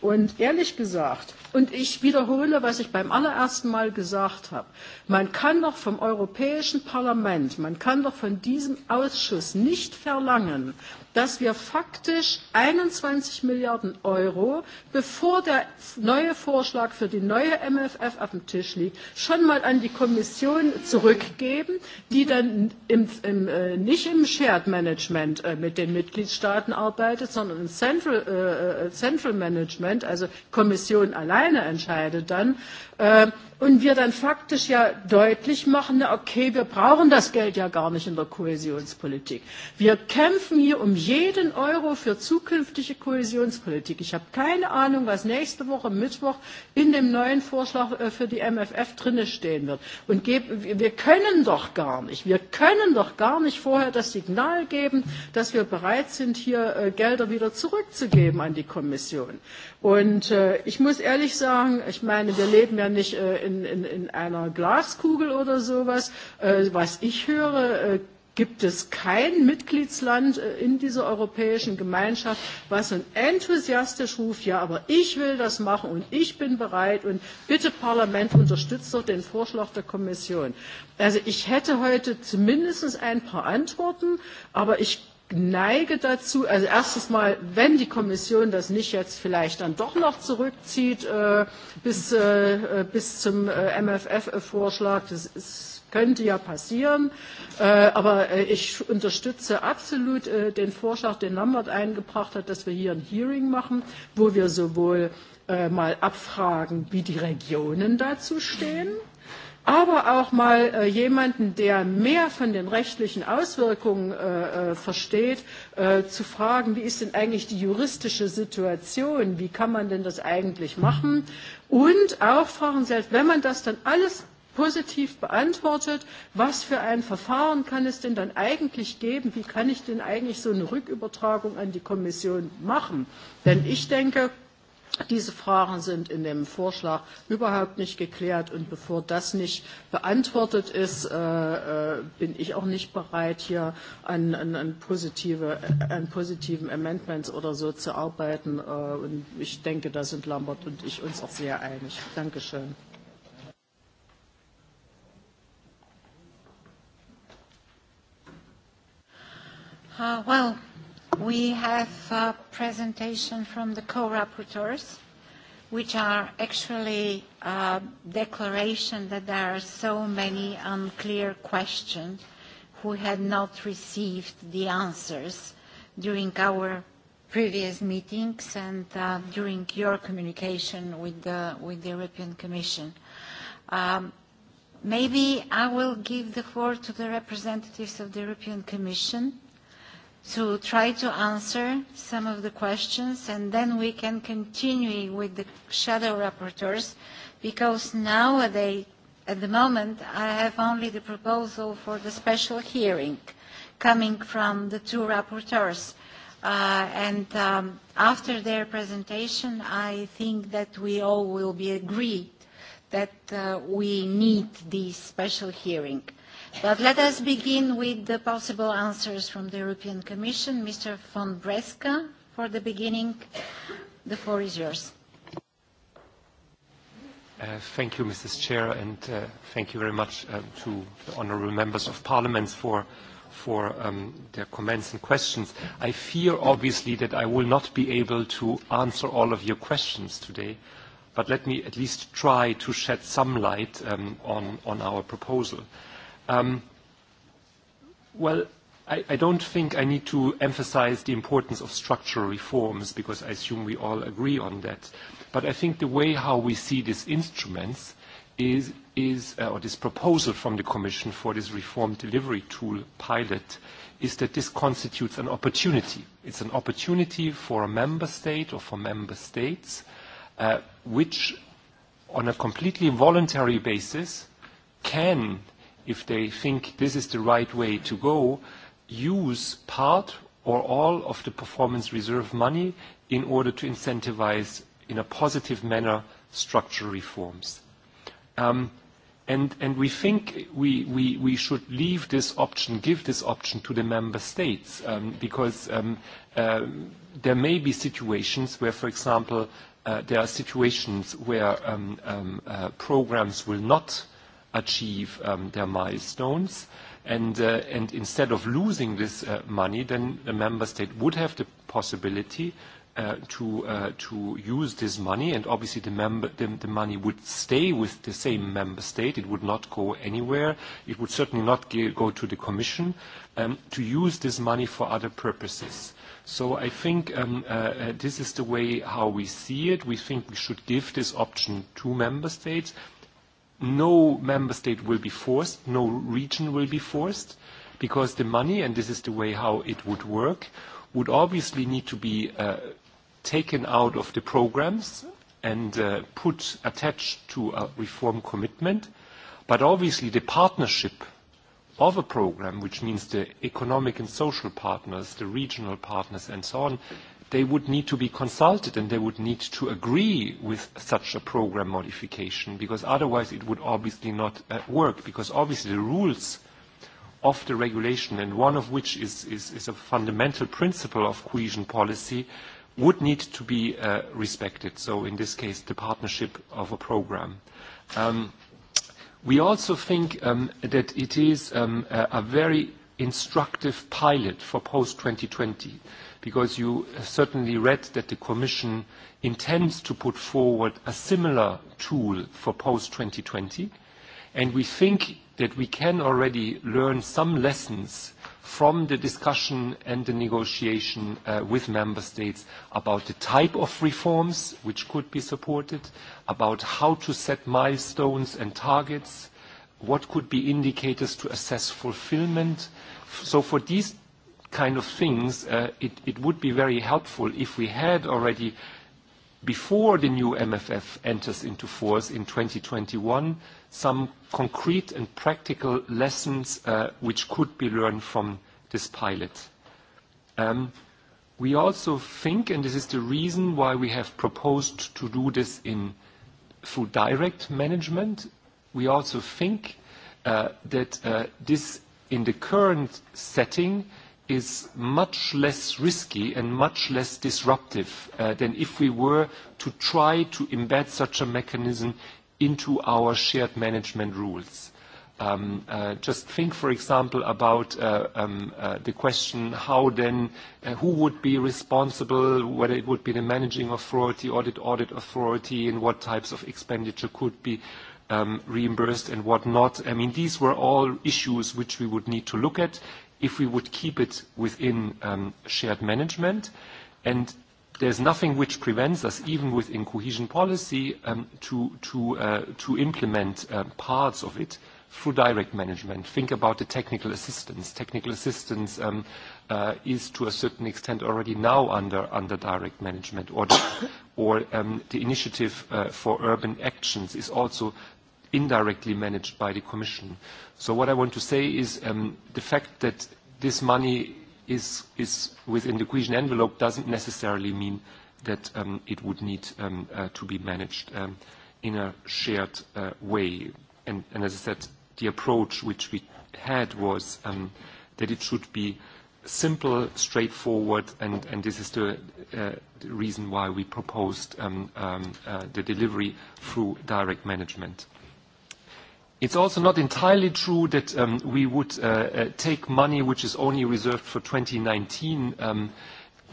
Und ehrlich gesagt, und ich wiederhole, was ich beim allerersten Mal gesagt habe, man kann doch vom Europäischen Parlament, man kann doch von diesem Ausschuss nicht verlangen, dass wir faktisch 21 Milliarden Euro, bevor der neue Vorschlag für die neue MFF auf dem Tisch liegt, schon mal an die Kommission zurückgeben, die dann im, im, äh, nicht im Shared Management äh, mit den Mitgliedstaaten arbeitet, sondern im Central, äh, äh Central Management Parlament, also Kommission alleine entscheidet dann, äh, und wir dann faktisch ja deutlich machen, okay, wir brauchen das Geld ja gar nicht in der Kohäsionspolitik. Wir kämpfen hier um jeden Euro für zukünftige Kohäsionspolitik. Ich habe keine Ahnung, was nächste Woche Mittwoch in dem neuen Vorschlag äh, für die MFF drinne stehen wird. Und wir können doch gar nicht, wir können doch gar nicht vorher das Signal geben, dass wir bereit sind, hier äh, Gelder wieder zurückzugeben an die Kommission. Und äh, ich muss ehrlich sagen, ich meine, wir leben ja nicht in in, in, in einer Glaskugel oder sowas. Äh, was ich höre, äh, gibt es kein Mitgliedsland äh, in dieser europäischen Gemeinschaft, was ein enthusiastisch ruft, ja, aber ich will das machen und ich bin bereit und bitte Parlament unterstützt doch den Vorschlag der Kommission. Also ich hätte heute zumindest ein paar Antworten, aber ich neige dazu, also erstens mal, wenn die Kommission das nicht jetzt vielleicht dann doch noch zurückzieht äh, bis, äh, äh bis zum äh, MFF-Vorschlag, das ist, könnte ja passieren, äh, aber äh, ich unterstütze absolut äh, den Vorschlag, den Lambert eingebracht hat, dass wir hier ein Hearing machen, wo wir sowohl äh, mal abfragen, wie die Regionen dazu stehen, mhm aber auch mal äh, jemanden, der mehr von den rechtlichen Auswirkungen äh, äh, versteht, äh, zu fragen, wie ist denn eigentlich die juristische Situation, wie kann man denn das eigentlich machen und auch fragen, selbst wenn man das dann alles positiv beantwortet, was für ein Verfahren kann es denn dann eigentlich geben, wie kann ich denn eigentlich so eine Rückübertragung an die Kommission machen. Denn ich denke, Diese Fragen sind in dem Vorschlag überhaupt nicht geklärt. Und bevor das nicht beantwortet ist, äh, äh, bin ich auch nicht bereit, hier an, an, an, positive, an positiven Amendments oder so zu arbeiten. Äh, und ich denke, da sind Lambert und ich uns auch sehr einig. Dankeschön. Uh, well, We have a presentation from the co-rapporteurs, which are actually a declaration that there are so many unclear questions who had not received the answers during our previous meetings and uh, during your communication with the, with the European Commission. Um, maybe I will give the floor to the representatives of the European Commission to try to answer some of the questions, and then we can continue with the shadow rapporteurs, because nowadays, at the moment, I have only the proposal for the special hearing coming from the two rapporteurs. Uh, and um, after their presentation, I think that we all will be agreed that uh, we need this special hearing. But let us begin with the possible answers from the European Commission. Mr. von Breska, for the beginning, the floor is yours. Uh, thank you, Mrs. Chair, and uh, thank you very much uh, to the honourable members of Parliament for for um, their comments and questions. I fear, obviously, that I will not be able to answer all of your questions today, but let me at least try to shed some light um, on, on our proposal. Uh, Um, well, I, I don't think I need to emphasize the importance of structural reforms because I assume we all agree on that. But I think the way how we see these instruments is, is uh, or this proposal from the Commission for this reform delivery tool pilot is that this constitutes an opportunity. It's an opportunity for a member state or for member states uh, which on a completely voluntary basis can uh, if they think this is the right way to go, use part or all of the performance reserve money in order to incentivize, in a positive manner, structural reforms. Um, and, and we think we, we, we should leave this option, give this option to the member states, um, because um, uh, there may be situations where, for example, uh, there are situations where um, um, uh, programs will not achieve um, their milestones. And, uh, and instead of losing this uh, money, then the member state would have the possibility uh, to, uh, to use this money, and obviously the, member, the, the money would stay with the same member state. It would not go anywhere. It would certainly not go to the Commission um, to use this money for other purposes. So I think um, uh, uh, this is the way how we see it. We think we should give this option to member states no member state will be forced, no region will be forced, because the money, and this is the way how it would work, would obviously need to be uh, taken out of the programs and uh, put attached to a reform commitment. But obviously the partnership of a program, which means the economic and social partners, the regional partners, and so on, they would need to be consulted and they would need to agree with such a program modification because otherwise it would obviously not uh, work because obviously the rules of the regulation and one of which is, is, is a fundamental principle of cohesion policy would need to be uh, respected. So in this case, the partnership of a program. Um, we also think um, that it is um, a, a very instructive pilot for post-2020 because you certainly read that the Commission intends to put forward a similar tool for post-2020, and we think that we can already learn some lessons from the discussion and the negotiation uh, with member states about the type of reforms which could be supported, about how to set milestones and targets, what could be indicators to assess fulfillment. So for these kind of things, uh, it, it would be very helpful if we had already, before the new MFF enters into force in 2021, some concrete and practical lessons uh, which could be learned from this pilot. Um, we also think, and this is the reason why we have proposed to do this in through direct management, we also think uh, that uh, this, in the current setting, is much less risky and much less disruptive uh, than if we were to try to embed such a mechanism into our shared management rules. Um, uh, just think, for example, about uh, um, the question how then who would be responsible, whether it would be the managing authority or the audit authority, and what types of expenditure could be um, reimbursed and what not. I mean, these were all issues which we would need to look at if we would keep it within um, shared management. And there's nothing which prevents us, even within cohesion policy, um, uh, to, implement uh, parts of it through direct management. Think about the technical assistance. Technical assistance um, uh, is to a certain extent already now under, direct management or, the, initiative for urban actions is also indirectly managed by the Commission. So what I want to say is um, the fact that this money is, is within the cohesion envelope doesn't necessarily mean that um, it would need um, uh, to be managed um, in a shared uh, way. And, and as I said, the approach which we had was um, that it should be simple, straightforward, and, and this is the, uh, the reason why we proposed um, um, uh, the delivery through direct management. It's also not entirely true that um, we would uh, uh, take money which is only reserved for 2019 um,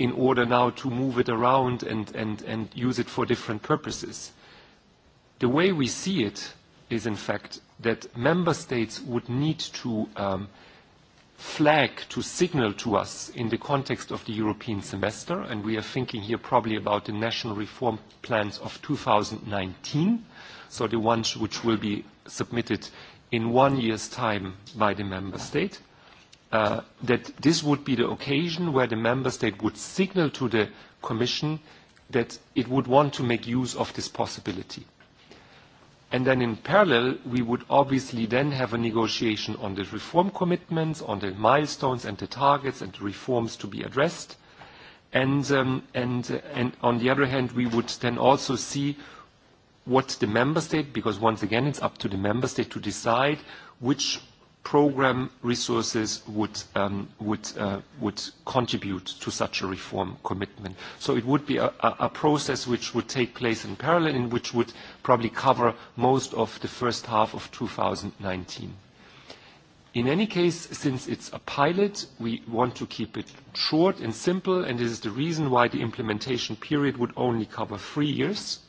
in order now to move it around and, use it for different purposes. The way we see it is, in fact, that member states would need to um, flag, to signal to us in the context of the European semester, and we are thinking here probably about the national reform plans of 2019, so the ones which will be submitted in one year's time by the member state, uh, that this would be the occasion where the member state would signal to the commission that it would want to make use of this possibility. And then in parallel, we would obviously then have a negotiation on the reform commitments, on the milestones and the targets and the reforms to be addressed. And, um, and, uh, and on the other hand, we would then also see what the member state, because once again, it's up to the member state to decide which program resources would, um, would, uh, would contribute to such a reform commitment. So it would be a, a process which would take place in parallel and which would probably cover most of the first half of 2019. In any case, since it's a pilot, we want to keep it short and simple, and this is the reason why the implementation period would only cover three years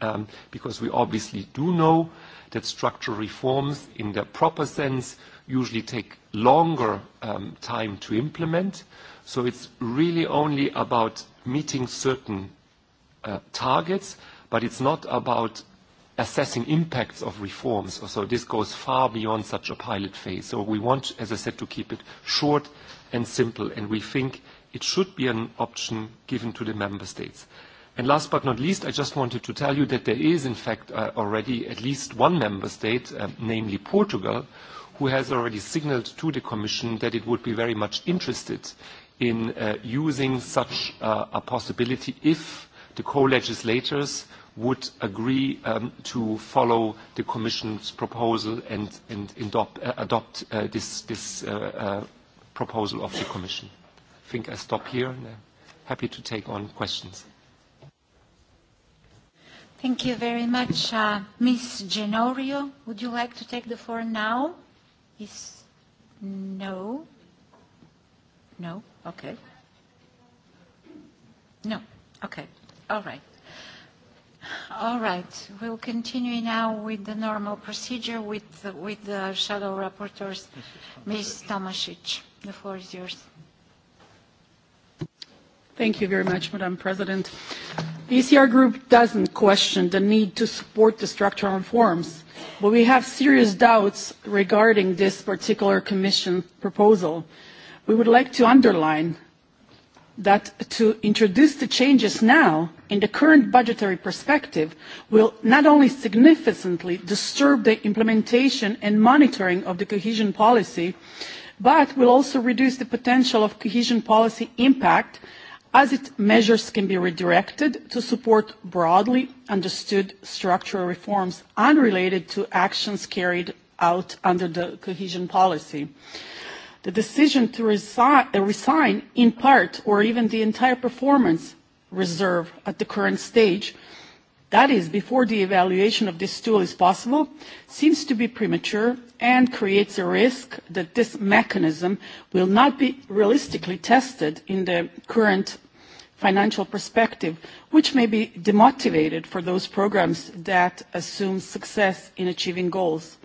um, because we obviously do know that structural reforms in their proper sense usually take longer um, time to implement. So it's really only about meeting certain uh, targets, but it's not about assessing impacts of reforms. So this goes far beyond such a pilot phase. So we want, as I said, to keep it short and simple, and we think it should be an option given to the member states. Last but not least, I just wanted to tell you that there is, in fact, uh, already at least one member state, uh, namely Portugal, who has already signaled to the Commission that it would be very much interested in uh, using such uh, a possibility if the co-legislators would agree um, to follow the Commission's proposal and, and uh, adopt, adopt uh, this, this proposal of the Commission. I think I stop here, and I'm happy to take on questions. Thank you very much. Uh, Ms. Genorio, would you like to take the floor now? Is no? No? Okay. No. Okay. All right. All right. We'll continue now with the normal procedure with with the shadow rapporteurs. Ms. Tomasic, the floor is yours. Thank you very much, Madam President. The ECR Group doesn't question the need to support the structural reforms, but we have serious doubts regarding this particular Commission proposal. We would like to underline that to introduce the changes now in the current budgetary perspective will not only significantly disturb the implementation and monitoring of the cohesion policy, but will also reduce the potential of cohesion policy impact as its measures can be redirected to support broadly understood structural reforms unrelated to actions carried out under the cohesion policy. The decision to resi- uh, resign in part or even the entire performance reserve at the current stage, that is, before the evaluation of this tool is possible, seems to be premature and creates a risk that this mechanism will not be realistically tested in the current financial perspective, which may be demotivated for those programs that assume success in achieving goals.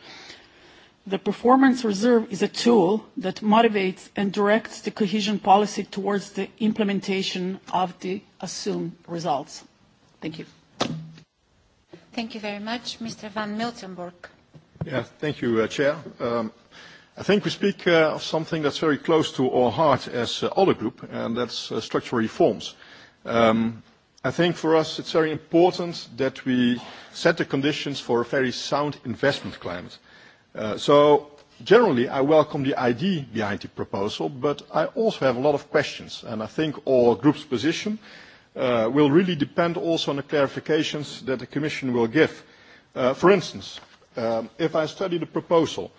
The performance reserve is a tool that motivates and directs the cohesion policy towards the implementation of the assumed results. Thank you. Thank you very much. Mr. van Miltenburg. Yeah, thank you, uh, Chair. Um, I think we speak uh, of something that's very close to our heart as uh, other group, and that's uh, structural reforms. Um, I think for us it's very important that we set the conditions for a very sound investment climate. Uh, so generally I welcome the idea behind the proposal, but I also have a lot of questions, and I think all group's position uh, will really depend also on the clarifications that the Commission will give. Uh, for instance, um, if I study the proposal,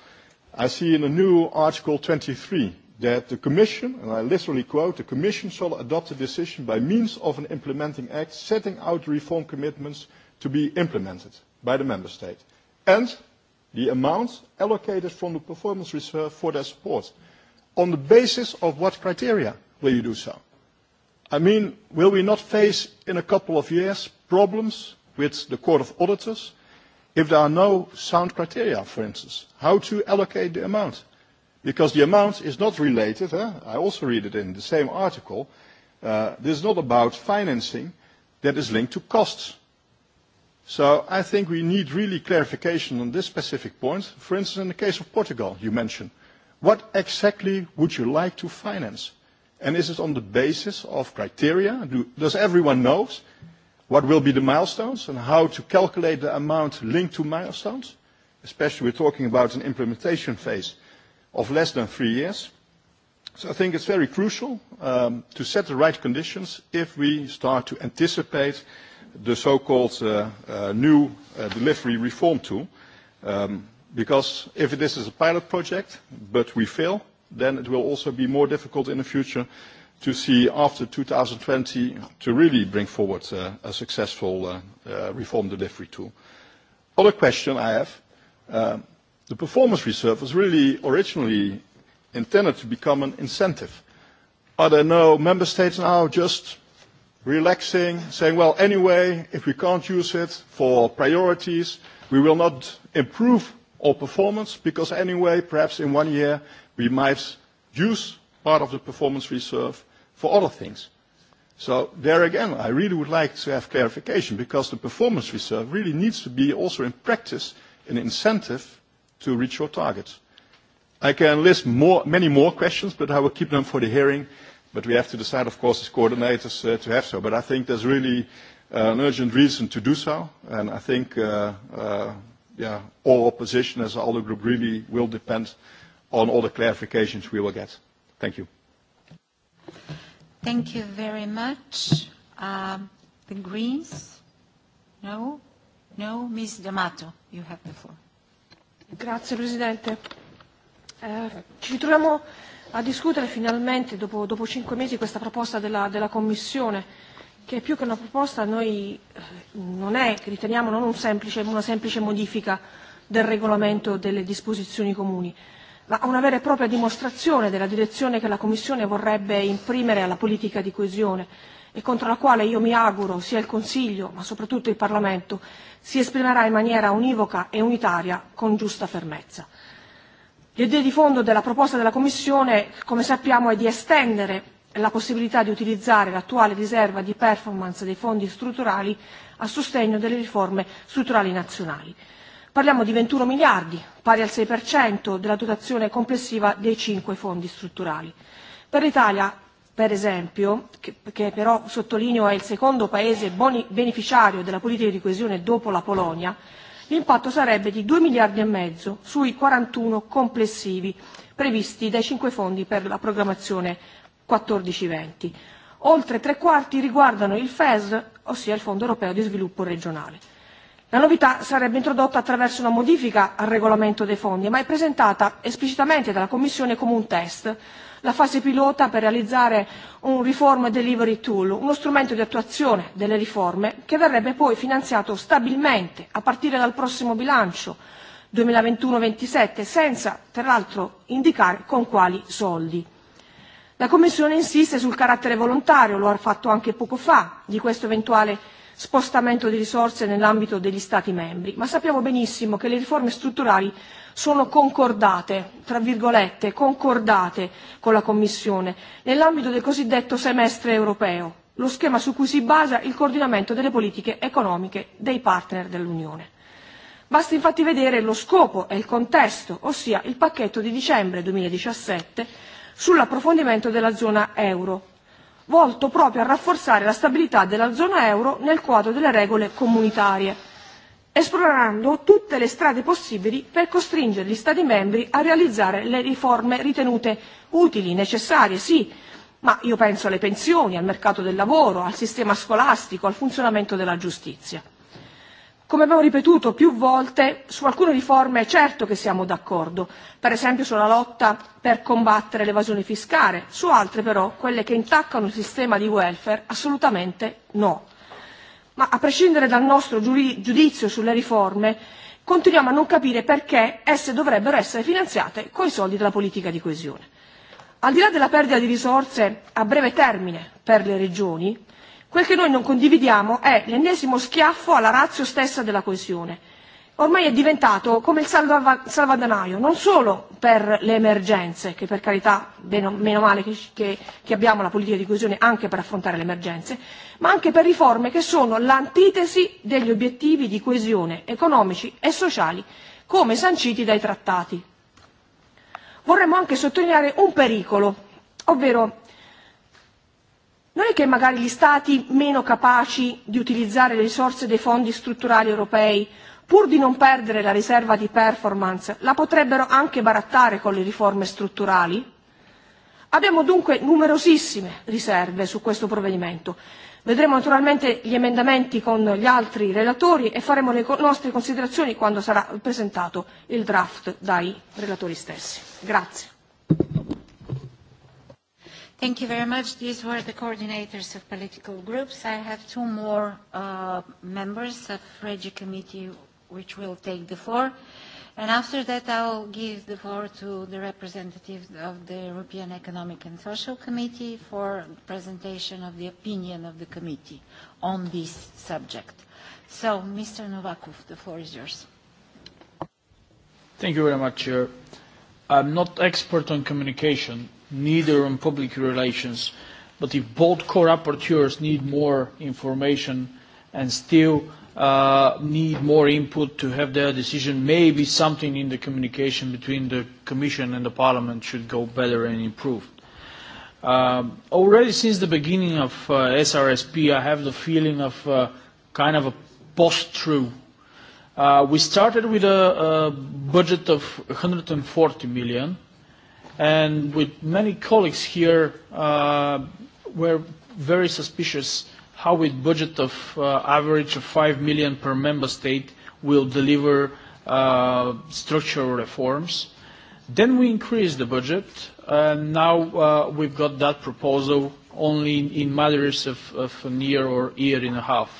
I see in the new Article 23 that the Commission, and I literally quote, the Commission shall adopt a decision by means of an implementing act setting out reform commitments to be implemented by the Member State and the amounts allocated from the performance reserve for their support. On the basis of what criteria will you do so? I mean, will we not face in a couple of years problems with the Court of Auditors if there are no sound criteria, for instance, how to allocate the amount? because the amount is not related. Eh? I also read it in the same article. Uh, this is not about financing that is linked to costs. So I think we need really clarification on this specific point. For instance, in the case of Portugal, you mentioned, what exactly would you like to finance? And is it on the basis of criteria? Do, does everyone know what will be the milestones and how to calculate the amount linked to milestones? Especially we're talking about an implementation phase of less than three years. So I think it's very crucial um, to set the right conditions if we start to anticipate the so-called uh, uh, new uh, delivery reform tool. Um, because if this is a pilot project, but we fail, then it will also be more difficult in the future to see after 2020 to really bring forward uh, a successful uh, uh, reform delivery tool. Other question I have, um, The performance reserve was really originally intended to become an incentive. Are there no member states now just relaxing, saying, well, anyway, if we can't use it for priorities, we will not improve our performance because anyway, perhaps in one year, we might use part of the performance reserve for other things. So there again, I really would like to have clarification because the performance reserve really needs to be also in practice an incentive to reach your targets. I can list more, many more questions, but I will keep them for the hearing. But we have to decide, of course, as coordinators uh, to have so. But I think there's really uh, an urgent reason to do so. And I think uh, uh, yeah, all opposition as all the group really will depend on all the clarifications we will get. Thank you. Thank you very much. Um, the Greens? No? No? Ms. D'Amato, you have the floor. Grazie Presidente. Eh, ci troviamo a discutere finalmente, dopo, dopo cinque mesi, questa proposta della, della Commissione, che più che una proposta noi eh, non è, riteniamo, non un semplice, una semplice modifica del regolamento delle disposizioni comuni ma a una vera e propria dimostrazione della direzione che la Commissione vorrebbe imprimere alla politica di coesione e contro la quale io mi auguro sia il Consiglio, ma soprattutto il Parlamento, si esprimerà in maniera univoca e unitaria con giusta fermezza. L'idea di fondo della proposta della Commissione, come sappiamo, è di estendere la possibilità di utilizzare l'attuale riserva di performance dei fondi strutturali a sostegno delle riforme strutturali nazionali. Parliamo di 21 miliardi, pari al 6% della dotazione complessiva dei cinque fondi strutturali. Per l'Italia, per esempio, che, che però sottolineo è il secondo paese boni, beneficiario della politica di coesione dopo la Polonia, l'impatto sarebbe di 2 miliardi e mezzo sui 41 complessivi previsti dai cinque fondi per la programmazione 14-20. Oltre tre quarti riguardano il FES, ossia il Fondo europeo di sviluppo regionale. La novità sarebbe introdotta attraverso una modifica al regolamento dei fondi, ma è presentata esplicitamente dalla Commissione come un test, la fase pilota per realizzare un Reform Delivery Tool, uno strumento di attuazione delle riforme che verrebbe poi finanziato stabilmente a partire dal prossimo bilancio 2021-27, senza tra l'altro indicare con quali soldi. La Commissione insiste sul carattere volontario, lo ha fatto anche poco fa, di questo eventuale spostamento di risorse nell'ambito degli Stati membri, ma sappiamo benissimo che le riforme strutturali sono concordate, tra virgolette, concordate con la Commissione nell'ambito del cosiddetto semestre europeo, lo schema su cui si basa il coordinamento delle politiche economiche dei partner dell'Unione. Basta infatti vedere lo scopo e il contesto, ossia il pacchetto di dicembre 2017 sull'approfondimento della zona euro, volto proprio a rafforzare la stabilità della zona euro nel quadro delle regole comunitarie, esplorando tutte le strade possibili per costringere gli Stati membri a realizzare le riforme ritenute utili, necessarie, sì, ma io penso alle pensioni, al mercato del lavoro, al sistema scolastico, al funzionamento della giustizia. Come abbiamo ripetuto più volte, su alcune riforme è certo che siamo d'accordo, per esempio sulla lotta per combattere l'evasione fiscale, su altre però, quelle che intaccano il sistema di welfare, assolutamente no. Ma a prescindere dal nostro giudizio sulle riforme, continuiamo a non capire perché esse dovrebbero essere finanziate con i soldi della politica di coesione. Al di là della perdita di risorse a breve termine per le regioni, Quel che noi non condividiamo è l'ennesimo schiaffo alla razio stessa della coesione. Ormai è diventato come il salvadanaio, non solo per le emergenze, che per carità, meno male che, che, che abbiamo la politica di coesione anche per affrontare le emergenze, ma anche per riforme che sono l'antitesi degli obiettivi di coesione economici e sociali come sanciti dai trattati. Vorremmo anche sottolineare un pericolo, ovvero Non è che magari gli Stati meno capaci di utilizzare le risorse dei fondi strutturali europei, pur di non perdere la riserva di performance, la potrebbero anche barattare con le riforme strutturali? Abbiamo dunque numerosissime riserve su questo provvedimento. Vedremo naturalmente gli emendamenti con gli altri relatori e faremo le nostre considerazioni quando sarà presentato il draft dai relatori stessi. Grazie. Thank you very much. These were the coordinators of political groups. I have two more uh, members of REGI committee which will take the floor. And after that, I'll give the floor to the representative of the European Economic and Social Committee for presentation of the opinion of the committee on this subject. So, Mr. Novakov, the floor is yours. Thank you very much, Chair. I'm not expert on communication, neither on public relations. But if both co-rapporteurs need more information and still uh, need more input to have their decision, maybe something in the communication between the Commission and the Parliament should go better and improve. Um, already since the beginning of uh, SRSP, I have the feeling of uh, kind of a post-true. Uh, we started with a, a budget of 140 million, and with many colleagues here uh, were very suspicious how with budget of uh, average of 5 million per member state will deliver uh, structural reforms. Then we increased the budget. and now uh, we've got that proposal only in, in matters of, of a year or year and a half.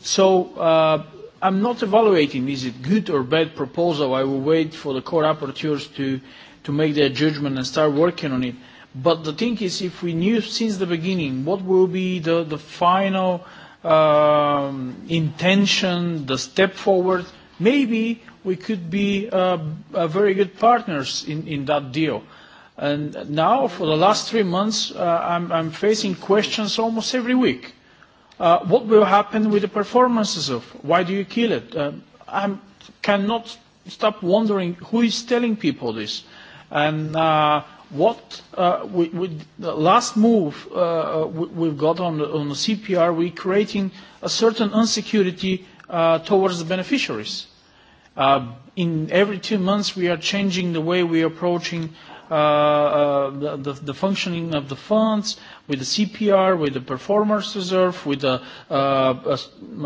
So uh, I'm not evaluating is it good or bad proposal. I will wait for the core rapporteurs to to make their judgment and start working on it. But the thing is, if we knew since the beginning what will be the, the final um, intention, the step forward, maybe we could be uh, a very good partners in, in that deal. And now, for the last three months, uh, I'm, I'm facing questions almost every week. Uh, what will happen with the performances of? Why do you kill it? Uh, I cannot stop wondering who is telling people this. Uh, And uh, what uh, we, we, the last move uh, we, we've got on the, on the CPR, we're creating a certain insecurity uh, towards the beneficiaries. Uh, in every two months, we are changing the way we are approaching uh, uh, the, the, the functioning of the funds with the CPR, with the performance reserve, with the uh, uh,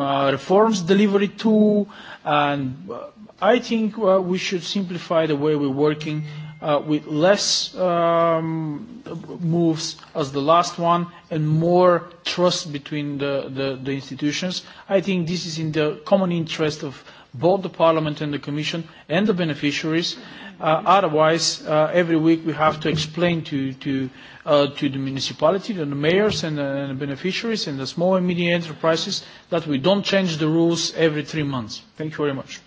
uh, reforms delivery tool, and uh, I think uh, we should simplify the way we're working Uh, with less um, moves as the last one and more trust between the, the, the institutions. I think this is in the common interest of both the Parliament and the Commission and the beneficiaries. Uh, otherwise, uh, every week we have to explain to, to, uh, to the municipality, the mayors and, and the beneficiaries and the small and medium enterprises that we don't change the rules every three months. Thank you very much.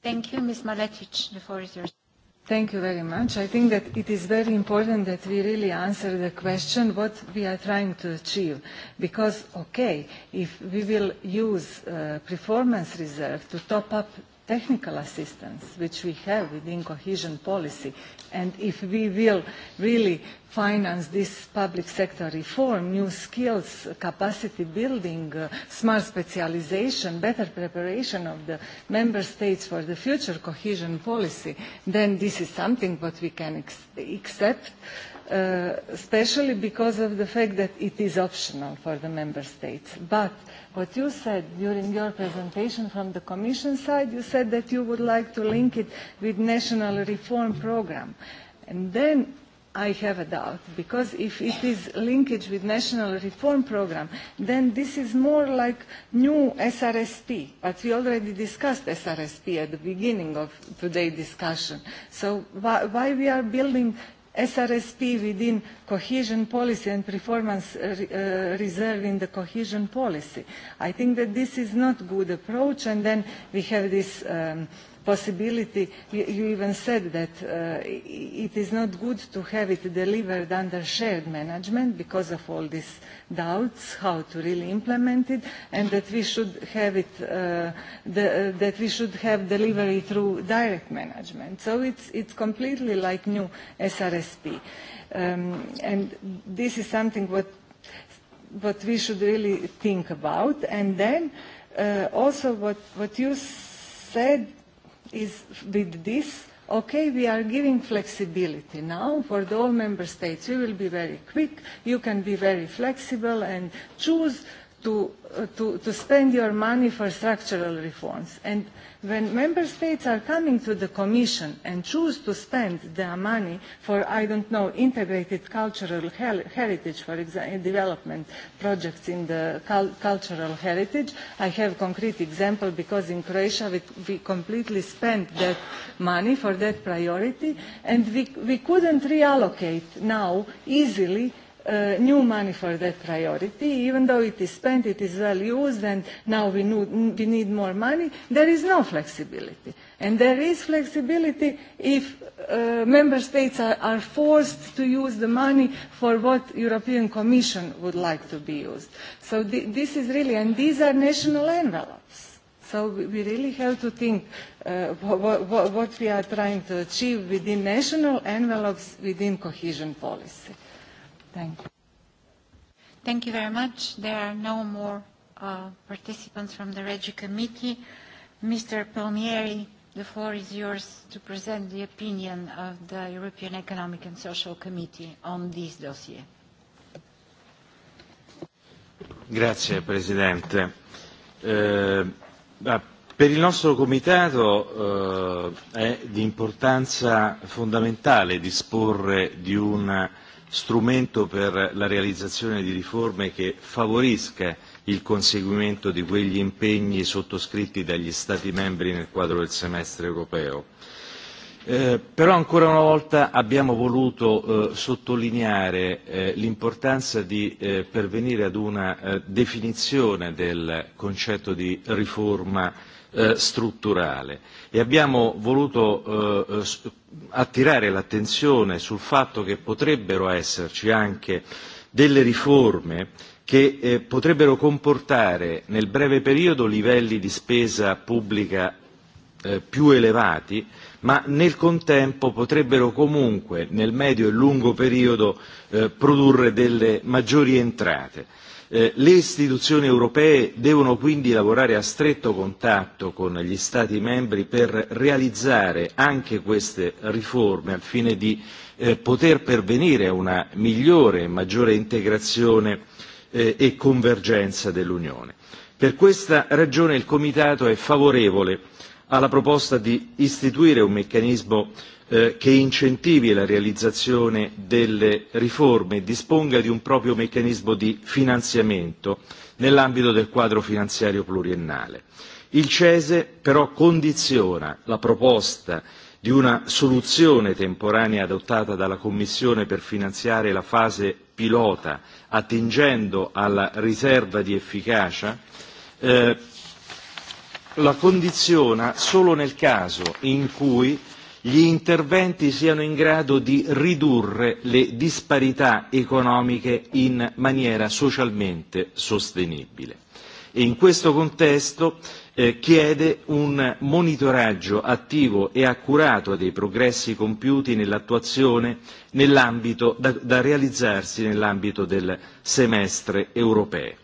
Thank you. Ms. Maletic, the floor is yours. Thank you very much. I think that it is very important that we really answer the question what we are trying to achieve. Because, okay, if we will use uh, performance reserve to top up technical assistance which we have within cohesion policy and if we will really finance this public sector reform, new skills, capacity building, uh, smart specialization, better preparation of the member states for the future cohesion policy, then this is something that we can accept, uh, especially because of the fact that it is optional for the member states. But what you said during your presentation from the Commission side, you said that you would like to link it with national reform program. And then I have a doubt, because if it is linkage with national reform program, then this is more like new SRSP, but we already discussed SRSP at the beginning of today's discussion. So why, why we are building SRSP within cohesion policy and performance uh, uh, reserve in the cohesion policy. I think that this is not a good approach, and then we have this um, possibility. You, you even said that uh, it is not good to have it delivered under shared management because of all these doubts how to really implement it, and that we should have it uh, the, uh, that we should have delivery through direct management. So it's it's completely like new SRSP, um, and this is something what what we should really think about, and then. Uh, also what, what you said is with this, okay, we are giving flexibility now for the all member states. We will be very quick. You can be very flexible and choose to, to, to spend your money for structural reforms. And when member states are coming to the Commission and choose to spend their money for, I don't know, integrated cultural heritage, for example, development projects in the cul cultural heritage, I have a concrete example because in Croatia we, we completely spent that money for that priority and we, we couldn't reallocate now easily Uh, new money for that priority. Even though it is spent, it is well used, and now we, knew, we need more money, there is no flexibility. And there is flexibility if uh, member states are, are forced to use the money for what European Commission would like to be used. So th this is really, and these are national envelopes. So we, we really have to think uh, what, what, what we are trying to achieve within national envelopes within cohesion policy. Thank you. Thank you very much. There are no more uh, participants from the Regi Committee. Mr. Palmieri, the floor is yours to present the opinion of the European Economic and Social Committee on this dossier. Grazie Presidente. Eh, per il nostro Comitato eh, è di importanza fondamentale disporre di un strumento per la realizzazione di riforme che favorisca il conseguimento di quegli impegni sottoscritti dagli Stati membri nel quadro del semestre europeo. Eh, però ancora una volta abbiamo voluto eh, sottolineare eh, l'importanza di eh, pervenire ad una eh, definizione del concetto di riforma eh, strutturale e abbiamo voluto eh, attirare l'attenzione sul fatto che potrebbero esserci anche delle riforme che eh, potrebbero comportare nel breve periodo livelli di spesa pubblica eh, più elevati, ma nel contempo potrebbero comunque nel medio e lungo periodo eh, produrre delle maggiori entrate Eh, le istituzioni europee devono quindi lavorare a stretto contatto con gli Stati membri per realizzare anche queste riforme al fine di eh, poter pervenire a una migliore e maggiore integrazione eh, e convergenza dell'Unione. Per questa ragione il Comitato è favorevole alla proposta di istituire un meccanismo Eh, che incentivi la realizzazione delle riforme e disponga di un proprio meccanismo di finanziamento nell'ambito del quadro finanziario pluriennale. Il Cese però condiziona la proposta di una soluzione temporanea adottata dalla Commissione per finanziare la fase pilota attingendo alla riserva di efficacia eh, la condiziona solo nel caso in cui gli interventi siano in grado di ridurre le disparità economiche in maniera socialmente sostenibile. E in questo contesto eh, chiede un monitoraggio attivo e accurato dei progressi compiuti nell'attuazione da, da realizzarsi nell'ambito del semestre europeo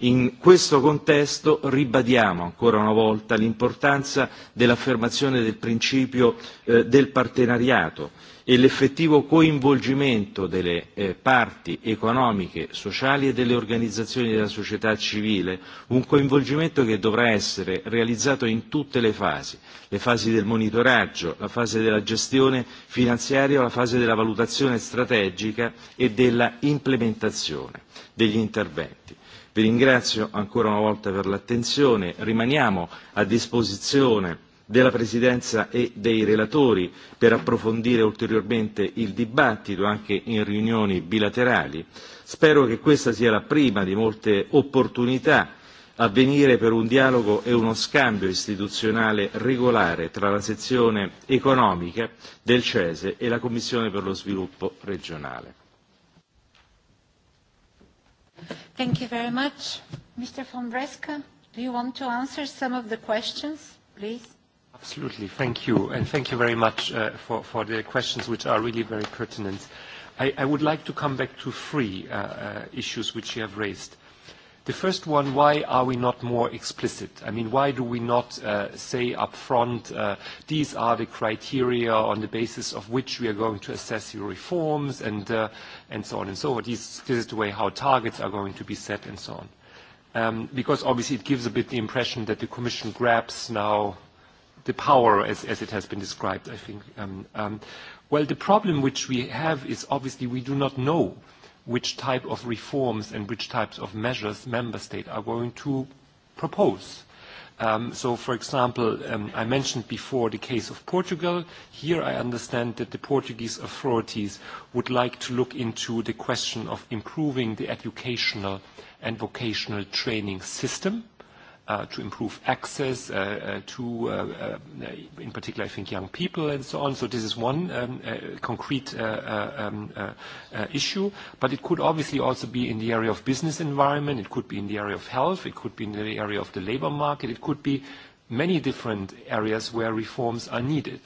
In questo contesto ribadiamo ancora una volta l'importanza dell'affermazione del principio eh, del partenariato e l'effettivo coinvolgimento delle eh, parti economiche, sociali e delle organizzazioni della società civile, un coinvolgimento che dovrà essere realizzato in tutte le fasi, le fasi del monitoraggio, la fase della gestione finanziaria, la fase della valutazione strategica e della implementazione degli interventi Vi ringrazio ancora una volta per l'attenzione. Rimaniamo a disposizione della Presidenza e dei relatori per approfondire ulteriormente il dibattito anche in riunioni bilaterali. Spero che questa sia la prima di molte opportunità a venire per un dialogo e uno scambio istituzionale regolare tra la sezione economica del CESE e la Commissione per lo sviluppo regionale. Thank you very much. Mr. von Breska, do you want to answer some of the questions, please? Absolutely. Thank you. And thank you very much uh, for, for the questions, which are really very pertinent. I, I would like to come back to three uh, uh, issues which you have raised. The first one, why are we not more explicit? I mean, why do we not uh, say upfront, uh, these are the criteria on the basis of which we are going to assess your reforms and, uh, so on and so on. this is the way how targets are going to be set and so on. Um, because obviously it gives a bit the impression that the Commission grabs now the power as, as it has been described, I think. Um, um, well, the problem which we have is obviously we do not know which type of reforms and which types of measures member states are going to propose. Um, so, for example, um, I mentioned before the case of Portugal. Here I understand that the Portuguese authorities would like to look into the question of improving the educational and vocational training system Uh, to improve access uh, uh, to, uh, uh, in particular, I think, young people and so on. So this is one um, uh, concrete um, issue, but it could obviously also be in the area of business environment, it could be in the area of health, it could be in the area of the labor market, it could be many different areas where reforms are needed.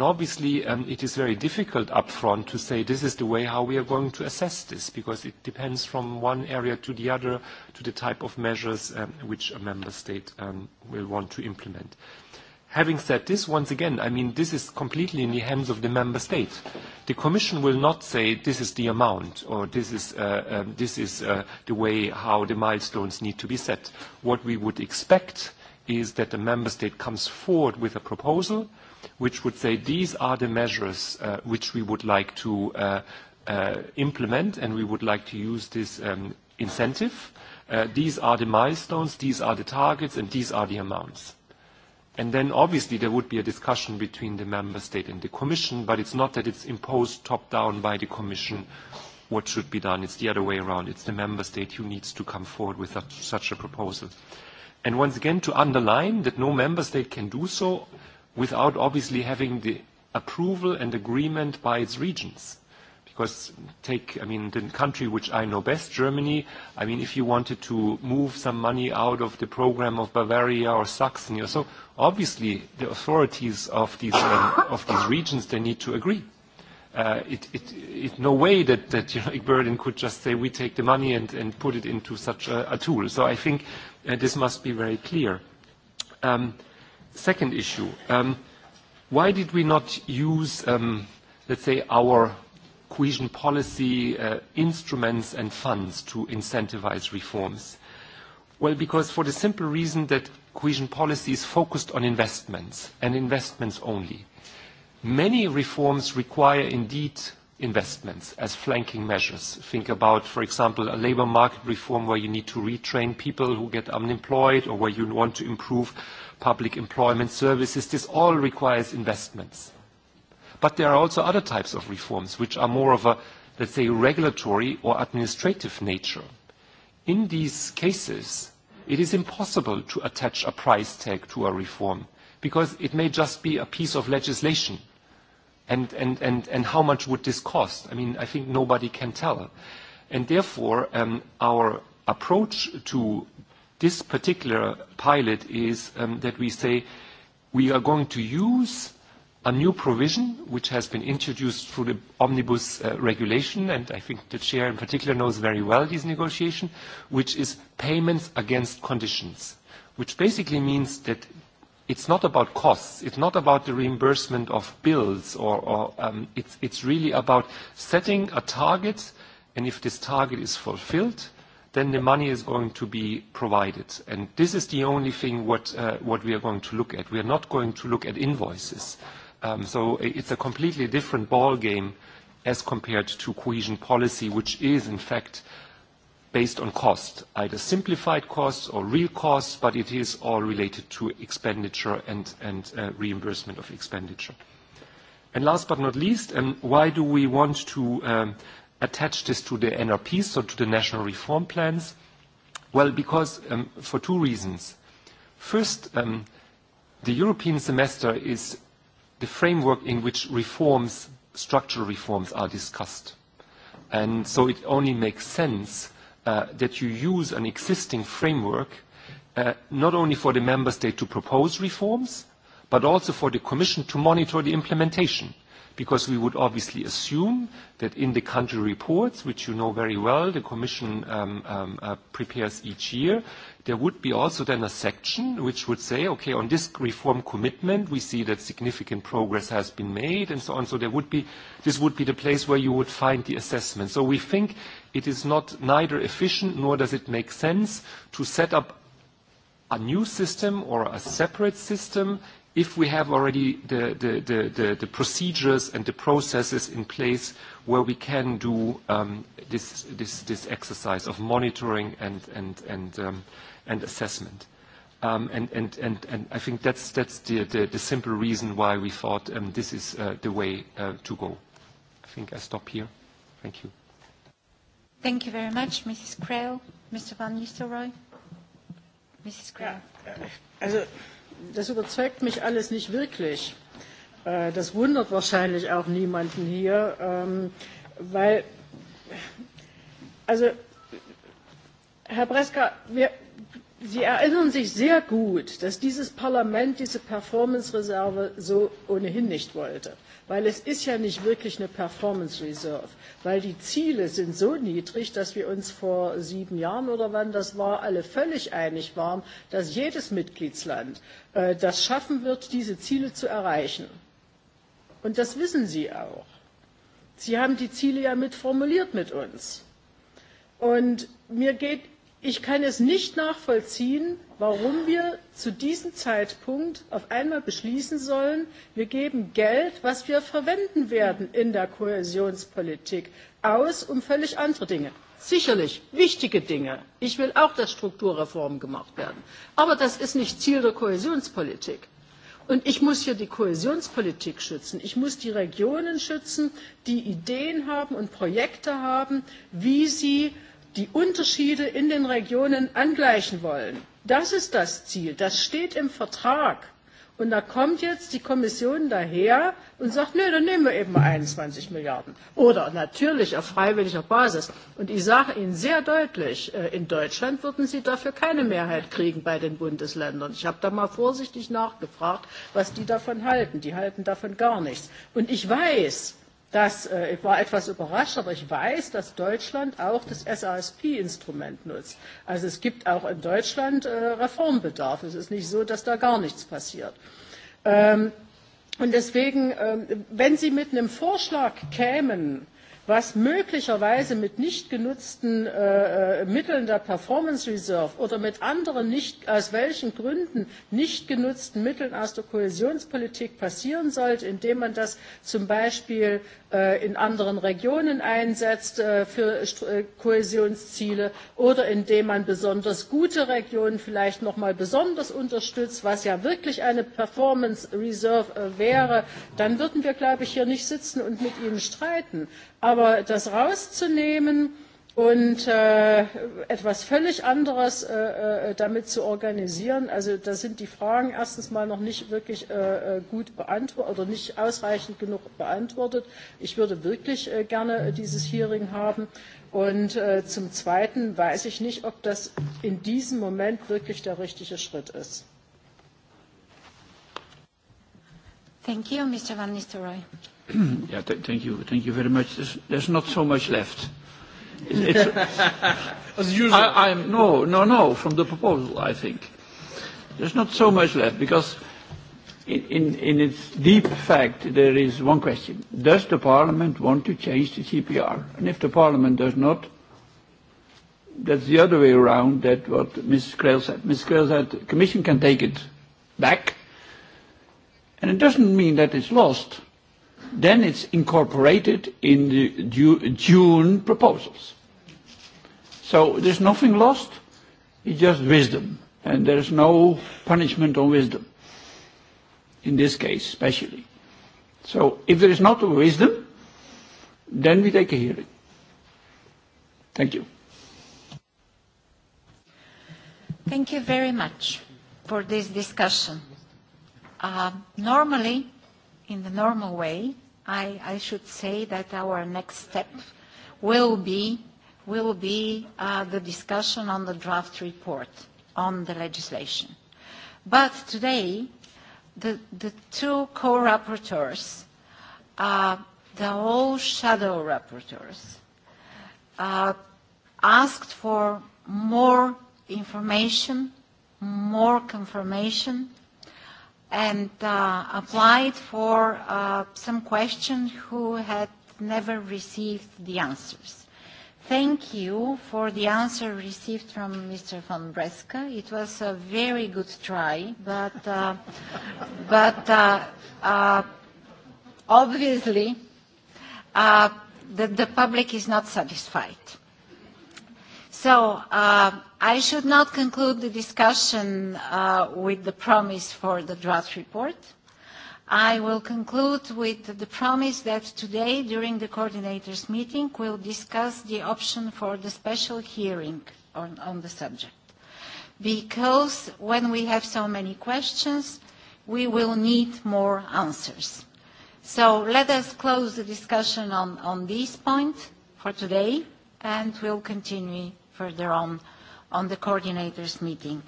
Obviously, um, it is very difficult upfront to say this is the way how we are going to assess this, because it depends from one area to the other, to the type of measures um, which a member state um, will want to implement. Having said this, once again, I mean, this is completely in the hands of the member state. The commission will not say, "This is the amount," or, "This is, uh, uh, the way how the milestones need to be set." What we would expect is that the member state comes forward with a proposal, which would say these are the measures uh, which we would like to uh, uh, implement and we would like to use this um, incentive. Uh, these are the milestones, these are the targets, and these are the amounts. And then obviously there would be a discussion between the member state and the commission, but it's not that it's imposed top-down by the commission what should be done. It's the other way around. It's the member state who needs to come forward with such, such a proposal. And once again, to underline that no member state can do so, without obviously having the approval and agreement by its regions. Because take, I mean, the country which I know best, Germany, I mean, if you wanted to move some money out of the program of Bavaria or Saxony or so, obviously the authorities of these, um, of these regions, they need to agree. Uh, it, it, it no way that, that you know, Burden could just say, we take the money and, and put it into such a, a tool. So I think uh, this must be very clear. Um, second issue, um, why did we not use, um, let's say, our cohesion policy uh, instruments and funds to incentivize reforms? Well, because for the simple reason that cohesion policy is focused on investments and investments only. Many reforms require indeed investments as flanking measures. Think about, for example, a labor market reform where you need to retrain people who get unemployed or where you want to improve public employment services. This all requires investments. But there are also other types of reforms which are more of a, let's say, regulatory or administrative nature. In these cases, it is impossible to attach a price tag to a reform because it may just be a piece of legislation – and, and, and, and how much would this cost? I mean, I think nobody can tell. And therefore, um, our approach to this particular pilot is um, that we say we are going to use a new provision which has been introduced through the omnibus uh, regulation, and I think the chair in particular knows very well this negotiation, which is payments against conditions, which basically means that it's not about costs. It's not about the reimbursement of bills or, or um, it's, it's really about setting a target, and if this target is fulfilled, then the money is going to be provided. And this is the only thing what, uh, what we are going to look at. We are not going to look at invoices. Um, so it's a completely different ball game as compared to cohesion policy, which is, in fact, based on cost, either simplified costs or real costs, but it is all related to expenditure and, uh, reimbursement of expenditure. And last but not least, um, why do we want to um, attach this to the NRP, so to the national reform plans? Well, because um, for two reasons. First, um, the European semester is the framework in which reforms, structural reforms are discussed. And so it only makes sense uh, that you use an existing framework uh, not only for the member state to propose reforms, but also for the Commission to monitor the implementation. Because we would obviously assume that in the country reports, which you know very well, the Commission um, um, uh, prepares each year, there would be also then a section which would say, okay, on this reform commitment, we see that significant progress has been made and so on. So there would be, this would be the place where you would find the assessment. So we think it is not neither efficient nor does it make sense to set up a new system or a separate system if we have already the, the, the, the, the procedures and the processes in place where we can do um, this, this, this exercise of monitoring and, and, and, um, and assessment. Um, and, and, and, and I think that's, that's the, the, the simple reason why we thought um, this is uh, the way uh, to go. I think I stop here. Thank you. Thank you very much, Mrs. Krell. Mr. Van Nistelrooy. Mrs. Krell. Ja, äh, also, das überzeugt mich alles nicht wirklich. Äh, das wundert wahrscheinlich auch niemanden hier, ähm, weil, also, Herr Breska, wir, Sie erinnern sich sehr gut, dass dieses Parlament diese Performance-Reserve so ohnehin nicht wollte. Weil es ist ja nicht wirklich eine Performance Reserve, weil die Ziele sind so niedrig, dass wir uns vor sieben Jahren oder wann das war, alle völlig einig waren, dass jedes Mitgliedsland äh, das schaffen wird, diese Ziele zu erreichen. Und das wissen Sie auch. Sie haben die Ziele ja mitformuliert mit uns. Und mir geht ich kann es nicht nachvollziehen, warum wir zu diesem Zeitpunkt auf einmal beschließen sollen, wir geben Geld, das wir verwenden werden in der Kohäsionspolitik, aus, um völlig andere Dinge sicherlich wichtige Dinge. Ich will auch, dass Strukturreformen gemacht werden. Aber das ist nicht Ziel der Kohäsionspolitik. Und ich muss hier die Kohäsionspolitik schützen. Ich muss die Regionen schützen, die Ideen haben und Projekte haben, wie sie die Unterschiede in den Regionen angleichen wollen. Das ist das Ziel. Das steht im Vertrag. Und da kommt jetzt die Kommission daher und sagt, nö, dann nehmen wir eben mal 21 Milliarden. Oder natürlich auf freiwilliger Basis. Und ich sage Ihnen sehr deutlich, äh, in Deutschland würden Sie dafür keine Mehrheit kriegen bei den Bundesländern. Ich habe da mal vorsichtig nachgefragt, was die davon halten. Die halten davon gar nichts. Und ich weiß, Das äh, war etwas überrascht, aber ich weiß, dass Deutschland auch das SASP-Instrument nutzt. Also es gibt auch in Deutschland äh, Reformbedarf. Es ist nicht so, dass da gar nichts passiert. Ähm, und deswegen, ähm, wenn Sie mit einem Vorschlag kämen, was möglicherweise mit nicht genutzten äh, äh, Mitteln der Performance Reserve oder mit anderen nicht, aus welchen Gründen nicht genutzten Mitteln aus der Kohäsionspolitik passieren sollte, indem man das zum Beispiel äh, in anderen Regionen einsetzt äh, für äh, Kohäsionsziele oder indem man besonders gute Regionen vielleicht noch mal besonders unterstützt, was ja wirklich eine Performance Reserve äh, wäre, dann würden wir, glaube ich, hier nicht sitzen und mit Ihnen streiten. Aber das rauszunehmen und äh, etwas völlig anderes äh, äh, damit zu organisieren, also da sind die Fragen erstens mal noch nicht wirklich äh, äh gut beantwortet oder nicht ausreichend genug beantwortet. Ich würde wirklich äh, gerne dieses Hearing haben. Und äh, zum Zweiten weiß ich nicht, ob das in diesem Moment wirklich der richtige Schritt ist. Thank you, Mr. Van Nistelrooy. yeah, th thank you. Thank you very much. There's, there's not so much left. As usual. I, I'm, no, no, no, from the proposal, I think. There's not so much left because in, in, in its deep fact, there is one question. Does the Parliament want to change the CPR? And if the Parliament does not, that's the other way around that what Ms. Krell said. Ms. Krell said the Commission can take it back And it doesn't mean that it's lost. Then it's incorporated in the June proposals. So there's nothing lost, it's just wisdom. And there's no punishment on wisdom, in this case especially. So if there is not a wisdom, then we take a hearing. Thank you. Thank you very much for this discussion. Uh, normally, in the normal way, I, I should say that our next step will be, will be uh, the discussion on the draft report on the legislation. But today, the, the two co-rapporteurs, uh, the whole shadow rapporteurs, uh, asked for more information, more confirmation and uh, applied for uh, some questions who had never received the answers. Thank you for the answer received from Mr. von Breska. It was a very good try, but, uh, but uh, uh, obviously uh, the, the public is not satisfied. So uh, I should not conclude the discussion uh, with the promise for the draft report. I will conclude with the promise that today, during the coordinators' meeting, we'll discuss the option for the special hearing on, on the subject. Because when we have so many questions, we will need more answers. So let us close the discussion on, on this point for today, and we'll continue further on on the coordinators meeting.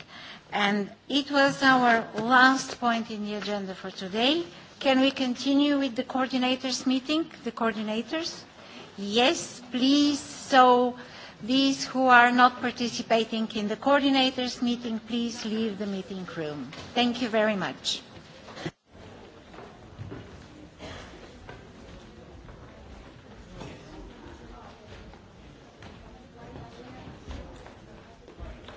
And it was our last point in the agenda for today. Can we continue with the coordinators meeting, the coordinators? Yes, please. So these who are not participating in the coordinators meeting, please leave the meeting room. Thank you very much.